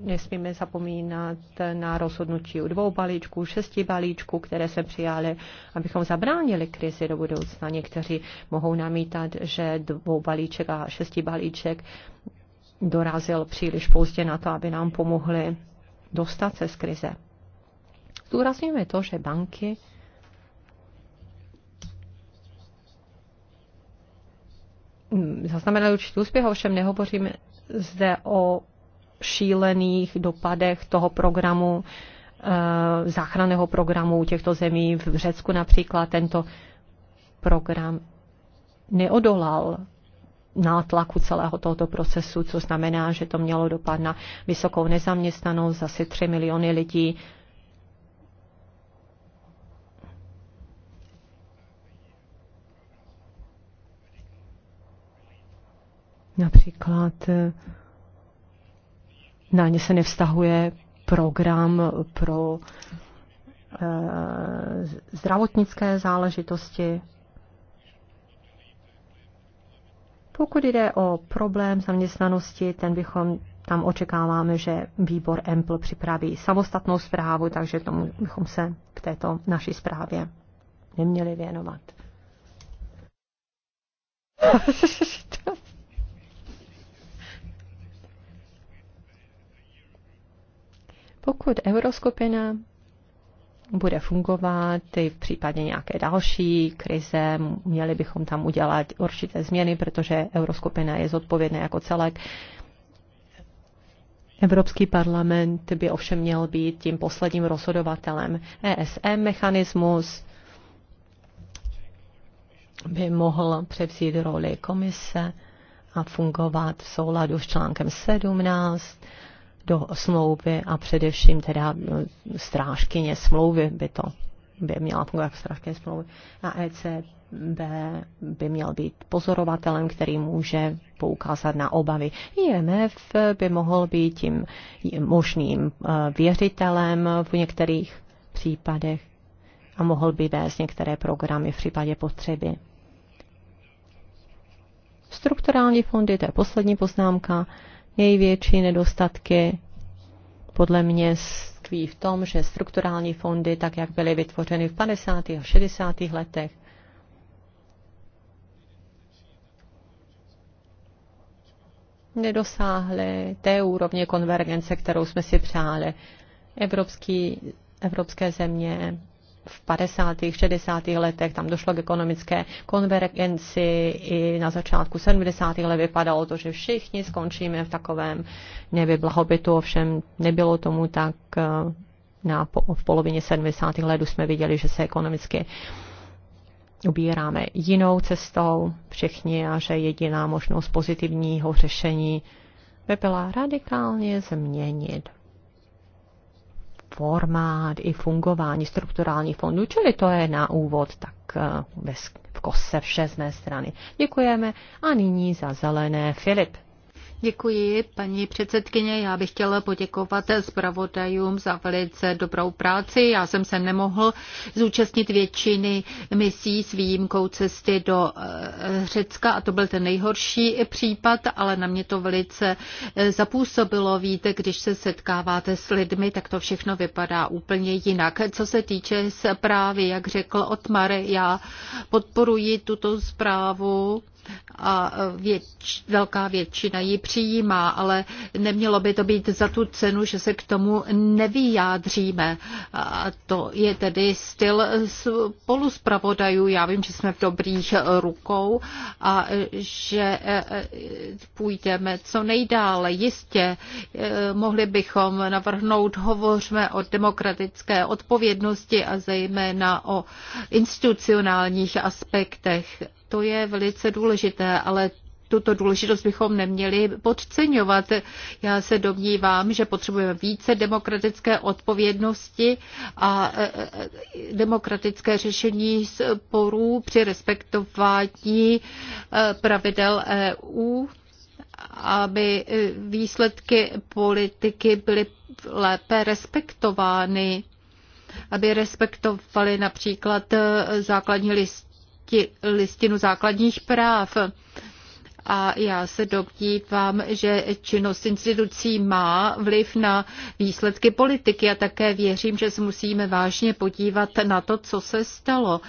nesmíme zapomínat na rozhodnutí u dvou balíčků, šesti balíčků, které se přijali, abychom zabránili krizi do budoucna. Někteří mohou namítat, že dvou balíček a šesti balíček dorazil příliš pozdě na to, aby nám pomohli dostat se z krize zdůrazňujeme to, že banky zaznamenaly určitý úspěch, ovšem nehovoříme zde o šílených dopadech toho programu, eh, záchranného programu těchto zemí. V Řecku například tento program neodolal nátlaku celého tohoto procesu, co znamená, že to mělo dopad na vysokou nezaměstnanost, asi 3 miliony lidí Například eh, na ně se nevztahuje program pro eh, zdravotnické záležitosti. Pokud jde o problém zaměstnanosti, ten bychom tam očekáváme, že výbor EMPL připraví samostatnou zprávu, takže tomu bychom se k této naší zprávě neměli věnovat. Pokud euroskupina bude fungovat i v případě nějaké další krize, měli bychom tam udělat určité změny, protože euroskupina je zodpovědná jako celek. Evropský parlament by ovšem měl být tím posledním rozhodovatelem. ESM mechanismus by mohl převzít roli komise a fungovat v souladu s článkem 17 do smlouvy a především teda strážkyně smlouvy by to by měla fungovat jako strážkyně smlouvy a ECB by měl být pozorovatelem, který může poukázat na obavy. IMF by mohl být tím možným e, věřitelem v některých případech a mohl by vést některé programy v případě potřeby. Strukturální fondy, to je poslední poznámka, Největší nedostatky podle mě tkví v tom, že strukturální fondy, tak jak byly vytvořeny v 50. a 60. letech, nedosáhly té úrovně konvergence, kterou jsme si přáli. Evropský, evropské země v 50. 60. letech, tam došlo k ekonomické konvergenci i na začátku 70. let vypadalo to, že všichni skončíme v takovém nebi blahobytu, ovšem nebylo tomu tak eh, na, v polovině 70. let jsme viděli, že se ekonomicky ubíráme jinou cestou všichni a že jediná možnost pozitivního řešení by byla radikálně změnit formát i fungování strukturální fondů, čili to je na úvod tak bez, eh, v kose vše z mé strany. Děkujeme a nyní za zelené Filip. Děkuji, paní předsedkyně. Já bych chtěla poděkovat zpravodajům za velice dobrou práci. Já jsem se nemohl zúčastnit většiny misí s výjimkou cesty do eh, Řecka a to byl ten nejhorší případ, ale na mě to velice eh, zapůsobilo. Víte, když se setkáváte s lidmi, tak to všechno vypadá úplně jinak. Co se týče zprávy, jak řekl Otmar, já podporuji tuto zprávu a věč, velká většina ji přijímá, ale nemělo by to být za tu cenu, že se k tomu nevyjádříme. A to je tedy styl spolu Já vím, že jsme v dobrých rukou a že e, e, půjdeme co nejdále. Jistě e, mohli bychom navrhnout, hovořme o demokratické odpovědnosti a zejména o institucionálních aspektech to je velice důležité, ale tuto důležitost bychom neměli podceňovat. Já se domnívám, že potřebujeme více demokratické odpovědnosti a e, e, e, demokratické řešení sporů při respektování pravidel EU aby výsledky politiky byly lépe respektovány, aby respektovali například základní list listinu základních práv. A já se domnívám, že činnost institucí má vliv na výsledky politiky a také věřím, že se musíme vážně podívat na to, co se stalo.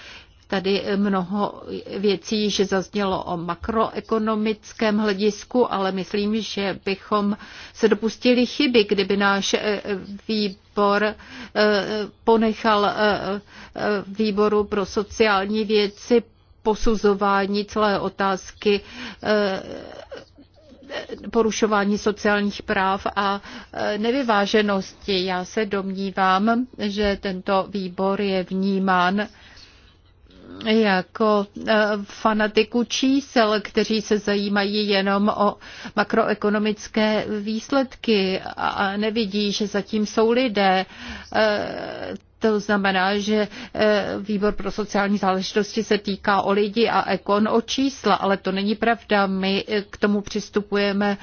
Tady mnoho věcí, že zaznělo o makroekonomickém hledisku, ale myslím, že bychom se dopustili chyby, kdyby náš eh, výbor eh, ponechal eh, výboru pro sociální věci posuzování celé otázky porušování sociálních práv a nevyváženosti. Já se domnívám, že tento výbor je vnímán jako eh, fanatiku čísel, kteří se zajímají jenom o makroekonomické výsledky a nevidí, že zatím jsou lidé. Eh, to znamená, že eh, výbor pro sociální záležitosti se týká o lidi a ekon o čísla, ale to není pravda. My k tomu přistupujeme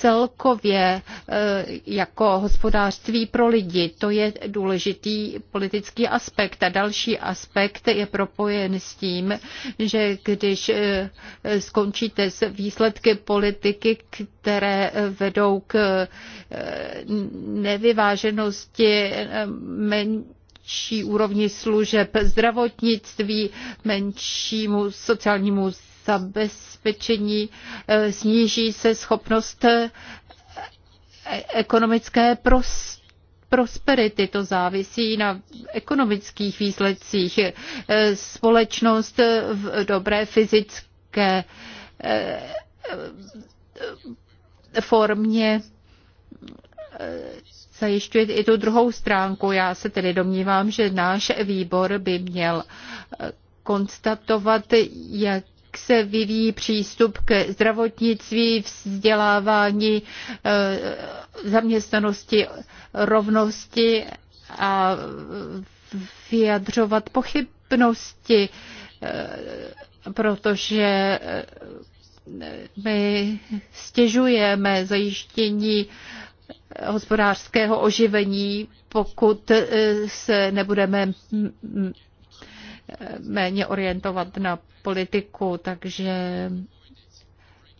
celkově eh, jako hospodářství pro lidi. To je důležitý politický aspekt. A další aspekt je propojen s tím, že když eh, skončíte s výsledky politiky, které vedou k eh, nevyváženosti menší úrovni služeb zdravotnictví, menšímu sociálnímu zabezpečení, eh, sníží se schopnost eh, ekonomické prostředí prosperity, to závisí na ekonomických výsledcích. Eh, společnost v dobré fyzické formě zajišťuje i tu druhou stránku. Já se tedy domnívám, že náš výbor by měl konstatovat, jak jak se vyvíjí přístup k zdravotnictví, vzdělávání, eh, zaměstnanosti, rovnosti a vyjadřovat pochybnosti, eh, protože eh, my stěžujeme zajištění hospodářského oživení, pokud se nebudeme méně orientovat na politiku, takže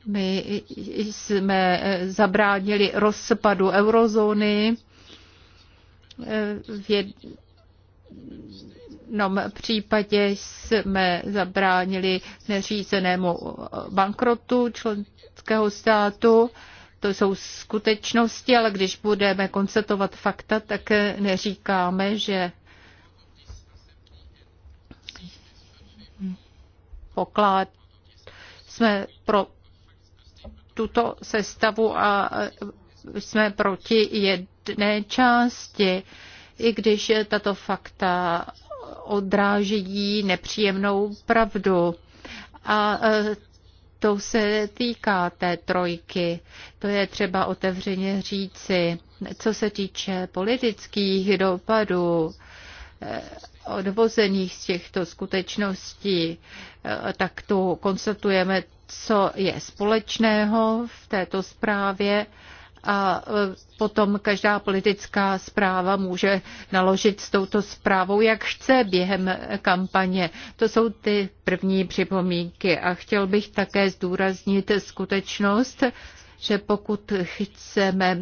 my jsme zabránili rozpadu eurozóny v jednom případě jsme zabránili neřízenému bankrotu členského státu. To jsou skutečnosti, ale když budeme konstatovat fakta, tak neříkáme, že předpoklad jsme pro tuto sestavu a jsme proti jedné části, i když tato fakta odrážejí nepříjemnou pravdu. A e, to se týká té trojky. To je třeba otevřeně říci. Co se týče politických dopadů, e, odvozených z těchto skutečností, e, tak tu konstatujeme, co je společného v této zprávě a e, potom každá politická zpráva může naložit s touto zprávou, jak chce během kampaně. To jsou ty první připomínky a chtěl bych také zdůraznit skutečnost, že pokud chceme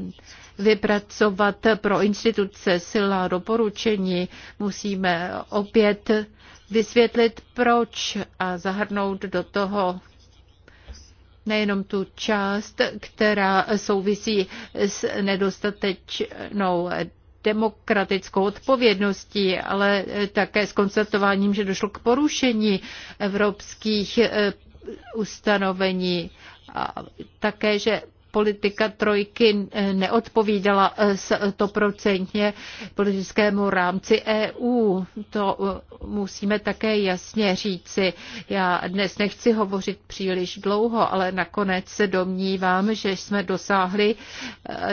vypracovat pro instituce silná doporučení. Musíme opět vysvětlit, proč a zahrnout do toho nejenom tu část, která souvisí s nedostatečnou demokratickou odpovědností, ale také s konstatováním, že došlo k porušení evropských ustanovení a také, že politika trojky eh, neodpovídala eh, eh, stoprocentně politickému rámci EU. To musíme také jasně říci. Já dnes nechci hovořit příliš dlouho, ale nakonec se domnívám, že jsme dosáhli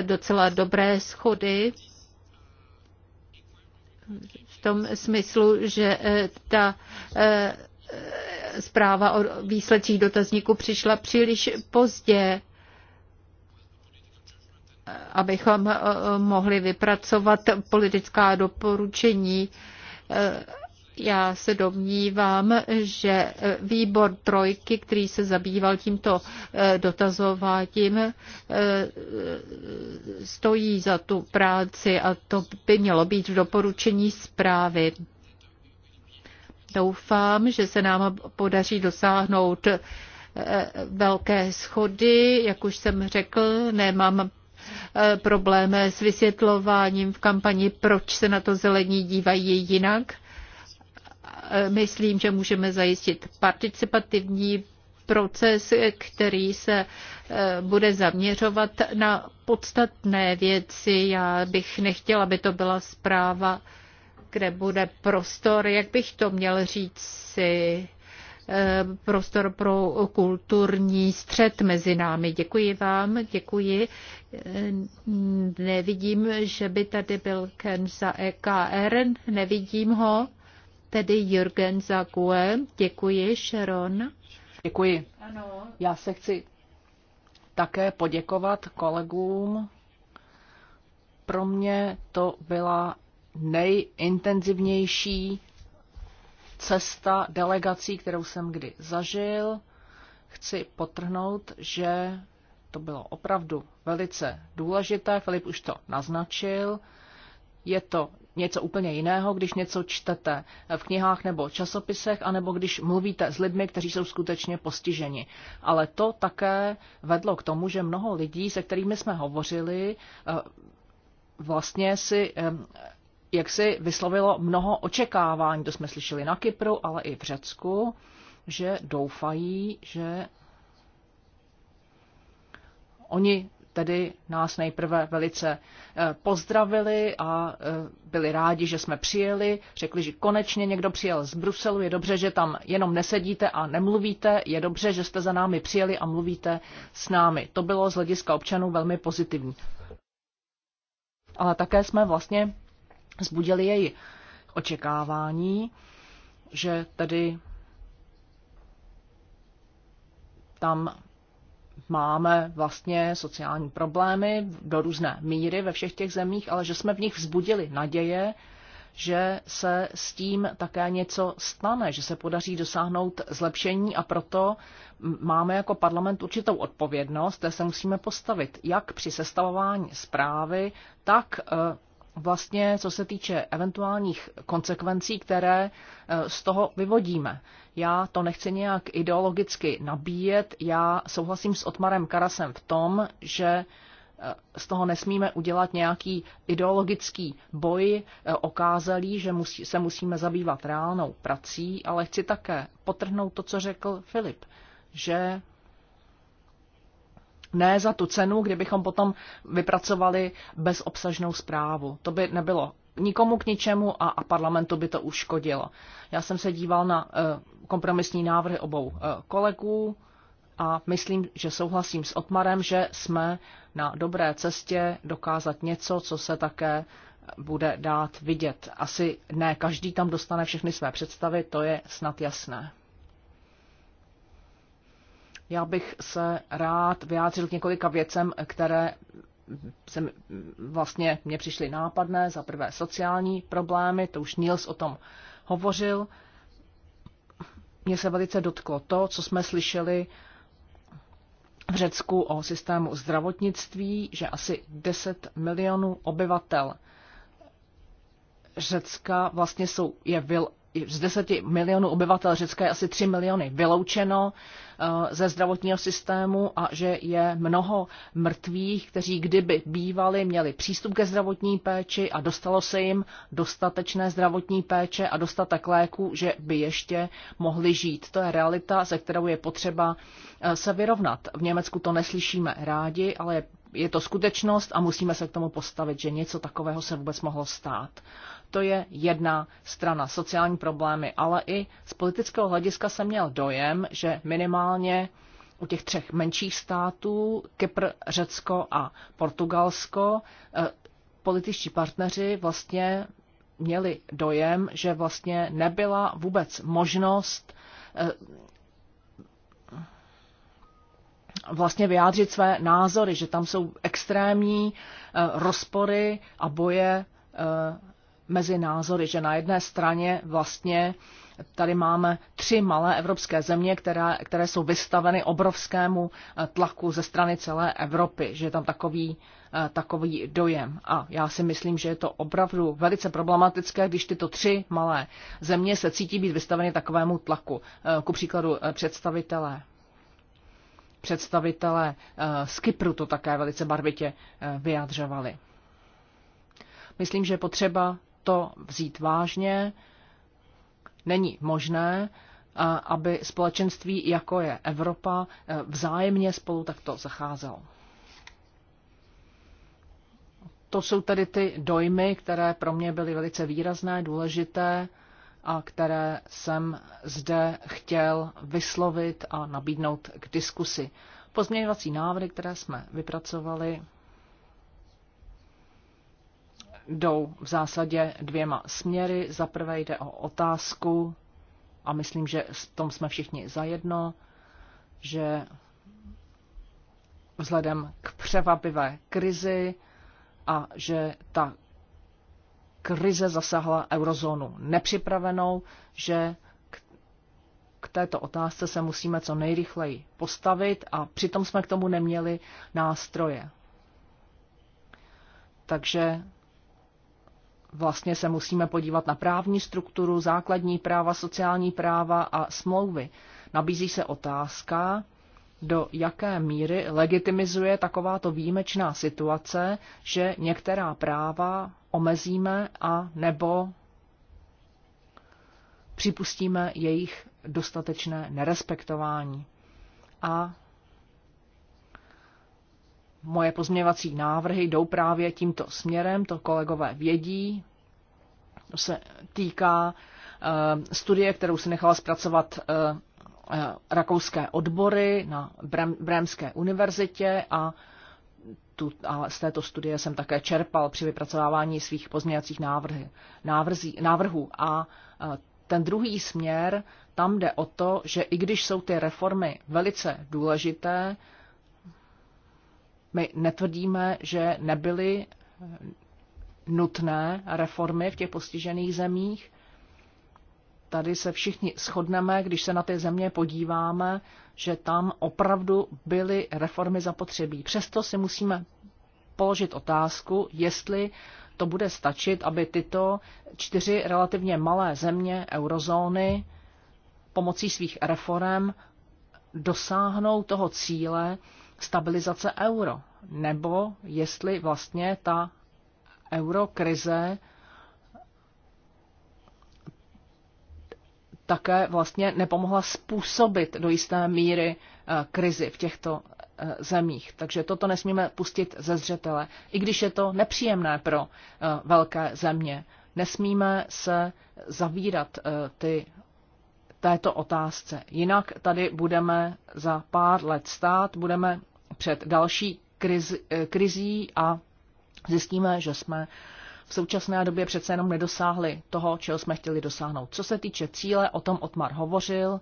docela dobré schody v tom smyslu, že ta zpráva o výsledcích dotazníku přišla příliš pozdě abychom eh, mohli vypracovat politická doporučení. Eh, já se domnívám, že eh, výbor trojky, který se zabýval tímto dotazováním, stojí za tu práci a to by mělo být v doporučení zprávy. Doufám, že se nám podaří dosáhnout velké schody, jak už jsem řekl, nemám Eh, problém s vysvětlováním v kampani, proč se na to zelení dívají jinak. Eh, myslím, že můžeme zajistit participativní proces, který se eh, bude zaměřovat na podstatné věci. Já bych nechtěla, aby to byla zpráva, kde bude prostor, jak bych to měl říct si, prostor pro kulturní střed mezi námi. Děkuji vám, děkuji. Nevidím, že by tady byl Ken za EKR, nevidím ho, tedy Jürgen za QE. Děkuji, Sharon. Děkuji. Ano. Já se chci také poděkovat kolegům. Pro mě to byla nejintenzivnější cesta delegací, kterou jsem kdy zažil. Chci potrhnout, že to bylo opravdu velice důležité. Filip už to naznačil. Je to něco úplně jiného, když něco čtete v knihách nebo časopisech, anebo když mluvíte s lidmi, kteří jsou skutečně postiženi. Ale to také vedlo k tomu, že mnoho lidí, se kterými jsme hovořili, eh, vlastně si eh, jak si vyslovilo mnoho očekávání, to jsme slyšeli na Kypru, ale i v Řecku, že doufají, že oni tedy nás nejprve velice eh, pozdravili a eh, byli rádi, že jsme přijeli. Řekli, že konečně někdo přijel z Bruselu, je dobře, že tam jenom nesedíte a nemluvíte, je dobře, že jste za námi přijeli a mluvíte s námi. To bylo z hlediska občanů velmi pozitivní. Ale také jsme vlastně zbudili její očekávání, že tedy tam máme vlastně sociální problémy do různé míry ve všech těch zemích, ale že jsme v nich vzbudili naděje, že se s tím také něco stane, že se podaří dosáhnout zlepšení a proto máme jako parlament určitou odpovědnost, které se musíme postavit jak při sestavování zprávy, tak eh, vlastně, co se týče eventuálních konsekvencí, které e, z toho vyvodíme. Já to nechci nějak ideologicky nabíjet, já souhlasím s Otmarem Karasem v tom, že e, z toho nesmíme udělat nějaký ideologický boj e, okázalý, že musí, se musíme zabývat reálnou prací, ale chci také potrhnout to, co řekl Filip, že ne za tu cenu, kdybychom potom vypracovali bezobsažnou zprávu. To by nebylo nikomu k ničemu a, a parlamentu by to uškodilo. Já jsem se díval na uh, kompromisní návrhy obou uh, kolegů a myslím, že souhlasím s Otmarem, že jsme na dobré cestě dokázat něco, co se také bude dát vidět. Asi ne každý tam dostane všechny své představy, to je snad jasné. Já bych se rád vyjádřil k několika věcem, které jsem, vlastně mě přišly nápadné. Za prvé sociální problémy, to už Nils o tom hovořil. Mně se velice dotklo to, co jsme slyšeli v Řecku o systému zdravotnictví, že asi 10 milionů obyvatel Řecka vlastně jsou, je, vil, z 10 milionů obyvatel Řecka je asi 3 miliony vyloučeno eh, ze zdravotního systému a že je mnoho mrtvých, kteří kdyby bývali, měli přístup ke zdravotní péči a dostalo se jim dostatečné zdravotní péče a dostatek léků, že by ještě mohli žít. To je realita, se kterou je potřeba eh, se vyrovnat. V Německu to neslyšíme rádi, ale je to skutečnost a musíme se k tomu postavit, že něco takového se vůbec mohlo stát. To je jedna strana sociální problémy, ale i z politického hlediska jsem měl dojem, že minimálně u těch třech menších států, Kypr, Řecko a Portugalsko, eh, političtí partneři vlastně měli dojem, že vlastně nebyla vůbec možnost eh, vlastně vyjádřit své názory, že tam jsou extrémní eh, rozpory a boje mezi názory, že na jedné straně vlastně tady máme tři malé evropské země, které, které jsou vystaveny obrovskému eh, tlaku ze strany celé Evropy, že je tam takový, eh, takový dojem. A já si myslím, že je to opravdu velice problematické, když tyto tři malé země se cítí být vystaveny takovému tlaku. Eh, ku příkladu představitelé představitelé z Kypru to také velice barvitě vyjadřovali. Myslím, že je potřeba to vzít vážně. Není možné, aby společenství, jako je Evropa, e, vzájemně spolu takto zacházelo. To jsou tedy ty dojmy, které pro mě byly velice výrazné, důležité a které jsem zde chtěl vyslovit a nabídnout k diskusi. Pozměňovací návrhy, které jsme vypracovali, jdou v zásadě dvěma směry. Za prvé jde o otázku, a myslím, že s tom jsme všichni zajedno, že vzhledem k převapivé krizi a že ta krize zasahla eurozónu nepřipravenou, že k této otázce se musíme co nejrychleji postavit a přitom jsme k tomu neměli nástroje. Takže vlastně se musíme podívat na právní strukturu, základní práva, sociální práva a smlouvy. Nabízí se otázka, do jaké míry legitimizuje takováto výjimečná situace, že některá práva omezíme a nebo připustíme jejich dostatečné nerespektování. A Moje pozměňovací návrhy jdou právě tímto směrem, to kolegové vědí. To se týká eh, studie, kterou si nechala zpracovat eh, eh, rakouské odbory na Bremské univerzitě a tu, a z této studie jsem také čerpal při vypracovávání svých pozměňovacích návrhy, návrzí, návrhů. A ten druhý směr, tam jde o to, že i když jsou ty reformy velice důležité, my netvrdíme, že nebyly eh, nutné reformy v těch postižených zemích. Tady se všichni shodneme, když se na ty země podíváme, že tam opravdu byly reformy zapotřebí. Přesto si musíme položit otázku, jestli to bude stačit, aby tyto čtyři relativně malé země eurozóny pomocí svých reform dosáhnou toho cíle, stabilizace euro, nebo jestli vlastně ta eurokrize také vlastně nepomohla způsobit do jisté míry eh, krizi v těchto eh, zemích. Takže toto nesmíme pustit ze zřetele, i když je to nepříjemné pro eh, velké země. Nesmíme se zavírat ty, této otázce. Jinak tady budeme za pár let stát, budeme před další kriz, eh, krizí a zjistíme, že jsme v současné době přece jenom nedosáhli toho, čeho jsme chtěli dosáhnout. Co se týče cíle, o tom Otmar hovořil,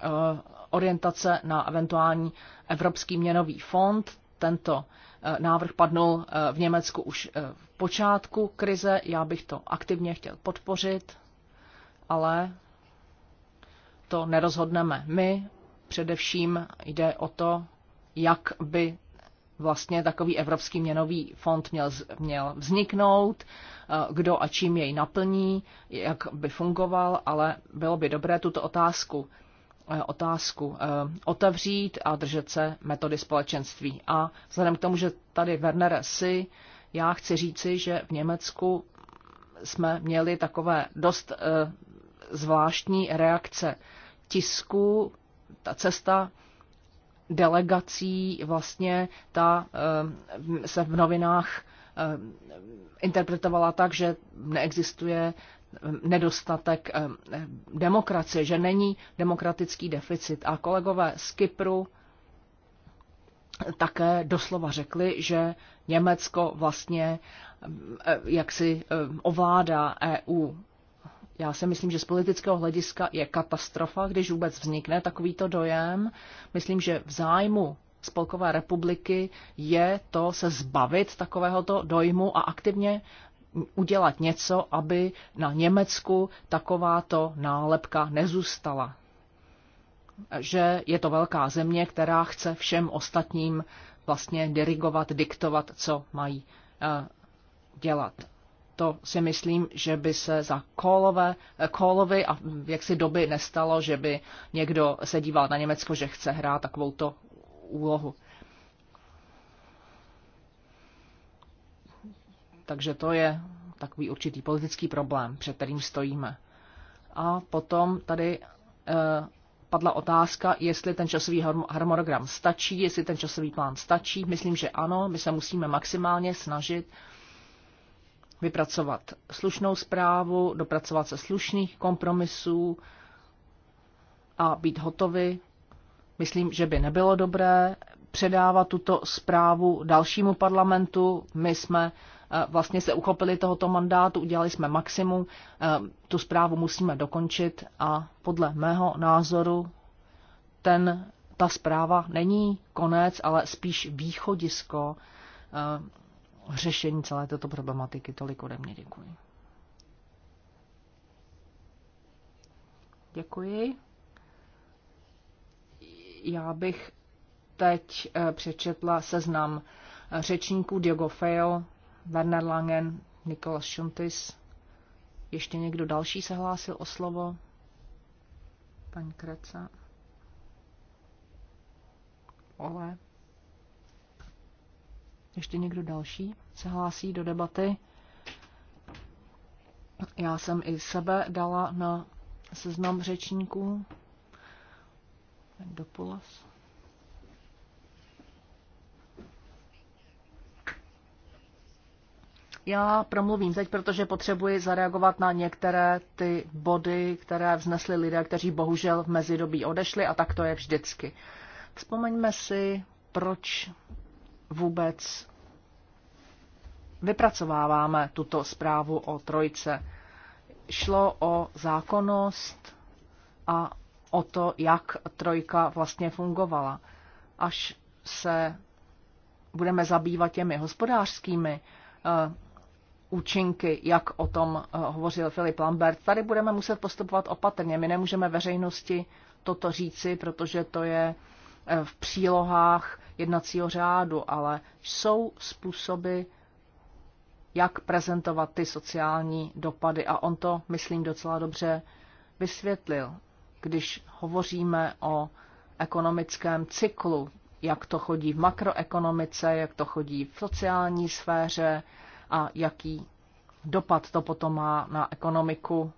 eh, orientace na eventuální Evropský měnový fond. Tento eh, návrh padnul v Německu už v počátku krize, já bych to aktivně chtěl podpořit, ale to nerozhodneme my, Především jde o to, jak by vlastně takový Evropský měnový fond měl, měl vzniknout, eh, kdo a čím jej naplní, jak by fungoval, ale bylo by dobré tuto otázku eh, otázku eh, otevřít a držet se metody společenství. A vzhledem k tomu, že tady Werner si, já chci říci, že v Německu jsme měli takové dost zvláštní reakce tisku ta cesta delegací vlastně ta eh, se v novinách eh, interpretovala tak, že neexistuje eh, nedostatek demokracie, že není demokratický deficit. A kolegové z Kypru také doslova řekli, že Německo vlastně jaksi ovládá EU. Já si myslím, že z politického hlediska je katastrofa, když vůbec vznikne takovýto dojem. Myslím, že v zájmu Spolkové republiky je to se zbavit takovéhoto dojmu a aktivně udělat něco, aby na Německu takováto nálepka nezůstala. Že je to velká země, která chce všem ostatním vlastně dirigovat, diktovat, co mají eh, dělat to si myslím, že by se za kolové, kolovy a jaksi doby nestalo, že by někdo se díval na Německo, že chce hrát to úlohu. Takže to je takový určitý politický problém, před kterým stojíme. A potom tady e, padla otázka, jestli ten časový harmonogram stačí, jestli ten časový plán stačí. Myslím, že ano, my se musíme maximálně snažit vypracovat slušnou zprávu, dopracovat se slušných kompromisů a být hotovi. Myslím, že by nebylo dobré předávat tuto zprávu dalšímu parlamentu. My jsme eh, vlastně se uchopili tohoto mandátu, udělali jsme maximum, eh, tu zprávu musíme dokončit a podle mého názoru ten, ta zpráva není konec, ale spíš východisko eh, řešení celé této problematiky. Tolik ode mě děkuji. Děkuji. Já bych teď eh, přečetla seznam eh, řečníků Diogo Feo, Werner Langen, Nikolas Šuntis. Ještě někdo další se hlásil o slovo? Paní Kreca. Ole. Ještě někdo další se hlásí do debaty? Já jsem i sebe dala na seznam řečníků. dopolas. Já promluvím teď, protože potřebuji zareagovat na některé ty body, které vznesli lidé, kteří bohužel v mezidobí odešli a tak to je vždycky. Vzpomeňme si, proč vůbec vypracováváme tuto zprávu o trojce. Šlo o zákonnost a o to, jak trojka vlastně fungovala. Až se budeme zabývat těmi hospodářskými eh, účinky, jak o tom eh, hovořil Filip Lambert. Tady budeme muset postupovat opatrně. My nemůžeme veřejnosti toto říci, protože to je Eh, v přílohách jednacího řádu, ale jsou způsoby, jak prezentovat ty sociální dopady. A on to, myslím, docela dobře vysvětlil, když hovoříme o ekonomickém cyklu, jak to chodí v makroekonomice, jak to chodí v sociální sféře a jaký dopad to potom má na ekonomiku.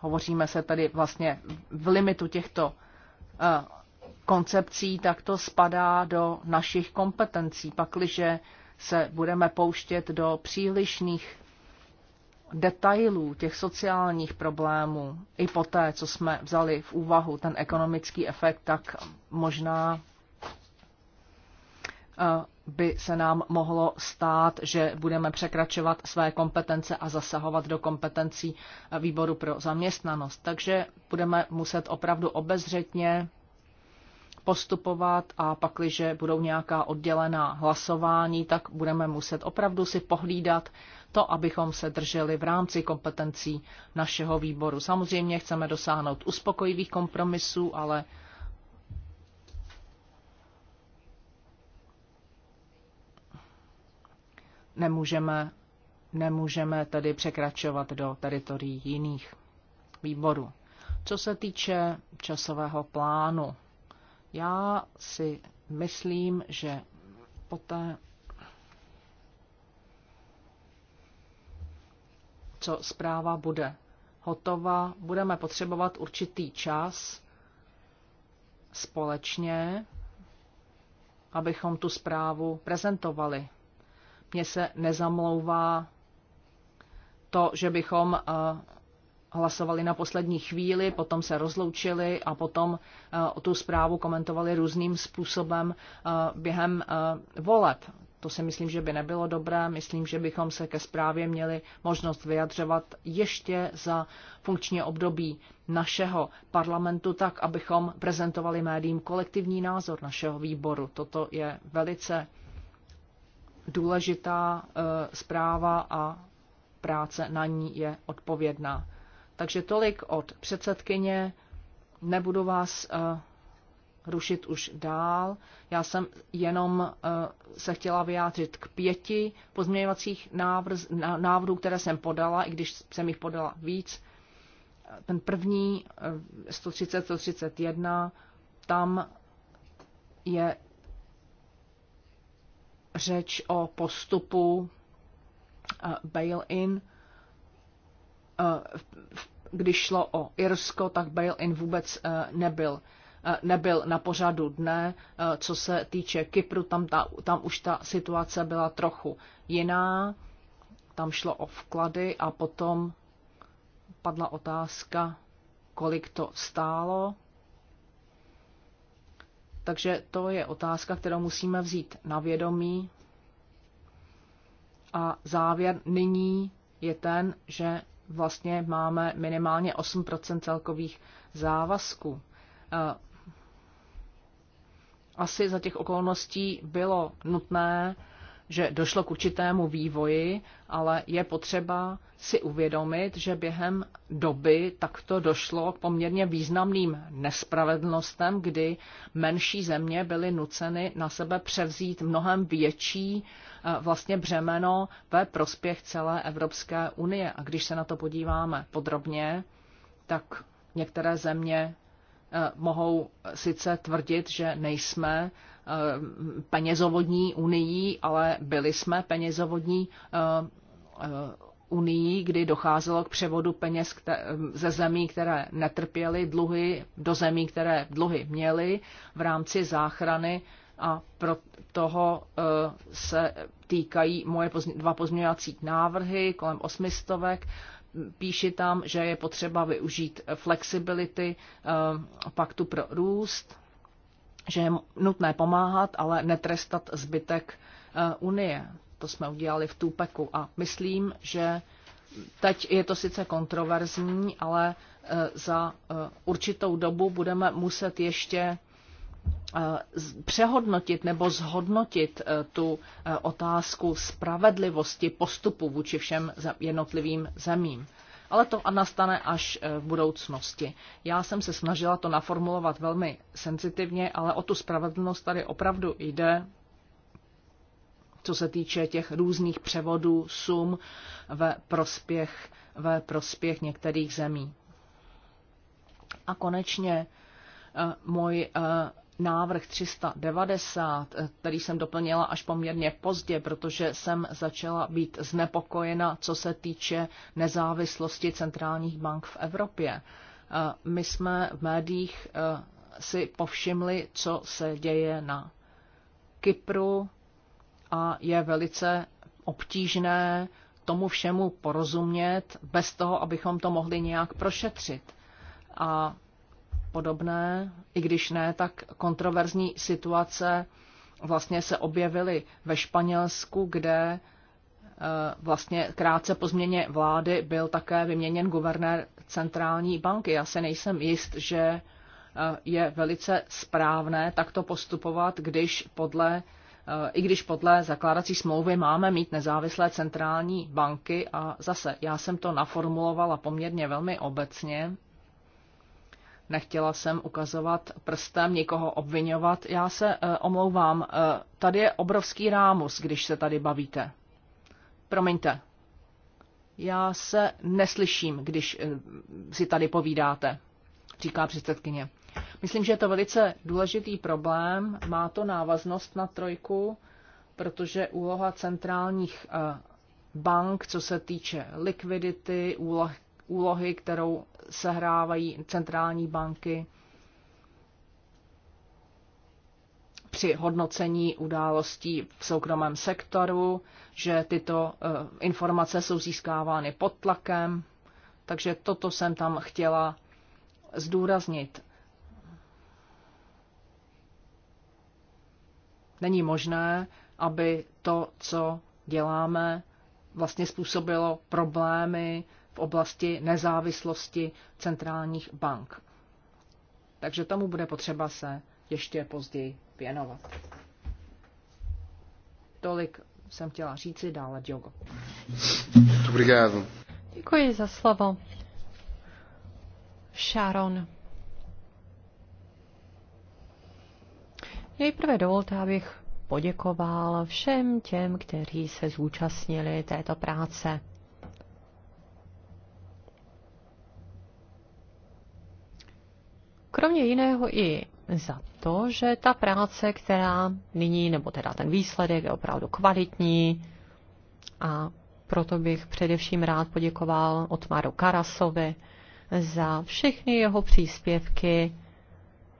Hovoříme se tady vlastně v limitu těchto Eh, koncepcí, tak to spadá do našich kompetencí. Pakliže se budeme pouštět do přílišných detailů těch sociálních problémů, i po té, co jsme vzali v úvahu ten ekonomický efekt, tak možná eh, by se nám mohlo stát, že budeme překračovat své kompetence a zasahovat do kompetencí výboru pro zaměstnanost. Takže budeme muset opravdu obezřetně postupovat a pakliže budou nějaká oddělená hlasování, tak budeme muset opravdu si pohlídat to, abychom se drželi v rámci kompetencí našeho výboru. Samozřejmě chceme dosáhnout uspokojivých kompromisů, ale nemůžeme, nemůžeme tedy překračovat do teritorií jiných výborů. Co se týče časového plánu, já si myslím, že poté, co zpráva bude hotová, budeme potřebovat určitý čas společně, abychom tu zprávu prezentovali. Mně se nezamlouvá to, že bychom eh, hlasovali na poslední chvíli, potom se rozloučili a potom eh, o tu zprávu komentovali různým způsobem eh, během voleb. To si myslím, že by nebylo dobré. Myslím, že bychom se ke zprávě měli možnost vyjadřovat ještě za funkční období našeho parlamentu, tak abychom prezentovali médiím kolektivní názor našeho výboru. Toto je velice důležitá eh, zpráva a práce na ní je odpovědná. Takže tolik od předsedkyně. Nebudu vás eh, rušit už dál. Já jsem jenom eh, se chtěla vyjádřit k pěti pozměňovacích návrhů, které jsem podala, i když jsem jich podala víc. Ten první, 130-131, tam je řeč o postupu eh, bail-in. Eh, když šlo o Irsko, tak bail-in vůbec eh, nebyl nebyl na pořadu dne. Co se týče Kypru, tam, ta, tam už ta situace byla trochu jiná. Tam šlo o vklady a potom padla otázka, kolik to stálo. Takže to je otázka, kterou musíme vzít na vědomí. A závěr nyní je ten, že vlastně máme minimálně 8 celkových závazků. Eh, asi za těch okolností bylo nutné že došlo k určitému vývoji, ale je potřeba si uvědomit, že během doby takto došlo k poměrně významným nespravedlnostem, kdy menší země byly nuceny na sebe převzít mnohem větší eh, vlastně břemeno ve prospěch celé Evropské unie. A když se na to podíváme podrobně, tak některé země eh, mohou sice tvrdit, že nejsme Eh, penězovodní unii, ale byli jsme penězovodní eh, eh, unii, kdy docházelo k převodu peněz ze zemí, které netrpěly dluhy, do zemí, které dluhy měly v rámci záchrany a pro toho se týkají moje dva pozměňovací návrhy kolem osmistovek. Píši tam, že je potřeba využít flexibility paktu pro růst, že je nutné pomáhat, ale netrestat zbytek eh, Unie. To jsme udělali v Tupeku a myslím, že teď je to sice kontroverzní, ale eh, za eh, určitou dobu budeme muset ještě přehodnotit nebo zhodnotit tu otázku spravedlivosti postupu vůči všem jednotlivým zemím ale to nastane až eh, v budoucnosti. Já jsem se snažila to naformulovat velmi senzitivně, ale o tu spravedlnost tady opravdu jde, co se týče těch různých převodů, sum ve prospěch, ve prospěch některých zemí. A konečně eh, můj eh, návrh 390, eh, který jsem doplnila až poměrně pozdě, protože jsem začala být znepokojena, co se týče nezávislosti centrálních bank v Evropě. Eh, my jsme v médiích eh, si povšimli, co se děje na Kypru a je velice obtížné tomu všemu porozumět bez toho, abychom to mohli nějak prošetřit. A podobné, i když ne tak kontroverzní situace vlastně se objevily ve Španělsku, kde e, vlastně krátce po změně vlády byl také vyměněn guvernér centrální banky. Já se nejsem jist, že e, je velice správné takto postupovat, když podle, e, i když podle zakládací smlouvy máme mít nezávislé centrální banky a zase já jsem to naformulovala poměrně velmi obecně, Nechtěla jsem ukazovat prstem, někoho obvinovat. Já se e, omlouvám, e, tady je obrovský rámus, když se tady bavíte. Promiňte. Já se neslyším, když e, si tady povídáte, říká předsedkyně. Myslím, že je to velice důležitý problém. Má to návaznost na trojku, protože úloha centrálních bank, co se týče likvidity, úloh úlohy, kterou sehrávají centrální banky při hodnocení událostí v soukromém sektoru, že tyto eh, informace jsou získávány pod tlakem, takže toto jsem tam chtěla zdůraznit. Není možné, aby to, co děláme, vlastně způsobilo problémy oblasti nezávislosti centrálních bank. Takže tomu bude potřeba se ještě později věnovat. Tolik jsem chtěla říci, dále Diogo. Obrigado. Děkuji za slovo. Sharon. Nejprve dovolte, abych poděkoval všem těm, kteří se zúčastnili této práce. kromě jiného i za to, že ta práce, která nyní, nebo teda ten výsledek je opravdu kvalitní a proto bych především rád poděkoval Otmaru Karasovi za všechny jeho příspěvky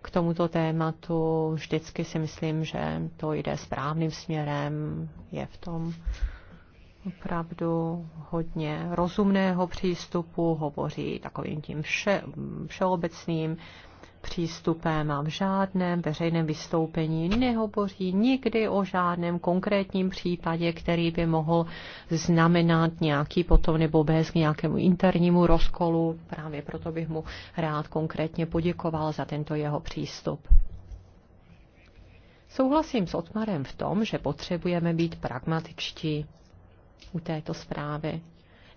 k tomuto tématu. Vždycky si myslím, že to jde správným směrem, je v tom opravdu hodně rozumného přístupu, hovoří takovým tím vše, všeobecným přístupem a v žádném veřejném vystoupení nehovoří nikdy o žádném konkrétním případě, který by mohl znamenat nějaký potom nebo bez k nějakému internímu rozkolu. Právě proto bych mu rád konkrétně poděkoval za tento jeho přístup. Souhlasím s Otmarem v tom, že potřebujeme být pragmatičtí u této zprávy.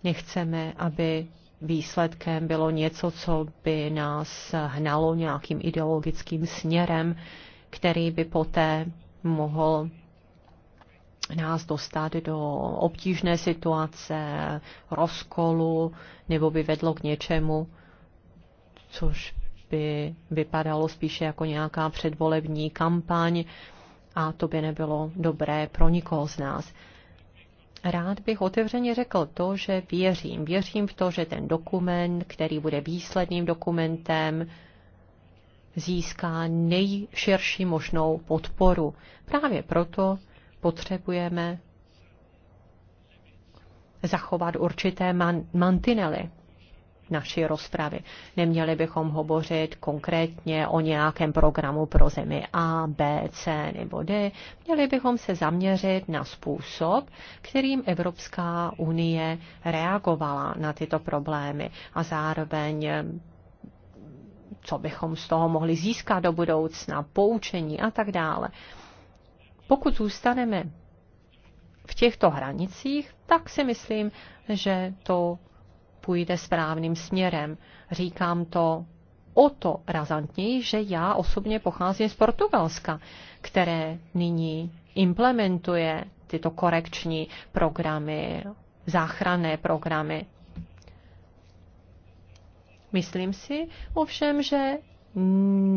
Nechceme, aby výsledkem bylo něco, co by nás hnalo nějakým ideologickým směrem, který by poté mohl nás dostat do obtížné situace, rozkolu, nebo by vedlo k něčemu, což by vypadalo spíše jako nějaká předvolební kampaň a to by nebylo dobré pro nikoho z nás. Rád bych otevřeně řekl to, že věřím. Věřím v to, že ten dokument, který bude výsledným dokumentem, získá nejširší možnou podporu. Právě proto potřebujeme zachovat určité man- mantinely naší rozpravy. Neměli bychom hovořit konkrétně o nějakém programu pro zemi A, B, C nebo D. Měli bychom se zaměřit na způsob, kterým Evropská unie reagovala na tyto problémy a zároveň co bychom z toho mohli získat do budoucna, poučení a tak dále. Pokud zůstaneme v těchto hranicích, tak si myslím, že to půjde správným směrem. Říkám to o to razantněji, že já osobně pocházím z Portugalska, které nyní implementuje tyto korekční programy, záchranné programy. Myslím si ovšem, že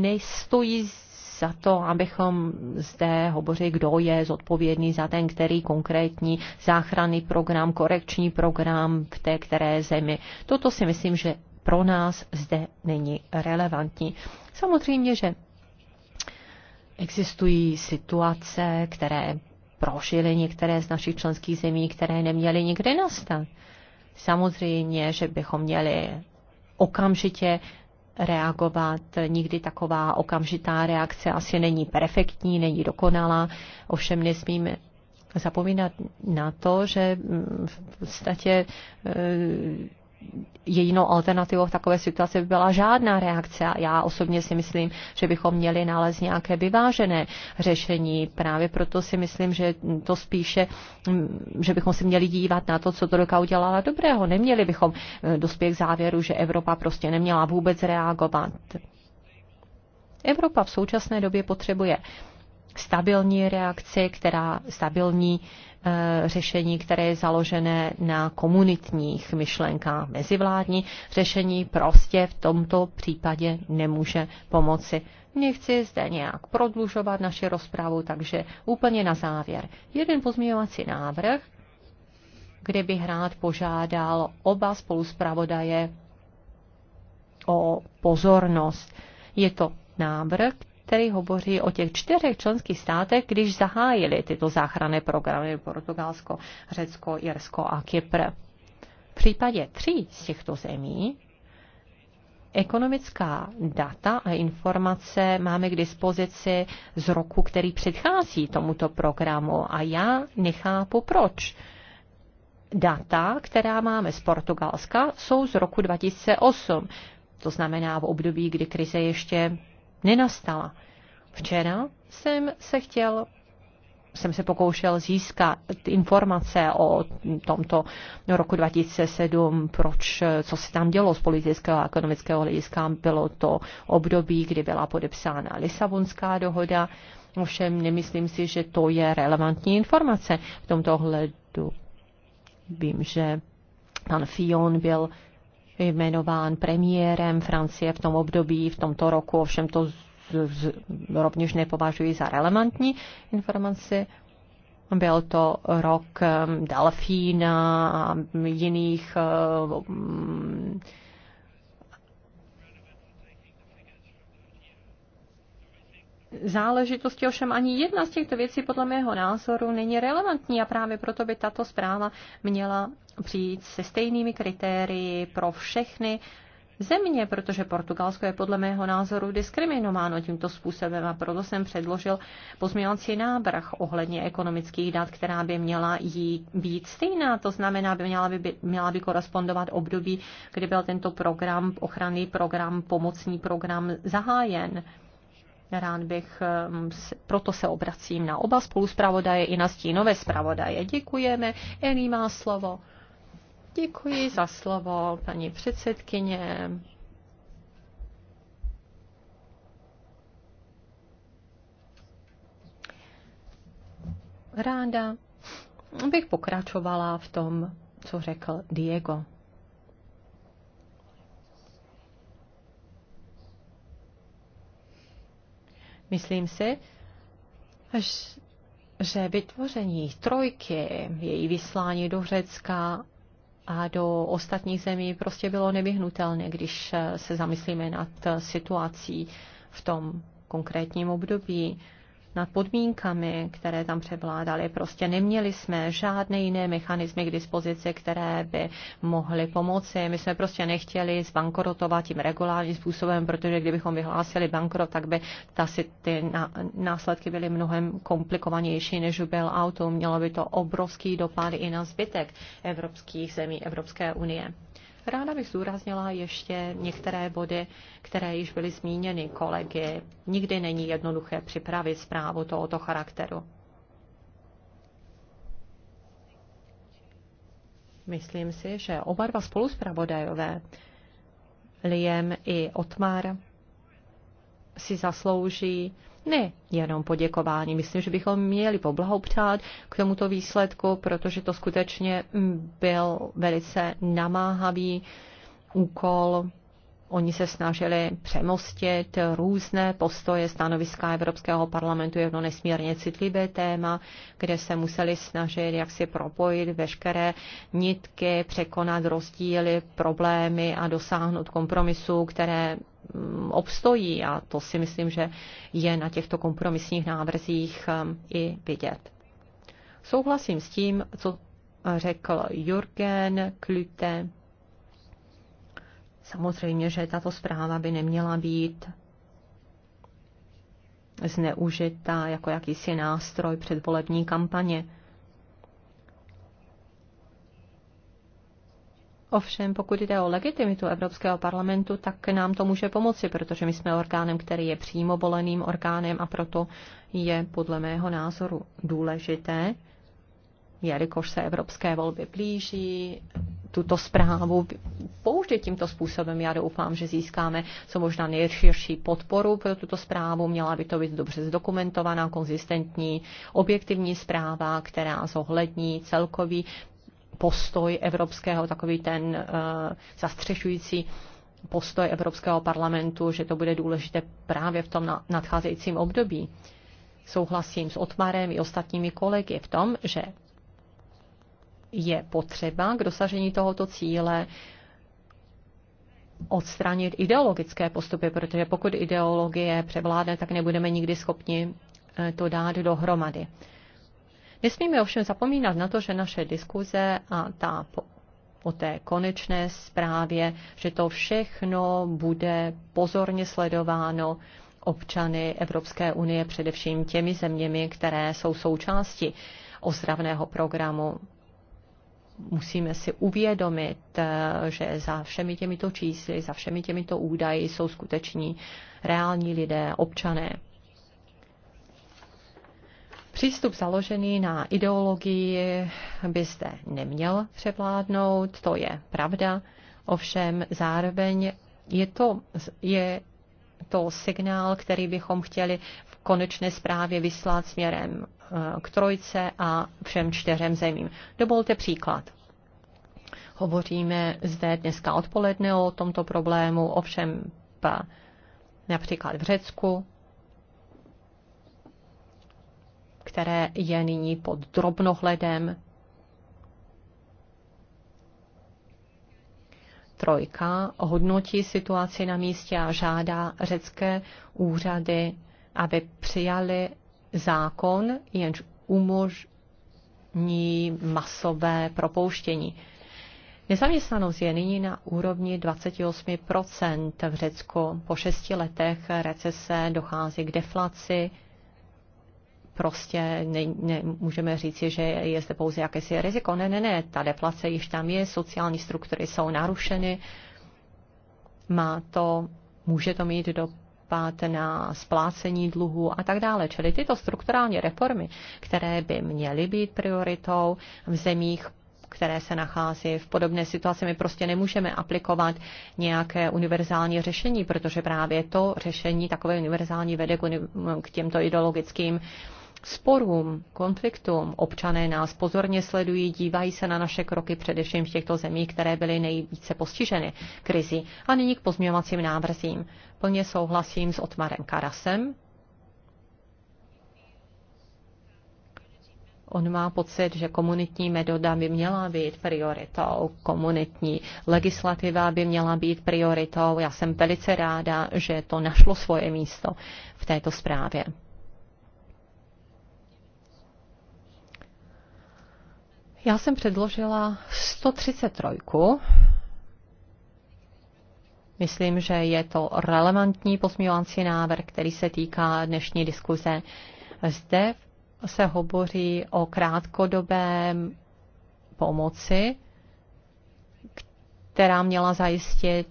nestojí za to, abychom zde hovořili, kdo je zodpovědný za ten, který konkrétní záchranný program, korekční program v té které zemi. Toto si myslím, že pro nás zde není relevantní. Samozřejmě, že existují situace, které prožily některé z našich členských zemí, které neměly nikdy nastat. Samozřejmě, že bychom měli okamžitě reagovat. Nikdy taková okamžitá reakce asi není perfektní, není dokonalá, ovšem nesmíme zapomínat na to, že v podstatě eh, jedinou alternativou v takové situaci by byla žádná reakce. já osobně si myslím, že bychom měli nalézt nějaké vyvážené řešení. Právě proto si myslím, že to spíše, mm, že bychom si měli dívat na to, co Trojka udělala dobrého. Neměli bychom eh, dospět k závěru, že Evropa prostě neměla vůbec reagovat. Evropa v současné době potřebuje stabilní reakci, která stabilní Eh, řešení, které je založené na komunitních myšlenkách. Mezivládní řešení prostě v tomto případě nemůže pomoci. Nechci zde nějak prodlužovat naši rozpravu, takže úplně na závěr. Jeden pozměňovací návrh, kde bych rád požádal oba spoluspravodaje o pozornost. Je to návrh, který hovoří o těch čtyřech členských státech, když zahájili tyto záchranné programy Portugalsko, Řecko, Jirsko a Kypr. V případě tří z těchto zemí Ekonomická data a informace máme k dispozici z roku, který předchází tomuto programu a já nechápu proč. Data, která máme z Portugalska, jsou z roku 2008, to znamená v období, kdy krize ještě nenastala. Včera jsem se chtěl jsem se pokoušel získat informace o tomto roku 2007, proč, co se tam dělo z politického a ekonomického hlediska. Bylo to období, kdy byla podepsána Lisabonská dohoda. Ovšem nemyslím si, že to je relevantní informace v tomto ohledu. Vím, že pan Fion byl jmenován premiérem Francie v tom období, v tomto roku, ovšem to z, z, rovněž nepovažuji za relevantní informaci. Byl to rok eh, Delfína a jiných um, záležitosti, ovšem ani jedna z těchto věcí podle mého názoru není relevantní a právě proto by tato zpráva měla přijít se stejnými kritérii pro všechny země, protože Portugalsko je podle mého názoru diskriminováno tímto způsobem a proto jsem předložil pozměňovací návrh ohledně ekonomických dat, která by měla jí být stejná. To znamená, by měla, by, měla by korespondovat období, kdy byl tento program, ochranný program, pomocný program zahájen. Rád bych, mm, proto se obracím na oba spoluzpravodaje i na stínové zpravodaje. Děkujeme. Elí má slovo. Děkuji za slovo, paní předsedkyně. Ráda bych pokračovala v tom, co řekl Diego. Myslím si, že vytvoření trojky, její vyslání do Řecka a do ostatních zemí prostě bylo nevyhnutelné, když se zamyslíme nad situací v tom konkrétním období nad podmínkami, které tam převládaly. Prostě neměli jsme žádné jiné mechanismy k dispozici, které by mohly pomoci. My jsme prostě nechtěli zbankrotovat tím regulárním způsobem, protože kdybychom vyhlásili bankrot, tak by ta, ty následky byly mnohem komplikovanější, než byl auto. Mělo by to obrovský dopad i na zbytek evropských zemí Evropské unie. Ráda bych zúraznila ještě některé body, které již byly zmíněny kolegy. Nikdy není jednoduché připravit zprávu tohoto charakteru. Myslím si, že oba dva spoluzpravodajové, Liam i Otmar, si zaslouží ne jenom poděkování. Myslím, že bychom měli poblahopřát k tomuto výsledku, protože to skutečně mm, byl velice namáhavý úkol Oni se snažili přemostit různé postoje stanoviska Evropského parlamentu, jedno nesmírně citlivé téma, kde se museli snažit jak si propojit veškeré nitky, překonat rozdíly, problémy a dosáhnout kompromisu, které mm, obstojí a to si myslím, že je na těchto kompromisních návrzích um, i vidět. Souhlasím s tím, co řekl Jürgen Klüte, Samozřejmě, že tato zpráva by neměla být zneužita jako jakýsi nástroj předvolební kampaně. Ovšem, pokud jde o legitimitu Evropského parlamentu, tak nám to může pomoci, protože my jsme orgánem, který je přímo voleným orgánem a proto je podle mého názoru důležité, jelikož se evropské volby blíží, tuto zprávu použít tímto způsobem. Já doufám, že získáme co možná nejširší podporu pro tuto zprávu. Měla by to být dobře zdokumentovaná, konzistentní, objektivní zpráva, která zohlední celkový postoj evropského, takový ten uh, zastřešující postoj Evropského parlamentu, že to bude důležité právě v tom nadcházejícím období. Souhlasím s Otmarem i ostatními kolegy v tom, že je potřeba k dosažení tohoto cíle odstranit ideologické postupy, protože pokud ideologie převládne, tak nebudeme nikdy schopni eh, to dát dohromady. Nesmíme ovšem zapomínat na to, že naše diskuze a ta o té konečné zprávě, že to všechno bude pozorně sledováno občany Evropské unie, především těmi zeměmi, které jsou součástí ozdravného programu musíme si uvědomit, eh, že za všemi těmito čísly, za všemi těmito údaji jsou skuteční reální lidé, občané. Přístup založený na ideologii byste neměl převládnout, to je pravda, ovšem zároveň je to, je to signál, který bychom chtěli v konečné zprávě vyslat směrem Eh, k trojce a všem čtyřem zemím. Dovolte příklad. Hovoříme zde dneska odpoledne o tomto problému, ovšem například v Řecku, které je nyní pod drobnohledem. Trojka hodnotí situaci na místě a žádá řecké úřady, aby přijali zákon, jenž umožní masové propouštění. Nezaměstnanost je nyní na úrovni 28% v Řecku. Po šesti letech recese dochází k deflaci. Prostě ne, ne, můžeme říci, že je zde pouze jakési riziko. Ne, ne, ne, ta deflace již tam je, sociální struktury jsou narušeny. Má to, může to mít do dopad na splácení dluhu a tak dále. Čili tyto strukturální reformy, které by měly být prioritou v zemích které se nachází v podobné situaci. My prostě nemůžeme aplikovat nějaké univerzální řešení, protože právě to řešení takové univerzální vede k těmto ideologickým uh, sporům, konfliktům. Občané nás pozorně sledují, dívají se na naše kroky především v těchto zemích, které byly nejvíce postiženy krizi. A nyní k pozměňovacím návrzím. Plně souhlasím s Otmarem Karasem, on má pocit, že komunitní metoda by měla být prioritou, komunitní legislativa by měla být prioritou. Já jsem velice ráda, že to našlo svoje místo v této zprávě. Já jsem předložila 133. Myslím, že je to relevantní pozměňovací návrh, který se týká dnešní diskuze. Zde se hovoří o krátkodobé pomoci, která měla zajistit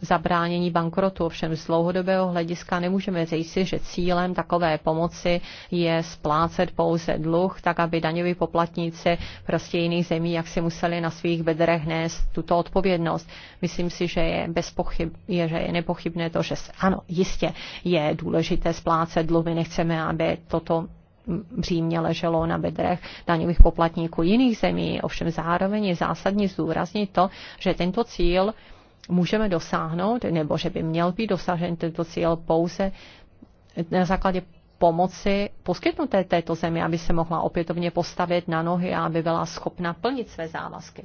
zabránění bankrotu. Ovšem z dlouhodobého hlediska nemůžeme říct si, že cílem takové pomoci je splácet pouze dluh, tak aby daňoví poplatníci prostě jiných zemí, jak si museli na svých bedrech nést tuto odpovědnost. Myslím si, že je, bez pochyb, je, že je nepochybné to, že ano, jistě je důležité splácet dluh. My nechceme, aby toto břímně leželo na bedrech daňových poplatníků jiných zemí. Ovšem zároveň je zásadní zdůraznit to, že tento cíl můžeme dosáhnout, nebo že by měl být dosažen tento cíl pouze na základě pomoci poskytnuté této zemi, aby se mohla opětovně postavit na nohy a aby byla schopna plnit své závazky.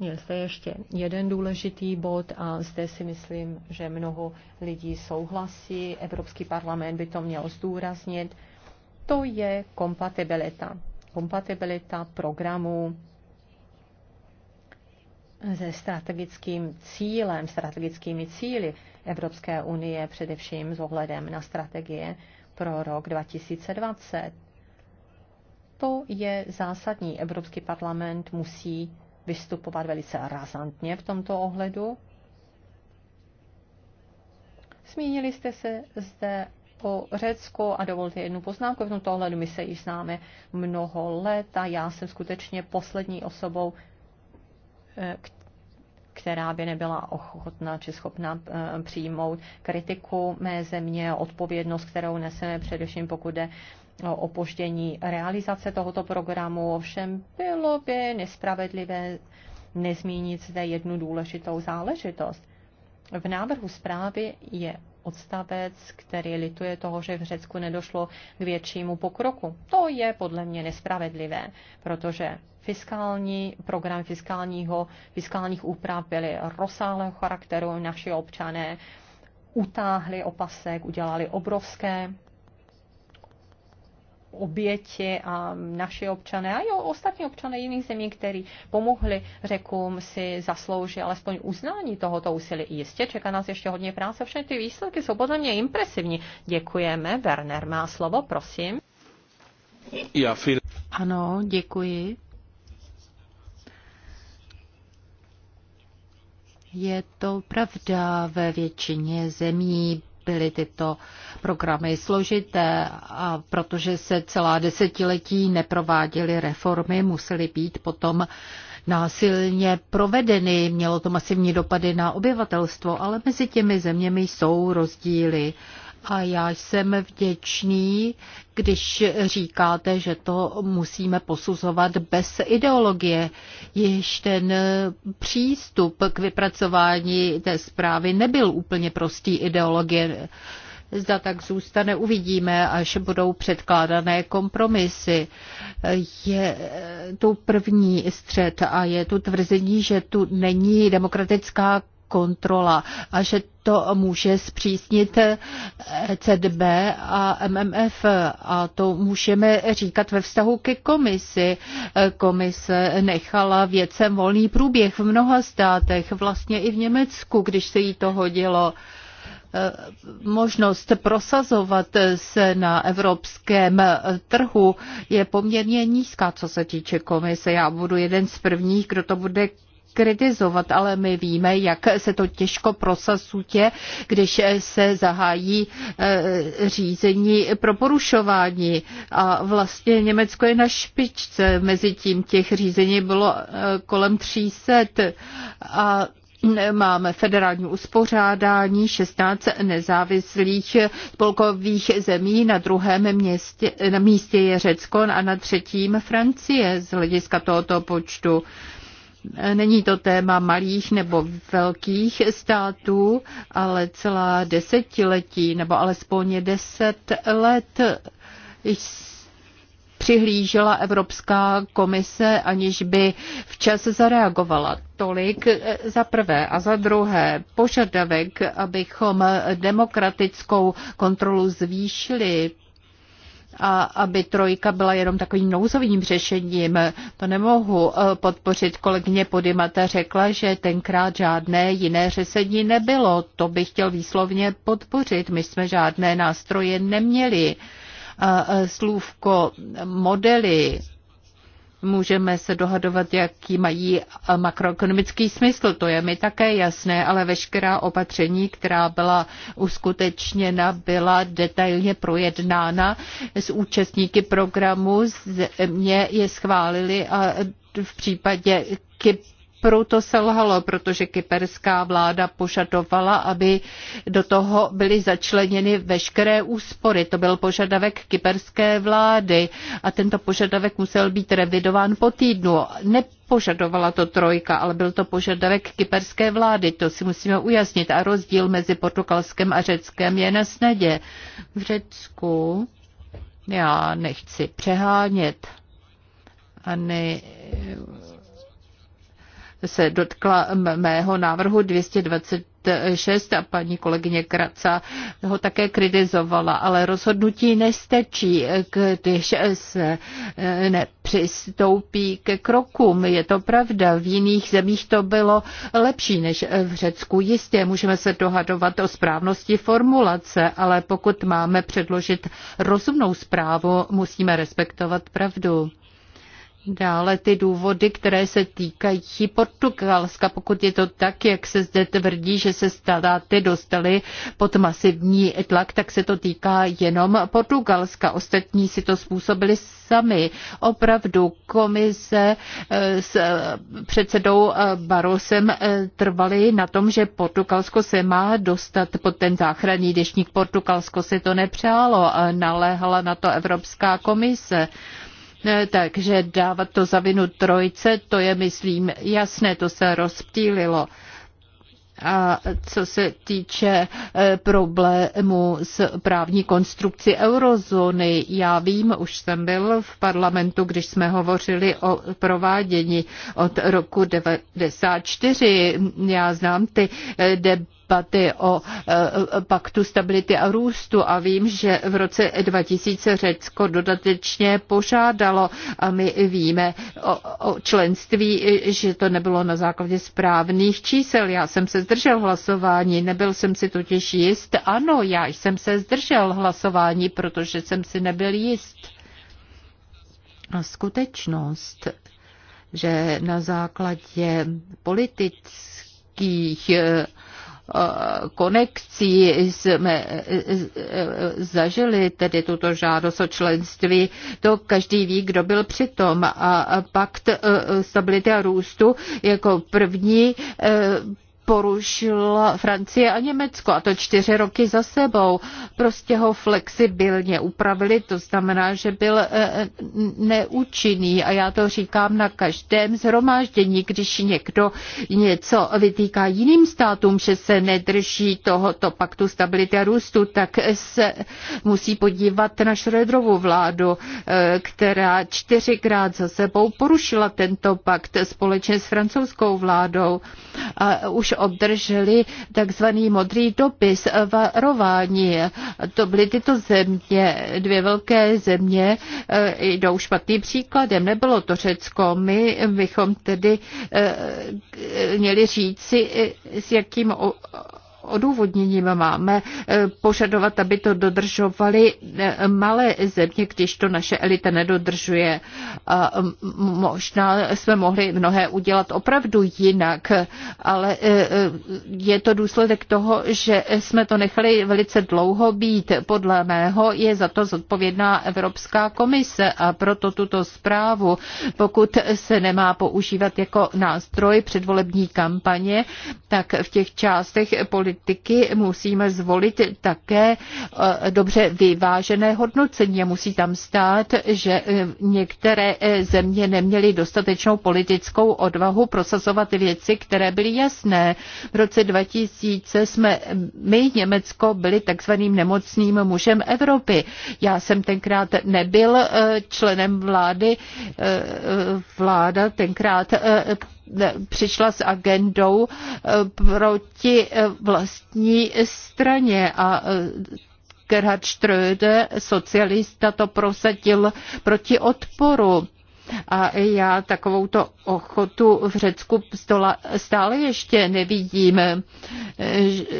Je zde ještě jeden důležitý bod a zde si myslím, že mnoho lidí souhlasí, Evropský parlament by to měl zdůraznit, to je kompatibilita. Kompatibilita programu se strategickým cílem, strategickými cíly Evropské unie, především s ohledem na strategie pro rok 2020. To je zásadní. Evropský parlament musí vystupovat velice razantně v tomto ohledu. Zmínili jste se zde o Řecku a dovolte jednu poznámku. V tomto ohledu my se již známe mnoho let a já jsem skutečně poslední osobou, Eh, která by nebyla ochotná či schopná eh, přijmout kritiku mé země, odpovědnost, kterou neseme především pokud jde o opoždění realizace tohoto programu. Ovšem bylo by nespravedlivé nezmínit zde jednu důležitou záležitost. V návrhu zprávy je odstavec, který lituje toho, že v Řecku nedošlo k většímu pokroku. To je podle mě nespravedlivé, protože fiskální program fiskálního, fiskálních úprav byly rozsáhlého charakteru, naši občané utáhli opasek, udělali obrovské oběti a naše občané a i ostatní občané jiných zemí, kteří pomohli řekům, si zaslouží alespoň uznání tohoto úsilí. Jistě čeká nás ještě hodně práce, všechny ty výsledky jsou podle mě impresivní. Děkujeme. Werner má slovo, prosím. Já, ano, děkuji. Je to pravda, ve většině zemí byly tyto programy složité a protože se celá desetiletí neprováděly reformy, musely být potom násilně provedeny. Mělo to masivní dopady na obyvatelstvo, ale mezi těmi zeměmi jsou rozdíly. A já jsem vděčný, když říkáte, že to musíme posuzovat bez ideologie. Jež ten přístup k vypracování té zprávy nebyl úplně prostý ideologie. Zda tak zůstane, uvidíme, až budou předkládané kompromisy. Je tu první střed a je tu tvrzení, že tu není demokratická kontrola a že to může zpřísnit ECB a MMF a to můžeme říkat ve vztahu ke komisi. Komise nechala věcem volný průběh v mnoha státech, vlastně i v Německu, když se jí to hodilo e, možnost prosazovat se na evropském trhu je poměrně nízká, co se týče komise. Já budu jeden z prvních, kdo to bude kritizovat, ale my víme, jak se to těžko prosasutě, když se zahájí eh, řízení pro porušování. A vlastně Německo je na špičce, mezi tím těch řízení bylo eh, kolem 300 a eh, Máme federální uspořádání 16 nezávislých spolkových zemí, na druhém městě, na místě je Řecko a na třetím Francie z hlediska tohoto počtu. Není to téma malých nebo velkých států, ale celá desetiletí nebo alespoň deset let přihlížela Evropská komise, aniž by včas zareagovala. Tolik eh, za prvé a za druhé požadavek, abychom demokratickou kontrolu zvýšili a aby trojka byla jenom takovým nouzovým řešením. To nemohu eh, podpořit. Kolegyně Podimata řekla, že tenkrát žádné jiné řešení nebylo. To bych chtěl výslovně podpořit. My jsme žádné nástroje neměli. A slůvko modely Můžeme se dohadovat, jaký mají eh, makroekonomický smysl, to je mi také jasné, ale veškerá opatření, která byla uskutečněna, byla detailně projednána s účastníky programu, mě je schválili a v případě Kyp Kypru to selhalo, protože kyperská vláda požadovala, aby do toho byly začleněny veškeré úspory. To byl požadavek kyperské vlády a tento požadavek musel být revidován po týdnu. Ne požadovala to trojka, ale byl to požadavek kyperské vlády. To si musíme ujasnit. A rozdíl mezi portugalském a řeckém je na snadě. V Řecku já nechci přehánět ani se dotkla mého návrhu 226 a paní kolegyně Kraca ho také kritizovala, ale rozhodnutí nestačí, když se eh, nepřistoupí ke krokům. Je to pravda, v jiných zemích to bylo lepší než v Řecku. Jistě můžeme se dohadovat o správnosti formulace, ale pokud máme předložit rozumnou zprávu, musíme respektovat pravdu dále ty důvody, které se týkají Portugalska. Pokud je to tak, jak se zde tvrdí, že se státy dostaly pod masivní tlak, tak se to týká jenom Portugalska. Ostatní si to způsobili sami. Opravdu komise eh, s eh, předsedou eh, Barosem trvali na tom, že Portugalsko se má dostat pod ten záchranný deštník. Portugalsko si to nepřálo a naléhala na to Evropská komise. Takže dávat to za vinu trojce, to je, myslím, jasné, to se rozptýlilo. A co se týče e, problému s právní konstrukcí eurozóny, já vím, už jsem byl v parlamentu, když jsme hovořili o provádění od roku 1994. Já znám ty e, debaty debaty o e, e, paktu stability a růstu a vím, že v roce 2000 Řecko dodatečně požádalo a my víme o, o členství, že to nebylo na základě správných čísel. Já jsem se zdržel hlasování, nebyl jsem si totiž jist. Ano, já jsem se zdržel hlasování, protože jsem si nebyl jist. A skutečnost, že na základě politických e, konekcí jsme eh, eh, zažili tedy tuto žádost o členství. To každý ví, kdo byl přitom. A pakt eh, stability a růstu jako první porušila Francie a Německo, a to čtyři roky za sebou. Prostě ho flexibilně upravili, to znamená, že byl eh, neúčinný. A já to říkám na každém zhromáždění, když někdo něco vytýká jiným státům, že se nedrží tohoto paktu stability a růstu, tak se musí podívat na Šredrovu vládu, eh, která čtyřikrát za sebou porušila tento pakt společně s francouzskou vládou. A už obdrželi takzvaný modrý dopis varování. To byly tyto země, dvě velké země, eh, jdou špatným příkladem. Nebylo to Řecko. My bychom tedy eh, měli říci, eh, s jakým odůvodněním máme eh, požadovat, aby to dodržovali eh, malé země, když to naše elita nedodržuje. A možná jsme mohli mnohé udělat opravdu jinak, ale eh, je to důsledek toho, že jsme to nechali velice dlouho být. Podle mého je za to zodpovědná Evropská komise a proto tuto zprávu, pokud se nemá používat jako nástroj předvolební kampaně, tak v těch částech politi- politiky musíme zvolit také eh, dobře vyvážené hodnocení. Musí tam stát, že eh, některé eh, země neměly dostatečnou politickou odvahu prosazovat věci, které byly jasné. V roce 2000 jsme my, Německo, byli takzvaným nemocným mužem Evropy. Já jsem tenkrát nebyl členem vlády, vláda tenkrát přišla s agendou eh, proti eh, vlastní straně a eh, Gerhard Ströde, socialista, to prosadil proti odporu. A já takovouto ochotu v Řecku stále ještě nevidím.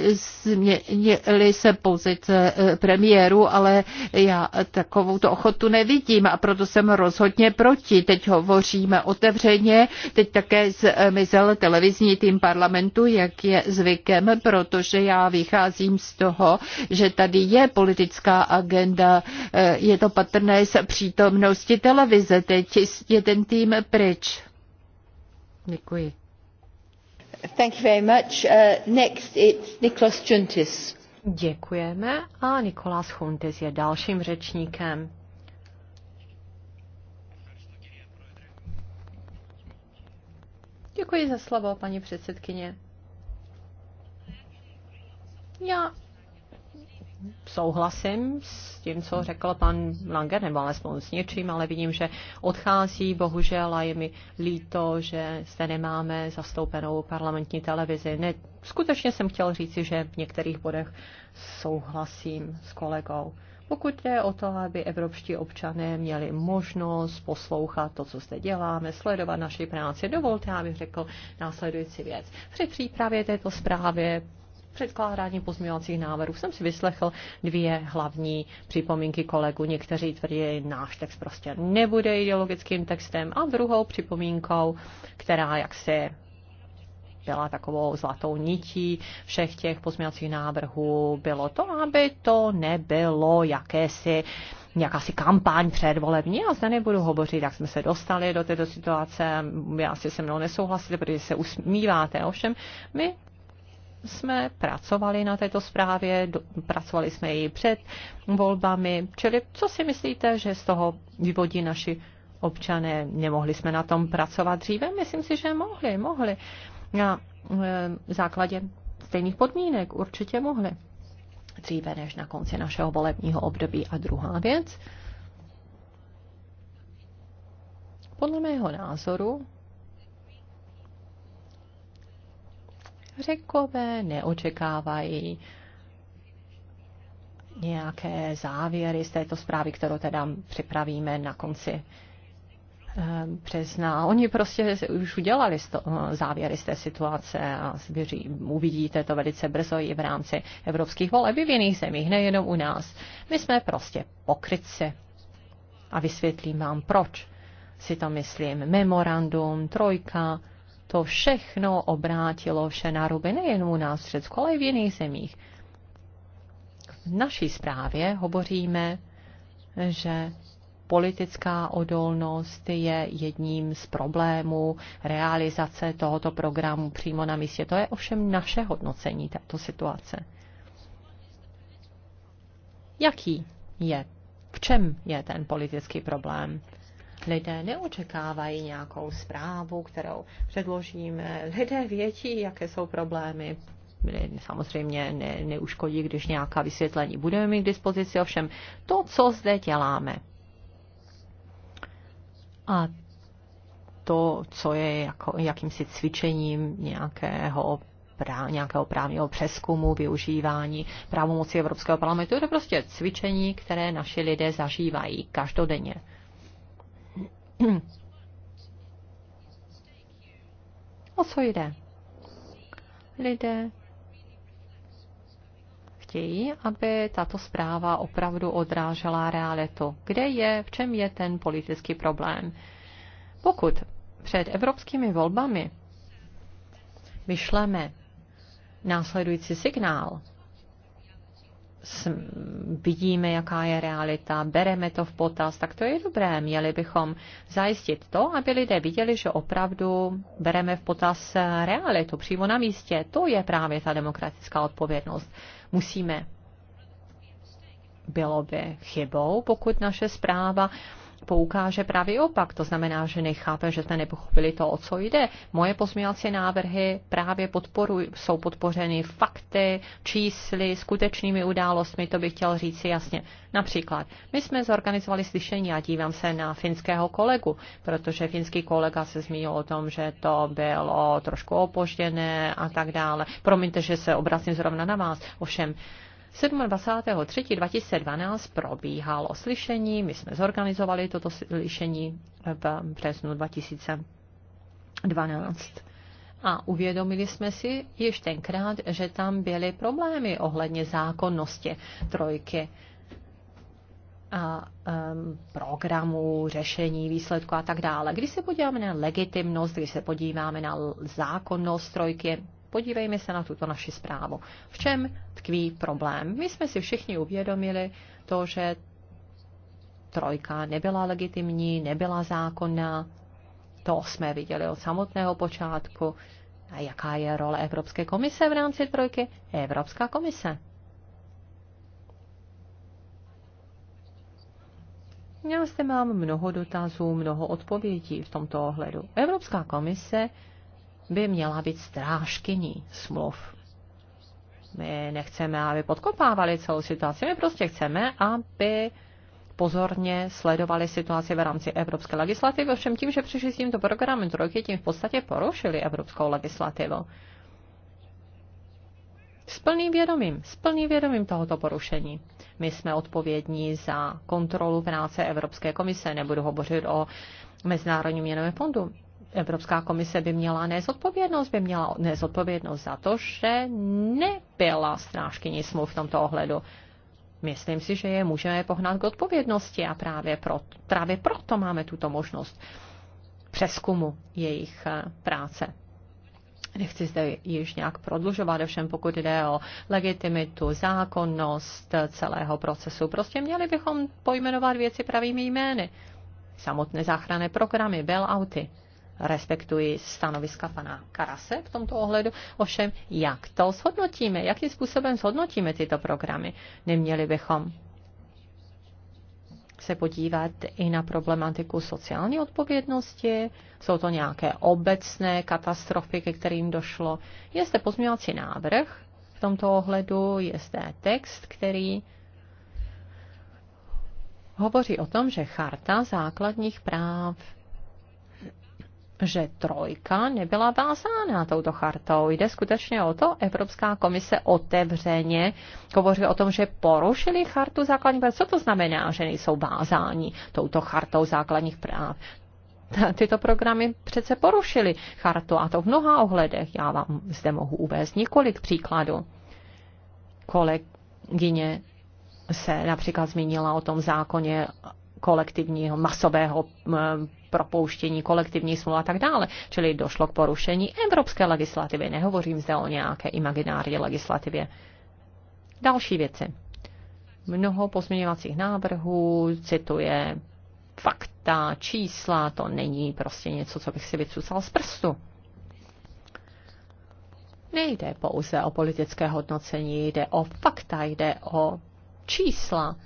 Změnili se pozice eh, premiéru, ale já takovouto ochotu nevidím a proto jsem rozhodně proti. Teď hovoříme otevřeně, teď také zmizel televizní tým parlamentu, jak je zvykem, protože já vycházím z toho, že tady je politická agenda, eh, je to patrné z přítomnosti televize. Teď jeden tým pryč. Děkuji. Thank you very much. Uh, next it's Niklas Juntis. Děkujeme a Nikolás Chuntis je dalším řečníkem. Děkuji za slovo, paní předsedkyně. Já souhlasím s tím, co řekl pan Langer, nebo alespoň s něčím, ale vidím, že odchází, bohužel, a je mi líto, že zde nemáme zastoupenou parlamentní televizi. Ne, skutečně jsem chtěl říci, že v některých bodech souhlasím s kolegou. Pokud jde o to, aby evropští občané měli možnost poslouchat to, co zde děláme, sledovat naši práci, dovolte, abych řekl následující věc. Při přípravě této zprávy předkládání pozměňovacích návrhů jsem si vyslechl dvě hlavní připomínky kolegů. Někteří tvrdí, náš text prostě nebude ideologickým textem a druhou připomínkou, která jaksi byla takovou zlatou nití všech těch pozměňovacích návrhů, bylo to, aby to nebylo jakési jakási kampaň předvolební. Já zde nebudu hovořit, jak jsme se dostali do této situace. Já si se mnou nesouhlasíte, protože se usmíváte. Ovšem, my jsme pracovali na této zprávě, do, pracovali jsme ji před volbami, čili co si myslíte, že z toho vyvodí naši občané? Nemohli jsme na tom pracovat dříve? Myslím si, že mohli, mohli. Na e, základě stejných podmínek určitě mohli. Dříve než na konci našeho volebního období. A druhá věc, podle mého názoru, Řekové neočekávají nějaké závěry z této zprávy, kterou teda připravíme na konci eh, března. Oni prostě už udělali sto, eh, závěry z té situace a zběří, uvidíte to velice brzo i v rámci evropských voleb i v jiných zemích, nejenom u nás. My jsme prostě pokrytci. A vysvětlím vám, proč si to myslím. Memorandum, trojka, to všechno obrátilo vše na ruby, nejen u nás v Řecku, ale i v jiných zemích. V naší zprávě hovoříme, že politická odolnost je jedním z problémů realizace tohoto programu přímo na místě. To je ovšem naše hodnocení této situace. Jaký je? V čem je ten politický problém? Lidé neočekávají nějakou zprávu, kterou předložíme. Lidé vědí, jaké jsou problémy. Samozřejmě ne, neuškodí, když nějaká vysvětlení budeme mít k dispozici, ovšem to, co zde děláme. A to, co je jako, jakýmsi cvičením nějakého nějakého právního přeskumu, využívání pravomoci Evropského parlamentu. Je prostě cvičení, které naši lidé zažívají každodenně. O co jde? Lidé chtějí, aby tato zpráva opravdu odrážela realitu. Kde je, v čem je ten politický problém? Pokud před evropskými volbami vyšleme následující signál, vidíme, jaká je realita, bereme to v potaz, tak to je dobré. Měli bychom zajistit to, aby lidé viděli, že opravdu bereme v potaz realitu přímo na místě. To je právě ta demokratická odpovědnost. Musíme. Bylo by chybou, pokud naše zpráva poukáže právě opak. To znamená, že nechápe, že jste nepochopili to, o co jde. Moje pozměňovací návrhy právě podporují, jsou podpořeny fakty, čísly, skutečnými událostmi, to bych chtěl říct si jasně. Například, my jsme zorganizovali slyšení a dívám se na finského kolegu, protože finský kolega se zmínil o tom, že to bylo trošku opožděné a tak dále. Promiňte, že se obracím zrovna na vás. Ovšem, 27.3.2012 probíhalo slyšení, my jsme zorganizovali toto slyšení v březnu 2012. A uvědomili jsme si již tenkrát, že tam byly problémy ohledně zákonnosti trojky a um, programů, řešení, výsledku a tak dále. Když se podíváme na legitimnost, když se podíváme na zákonnost trojky, Podívejme se na tuto naši zprávu. V čem tkví problém? My jsme si všichni uvědomili to, že trojka nebyla legitimní, nebyla zákonná. To jsme viděli od samotného počátku. A jaká je role Evropské komise v rámci trojky? Evropská komise. Já zde mám mnoho dotazů, mnoho odpovědí v tomto ohledu. Evropská komise by měla být strážkyní smluv. My nechceme, aby podkopávali celou situaci, my prostě chceme, aby pozorně sledovali situaci v rámci evropské legislativy, ovšem tím, že přišli s tímto programem trojky, tím v podstatě porušili evropskou legislativu. S plným vědomím, s plným vědomím tohoto porušení. My jsme odpovědní za kontrolu práce Evropské komise, nebudu hovořit o Mezinárodním měnovém fondu. Evropská komise by měla nezodpovědnost, by měla nezodpovědnost za to, že nebyla strážkyní smluv v tomto ohledu. Myslím si, že je můžeme pohnat k odpovědnosti a právě, pro, právě proto máme tuto možnost přeskumu jejich eh, práce. Nechci zde již nějak prodlužovat, ovšem pokud jde o legitimitu, zákonnost celého procesu. Prostě měli bychom pojmenovat věci pravými jmény. Samotné záchranné programy, bailouty respektuji stanoviska pana Karase v tomto ohledu. Ovšem, jak to shodnotíme? Jakým způsobem shodnotíme tyto programy? Neměli bychom se podívat i na problematiku sociální odpovědnosti. Jsou to nějaké obecné katastrofy, ke kterým došlo. Je zde pozměňovací návrh v tomto ohledu, je zde text, který hovoří o tom, že charta základních práv že trojka nebyla vázána touto chartou. Jde skutečně o to, Evropská komise otevřeně hovoří o tom, že porušili chartu základních práv. Co to znamená, že nejsou vázáni touto chartou základních práv? Tyto programy přece porušily chartu a to v mnoha ohledech. Já vám zde mohu uvést několik příkladů. Kolegyně se například zmínila o tom zákoně kolektivního masového propouštění kolektivní smluv a tak dále. Čili došlo k porušení evropské legislativy. Nehovořím zde o nějaké imaginární legislativě. Další věci. Mnoho pozměňovacích návrhů cituje fakta, čísla, to není prostě něco, co bych si vycucal z prstu. Nejde pouze o politické hodnocení, jde o fakta, jde o čísla,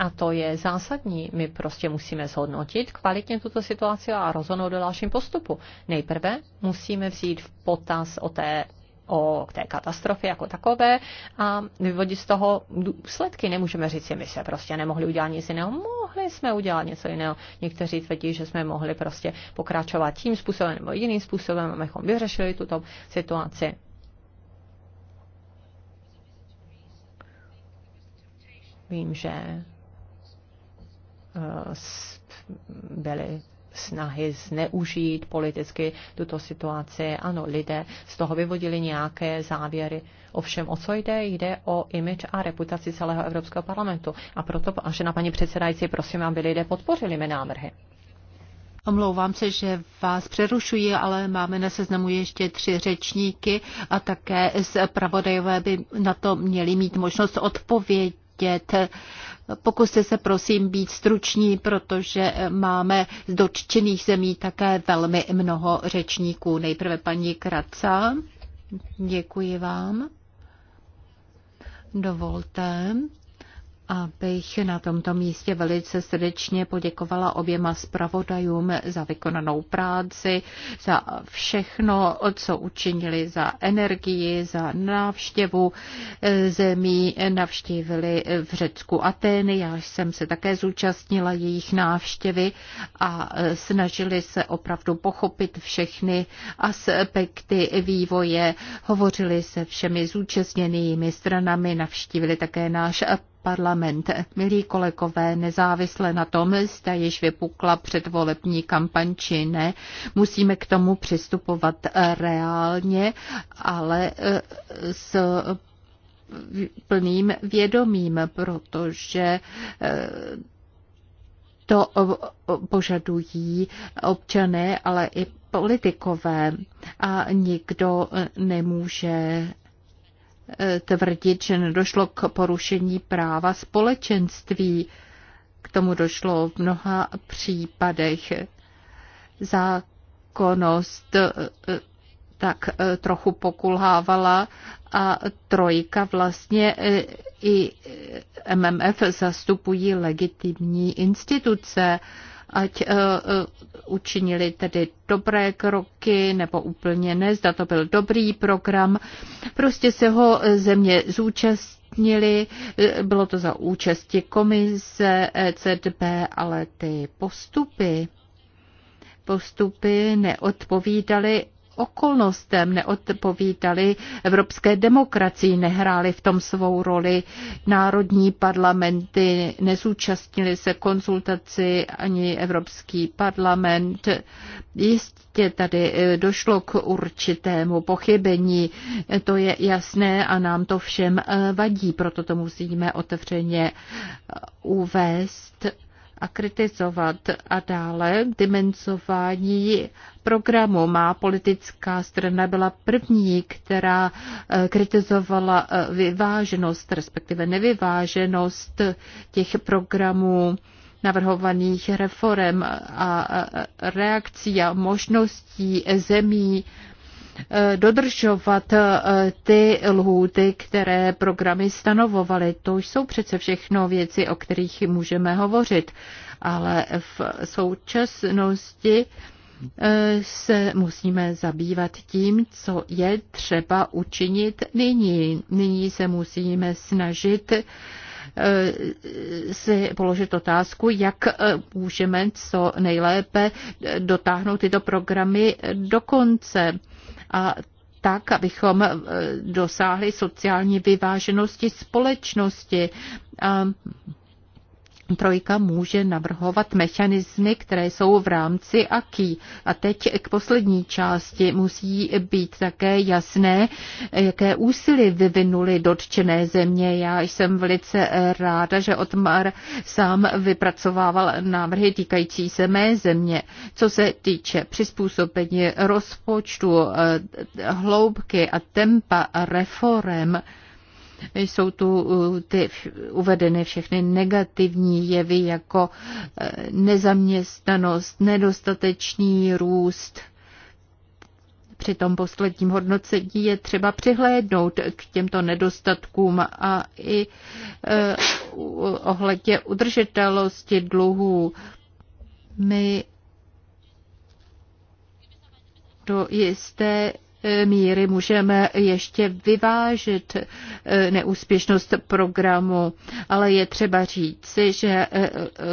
a to je zásadní. My prostě musíme zhodnotit kvalitně tuto situaci a rozhodnout o dalším postupu. Nejprve musíme vzít v potaz o té o té katastrofě jako takové a vyvodit z toho důsledky. Nemůžeme říct že my se prostě nemohli udělat nic jiného. Mohli jsme udělat něco jiného. Někteří tvrdí, že jsme mohli prostě pokračovat tím způsobem nebo jiným způsobem, abychom vyřešili tuto situaci. Vím, že byly snahy zneužít politicky tuto situaci. Ano, lidé z toho vyvodili nějaké závěry. Ovšem, o co jde? Jde o image a reputaci celého Evropského parlamentu. A proto, až na paní předsedající, prosím, aby lidé podpořili mé návrhy. Omlouvám se, že vás přerušuji, ale máme na seznamu ještě tři řečníky a také zpravodajové by na to měli mít možnost odpovědět. Pokuste se prosím být struční, protože eh, máme z dotčených zemí také velmi mnoho řečníků. Nejprve paní Kraca. Děkuji vám. Dovolte, abych na tomto místě velice srdečně poděkovala oběma zpravodajům za vykonanou práci, za všechno, co učinili, za energii, za návštěvu eh, zemí. Eh, navštívili eh, v Řecku Atény, já jsem se také zúčastnila jejich návštěvy a snažili se opravdu pochopit všechny aspekty vývoje. Hovořili se všemi zúčastněnými stranami, navštívili také náš parlament. Milí kolegové, nezávisle na tom, zda již vypukla předvolební kampaň či ne, musíme k tomu přistupovat eh, reálně, ale eh, s plným vědomím, protože eh, to požadují občané, ale i politikové a nikdo nemůže tvrdit, že nedošlo k porušení práva společenství. K tomu došlo v mnoha případech. Zákonnost eh, eh, tak eh, trochu pokulhávala a trojka vlastně i MMF zastupují legitimní instituce ať eh, eh, učinili tedy dobré kroky nebo úplně ne, zda to byl dobrý program. Prostě se ho země zúčastnili, eh, bylo to za účasti komise ECDB, ale ty postupy postupy neodpovídaly okolnostem, neodpovídali evropské demokracii, nehráli v tom svou roli. Národní parlamenty nezúčastnili se konzultaci ani Evropský parlament. Jistě tady e, došlo k určitému pochybení, to je jasné a nám to všem e, vadí, proto to musíme otevřeně e, uvést a kritizovat. A dále dimenzování programu. Má politická strana byla první, která eh, kritizovala eh, vyváženost, respektive nevyváženost těch programů navrhovaných reform a reakcí a možností zemí Eh, dodržovat eh, ty lhůty, které programy stanovovaly. To už jsou přece všechno věci, o kterých můžeme hovořit, ale v současnosti eh, se musíme zabývat tím, co je třeba učinit nyní. Nyní se musíme snažit si položit otázku, jak můžeme co nejlépe dotáhnout tyto programy do konce a tak, abychom e, dosáhli sociální vyváženosti společnosti. A Trojka může navrhovat mechanismy, které jsou v rámci AKI. A teď k poslední části musí být také jasné, jaké úsilí vyvinuli dotčené země. Já jsem velice ráda, že Otmar sám vypracovával návrhy týkající se mé země. Co se týče přizpůsobení rozpočtu, eh, hloubky a tempa reform, jsou tu ty uvedeny všechny negativní jevy jako e, nezaměstnanost, nedostatečný růst. Při tom posledním hodnocení je třeba přihlédnout k těmto nedostatkům a i e, ohledě udržitelnosti dluhů. My do jisté míry můžeme ještě vyvážit eh, neúspěšnost programu, ale je třeba říci, že eh,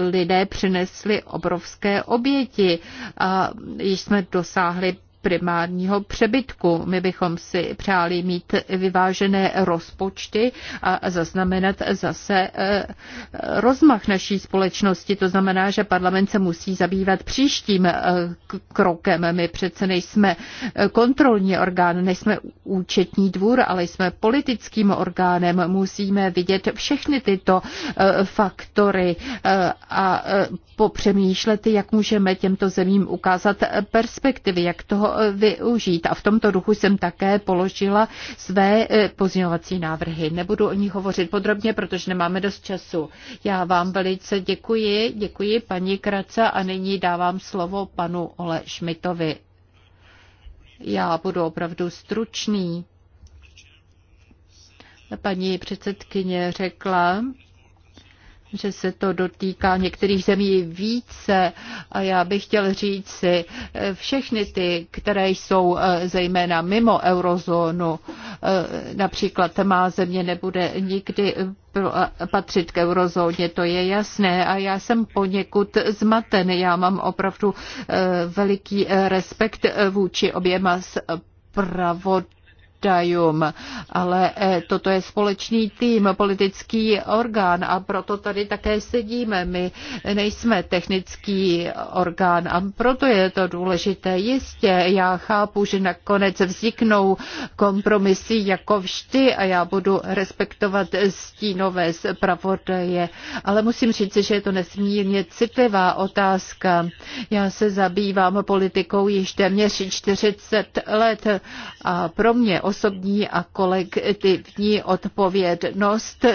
lidé přinesli obrovské oběti a již jsme dosáhli primárního přebytku. My bychom si přáli mít vyvážené rozpočty a zaznamenat zase eh, eh, rozmach naší společnosti. To znamená, že parlament se musí zabývat příštím eh, krokem. My přece nejsme kontrolní orgán, nejsme účetní dvůr, ale jsme politickým orgánem. Musíme vidět všechny tyto faktory a popřemýšlet, jak můžeme těmto zemím ukázat perspektivy, jak toho využít. A v tomto duchu jsem také položila své e, pozměňovací návrhy. Nebudu o nich hovořit podrobně, protože nemáme dost času. Já vám velice děkuji, děkuji paní Kraca a nyní dávám slovo panu Ole Šmitovi. Já budu opravdu stručný. Paní předsedkyně řekla, že se to dotýká některých zemí více. A já bych chtěl říct si, eh, všechny ty, které jsou eh, zejména mimo eurozónu, eh, například má země nebude nikdy patřit k eurozóně, to je jasné. A já jsem poněkud zmaten. Já mám opravdu veliký respekt vůči oběma zpravodům Dajum, ale eh, toto je společný tým, politický orgán a proto tady také sedíme. My nejsme technický orgán a proto je to důležité. Jistě, já chápu, že nakonec vzniknou kompromisy jako vždy a já budu respektovat stínové zpravodaje, ale musím říct, že je to nesmírně citlivá otázka. Já se zabývám politikou již téměř 40 let a pro mě osobní a kolektivní odpovědnost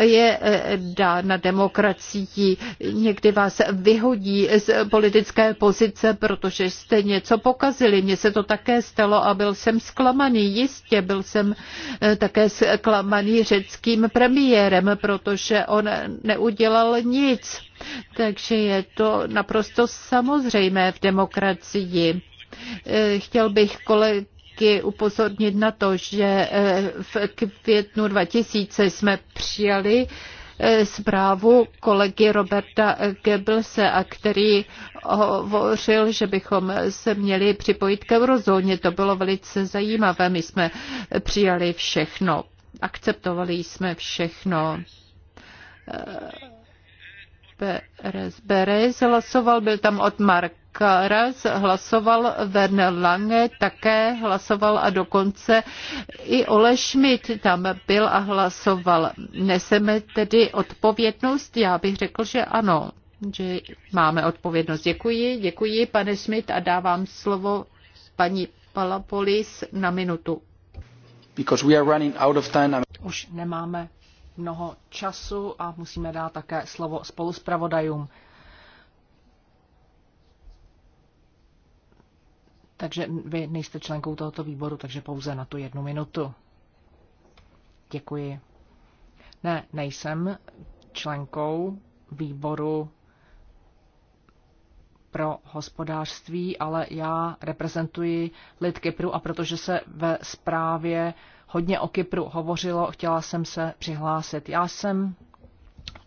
je eh, dána demokracií. Někdy vás vyhodí z politické pozice, protože jste něco pokazili. Mně se to také stalo a byl jsem zklamaný. Jistě byl jsem eh, také zklamaný řeckým premiérem, protože on neudělal nic. Takže je to naprosto samozřejmé v demokracii. Eh, chtěl bych kolegům taky upozornit na to, že eh, v květnu 2000 jsme přijali eh, zprávu kolegy Roberta Goebbelse, a který hovořil, že bychom se měli připojit k eurozóně. To bylo velice zajímavé. My jsme přijali všechno. Akceptovali jsme všechno eh, Perez Beres hlasoval, byl tam od Marka Karas, hlasoval Werner Lange, také hlasoval a dokonce i Ole Schmidt tam byl a hlasoval. Neseme tedy odpovědnost? Já bych řekl, že ano, že máme odpovědnost. Děkuji, děkuji pane Schmidt a dávám slovo paní Palapolis na minutu. Because we are running out of time. Už nemáme mnoho času a musíme dát také slovo spoluspravodajům. Takže vy nejste členkou tohoto výboru, takže pouze na tu jednu minutu. Děkuji. Ne, nejsem členkou výboru pro hospodářství, ale já reprezentuji lid Kypru a protože se ve zprávě hodně o Kypru hovořilo, chtěla jsem se přihlásit. Já jsem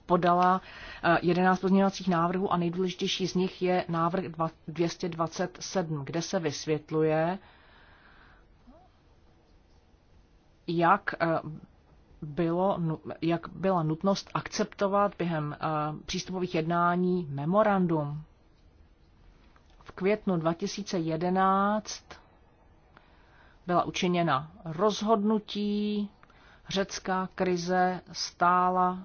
podala 11 eh, pozměňovacích návrhů a nejdůležitější z nich je návrh 227, kde se vysvětluje, jak eh, bylo, jak byla nutnost akceptovat během eh, přístupových jednání memorandum. V květnu 2011 byla učiněna rozhodnutí, řecká krize stála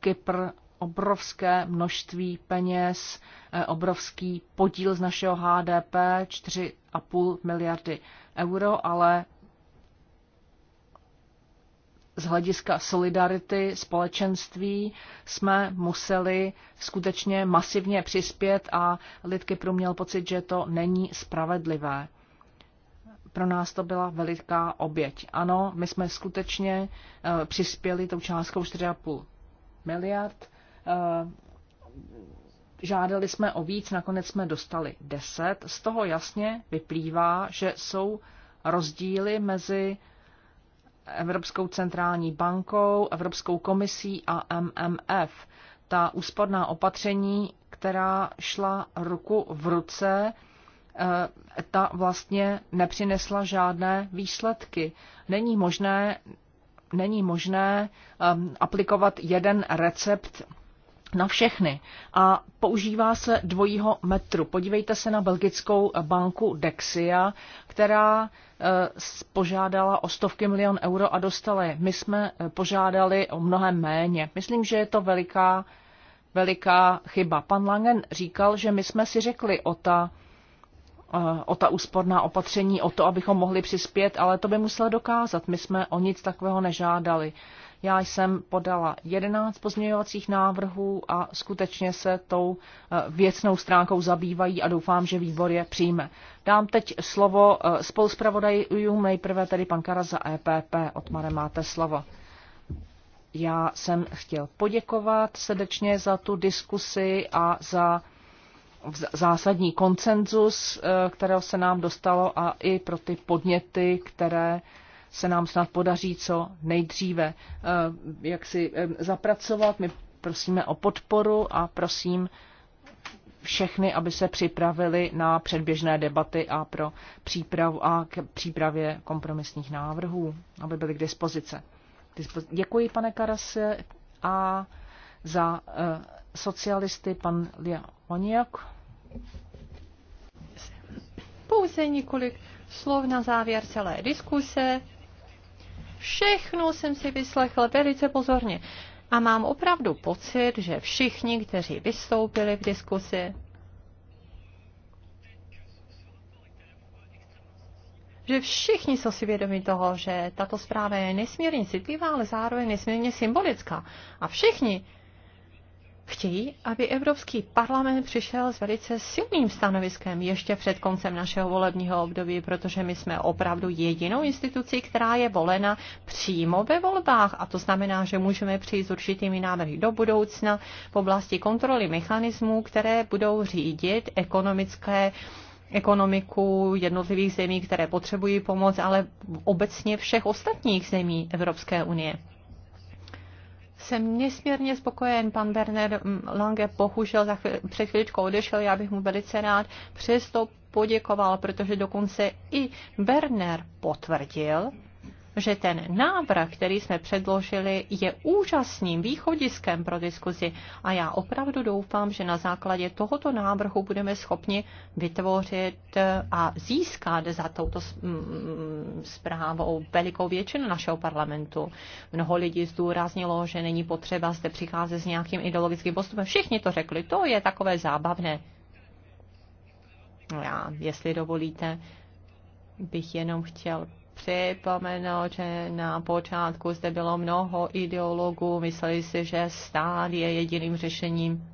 Kypr obrovské množství peněz, eh, obrovský podíl z našeho HDP, 4,5 miliardy euro, ale z hlediska solidarity společenství jsme museli skutečně masivně přispět a Lidky proměl pocit, že to není spravedlivé pro nás to byla veliká oběť. Ano, my jsme skutečně eh, přispěli tou částkou 4,5 miliard. Eh, žádali jsme o víc, nakonec jsme dostali 10. Z toho jasně vyplývá, že jsou rozdíly mezi Evropskou centrální bankou, Evropskou komisí a MMF. Ta úsporná opatření, která šla ruku v ruce, Eh, ta vlastně nepřinesla žádné výsledky. Není možné, není možné ehm, aplikovat jeden recept na všechny. A používá se dvojího metru. Podívejte se na belgickou banku Dexia, která eh, požádala o stovky milion euro a dostala je. My jsme eh, požádali o mnohem méně. Myslím, že je to veliká, veliká chyba. Pan Langen říkal, že my jsme si řekli o ta Eh, o ta úsporná opatření, o to, abychom mohli přispět, ale to by musel dokázat. My jsme o nic takového nežádali. Já jsem podala 11 pozměňovacích návrhů a skutečně se tou eh, věcnou stránkou zabývají a doufám, že výbor je přijme. Dám teď slovo eh, spoluzpravodajům, nejprve tedy pan Karaza za EPP. Otmare, máte slovo. Já jsem chtěl poděkovat srdečně za tu diskusi a za zásadní koncenzus, eh, kterého se nám dostalo a i pro ty podněty, které se nám snad podaří co nejdříve eh, jak si eh, zapracovat. My prosíme o podporu a prosím všechny, aby se připravili na předběžné debaty a pro přípravu a k přípravě kompromisních návrhů, aby byly k dispozice. Děkuji, pane Karase, a za socialisty pan Lia Pouze několik slov na závěr celé diskuse. Všechno jsem si vyslechl velice pozorně a mám opravdu pocit, že všichni, kteří vystoupili v diskusi, že všichni jsou si vědomi toho, že tato zpráva je nesmírně citlivá, ale zároveň nesmírně symbolická. A všichni chtějí, aby Evropský parlament přišel s velice silným stanoviskem ještě před koncem našeho volebního období, protože my jsme opravdu jedinou institucí, která je volena přímo ve volbách. A to znamená, že můžeme přijít s určitými návrhy do budoucna v oblasti kontroly mechanismů, které budou řídit ekonomické ekonomiku jednotlivých zemí, které potřebují pomoc, ale obecně všech ostatních zemí Evropské unie. Jsem nesmírně spokojen, pan Bernard Lange bohužel za chvíli, před chvíličkou odešel, já bych mu velice rád přesto poděkoval, protože dokonce i Werner potvrdil, že ten návrh, který jsme předložili, je úžasným východiskem pro diskuzi a já opravdu doufám, že na základě tohoto návrhu budeme schopni vytvořit eh, a získat za touto zprávou velikou většinu našeho parlamentu. Mnoho lidí zdůraznilo, že není potřeba zde přicházet s nějakým ideologickým postupem. Všichni to řekli, to je takové zábavné. No já, jestli dovolíte, bych jenom chtěl připomenout, že na počátku zde bylo mnoho ideologů, mysleli si, že stát je jediným řešením.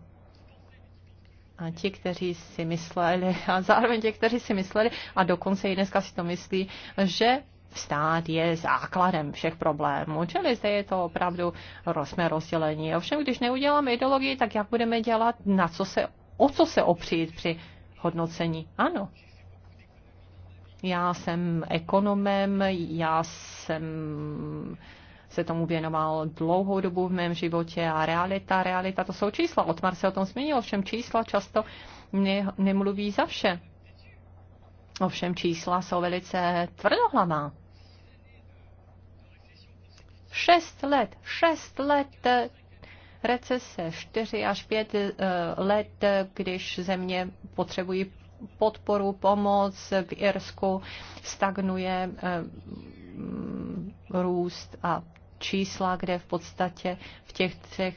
A ti, kteří si mysleli, a zároveň ti, kteří si mysleli, a dokonce i dneska si to myslí, že stát je základem všech problémů. Čili zde je to opravdu jsme rozdělení. Ovšem, když neuděláme ideologii, tak jak budeme dělat, na co se, o co se opřít při hodnocení? Ano, já jsem ekonomem, já jsem se tomu věnoval dlouhou dobu v mém životě a realita, realita, to jsou čísla. Otmar se o tom zmínil, ovšem čísla často ne, nemluví za vše. Ovšem čísla jsou velice tvrdohlavá. Šest let, šest let recese, čtyři až pět eh, let, eh, když země potřebují podporu, pomoc. V Irsku stagnuje eh, mm, růst a čísla, kde v podstatě v těch třech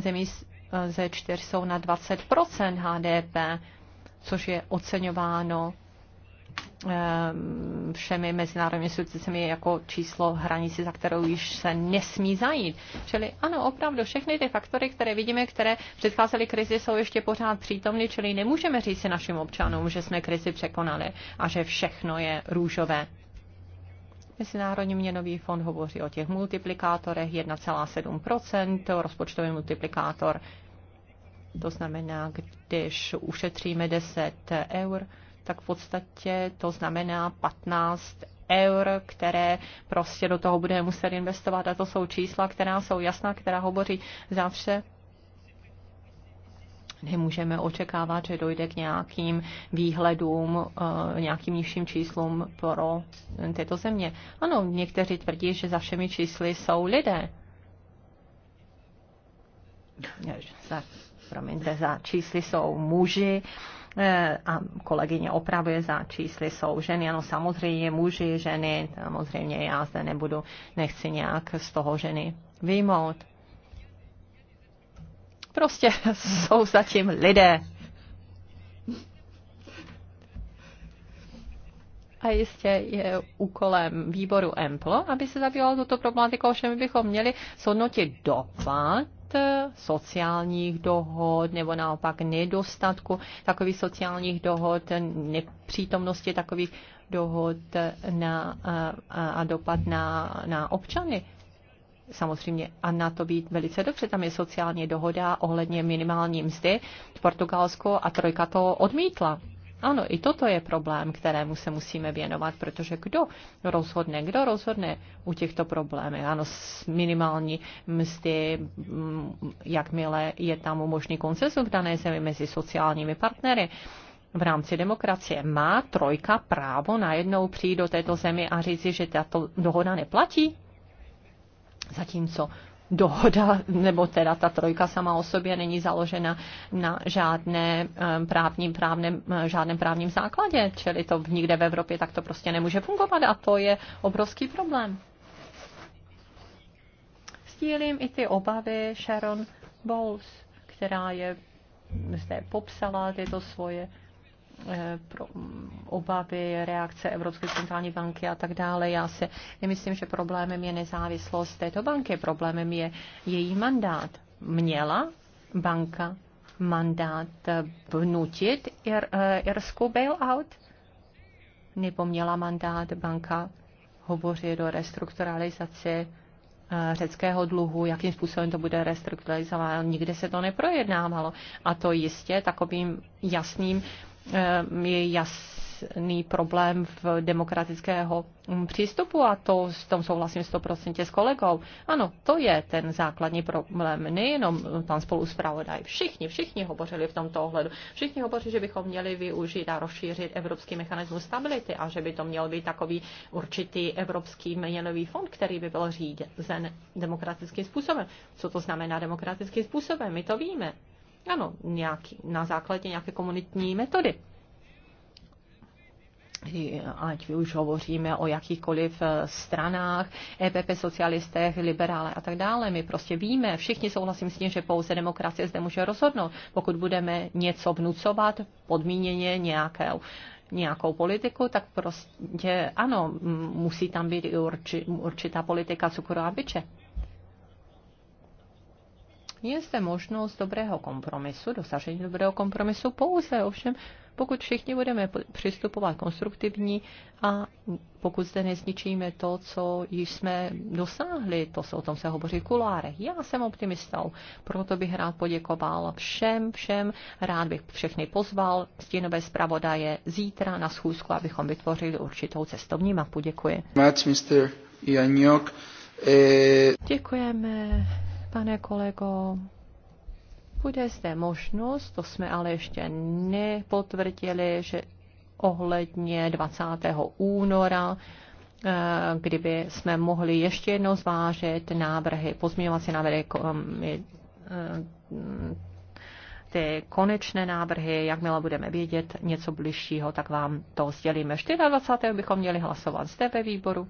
zemích eh, ze čtyř jsou na 20 HDP, což je oceňováno Ehm, všemi mezinárodními institucemi jako číslo hranici, za kterou již se nesmí zajít. Čili ano, opravdu všechny ty faktory, které vidíme, které předcházely krizi, jsou ještě pořád přítomny, čili nemůžeme říct si našim občanům, že jsme krizi překonali a že všechno je růžové. Mezinárodní měnový fond hovoří o těch multiplikátorech 1,7%, rozpočtový multiplikátor. To znamená, když ušetříme 10 eur, tak v podstatě to znamená 15 eur, které prostě do toho budeme muset investovat. A to jsou čísla, která jsou jasná, která hovoří za vše. Nemůžeme očekávat, že dojde k nějakým výhledům, eh, nějakým nižším číslům pro tyto země. Ano, někteří tvrdí, že za všemi čísly jsou lidé. Za, promiňte, za čísly jsou muži, Eh, a kolegyně opravuje za čísly jsou ženy, ano samozřejmě muži, ženy, samozřejmě já zde nebudu, nechci nějak z toho ženy vyjmout. Prostě jsou zatím lidé. a jistě je úkolem výboru EMPLO, aby se zabývalo tuto problematikou, že bychom měli shodnotit dopad sociálních dohod nebo naopak nedostatku takových sociálních dohod, nepřítomnosti takových dohod na, a, a dopad na, na občany samozřejmě a na to být velice dobře. Tam je sociální dohoda ohledně minimální mzdy v Portugalsku a trojka to odmítla. Ano, i toto je problém, kterému se musíme věnovat, protože kdo rozhodne, kdo rozhodne u těchto problémů. Ano, minimální mzdy, mm, jakmile je tam možný konsenzus v dané zemi mezi sociálními partnery, v rámci demokracie má trojka právo najednou přijít do této zemi a říci, že tato dohoda neplatí? Zatímco dohoda, nebo teda ta trojka sama o sobě není založena na žádné eh, právním, právném, eh, žádném právním základě, čili to nikde v Evropě tak to prostě nemůže fungovat a to je obrovský problém. Sdílím i ty obavy Sharon Bowles, která je zde popsala tyto svoje Eh, pro mm, obavy, reakce Evropské centrální banky a tak dále. Já si nemyslím, že problémem je nezávislost této banky, problémem je její mandát. Měla banka mandát vnutit ir, eh, bailout? Nebo měla mandát banka hovořit o restrukturalizaci eh, řeckého dluhu, jakým způsobem to bude restrukturalizováno. Nikde se to neprojednávalo. A to jistě takovým jasným Ehm, je jasný problém v demokratického hm, přístupu a to s tom souhlasím 100% s kolegou. Ano, to je ten základní problém. Nejenom hm, pan spolu zpravodaj. Všichni, všichni hovořili v tomto ohledu. Všichni hovořili, že bychom měli využít a rozšířit evropský mechanismus stability a že by to měl být takový určitý evropský měnový fond, který by byl řízen demokratickým způsobem. Co to znamená demokratickým způsobem? My to víme. Ano, nějaký, na základě nějaké komunitní metody. Ať už hovoříme o jakýchkoliv eh, stranách, EPP, socialistech, liberále a tak dále. My prostě víme, všichni souhlasím s tím, že pouze demokracie zde může rozhodnout. Pokud budeme něco vnucovat podmíněně nějakou, nějakou politiku, tak prostě ano, musí tam být urči, určitá politika cukru a byče. Je zde možnost dobrého kompromisu, dosažení dobrého kompromisu pouze, ovšem, pokud všichni budeme přistupovat konstruktivní a pokud zde nezničíme to, co již jsme dosáhli, to se o tom se hovoří v kulárech. Já jsem optimistou, proto bych rád poděkoval všem, všem, rád bych všechny pozval, stínové zpravodaje, zítra na schůzku, abychom vytvořili určitou cestovní mapu. Děkuji. Eh, Děkujeme pane kolego. Bude zde možnost, to jsme ale ještě nepotvrdili, že ohledně 20. února, eh, kdyby jsme mohli ještě jednou zvážit návrhy, pozměňovací návrhy, eh, ty konečné návrhy, jakmile budeme vědět něco bližšího, tak vám to sdělíme. 24. bychom měli hlasovat zde ve výboru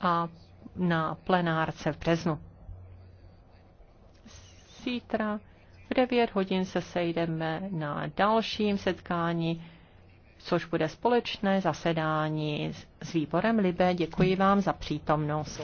a na plenárce v březnu. Zítra v 9 hodin se sejdeme na dalším setkání, což bude společné zasedání s výborem Libe. Děkuji vám za přítomnost.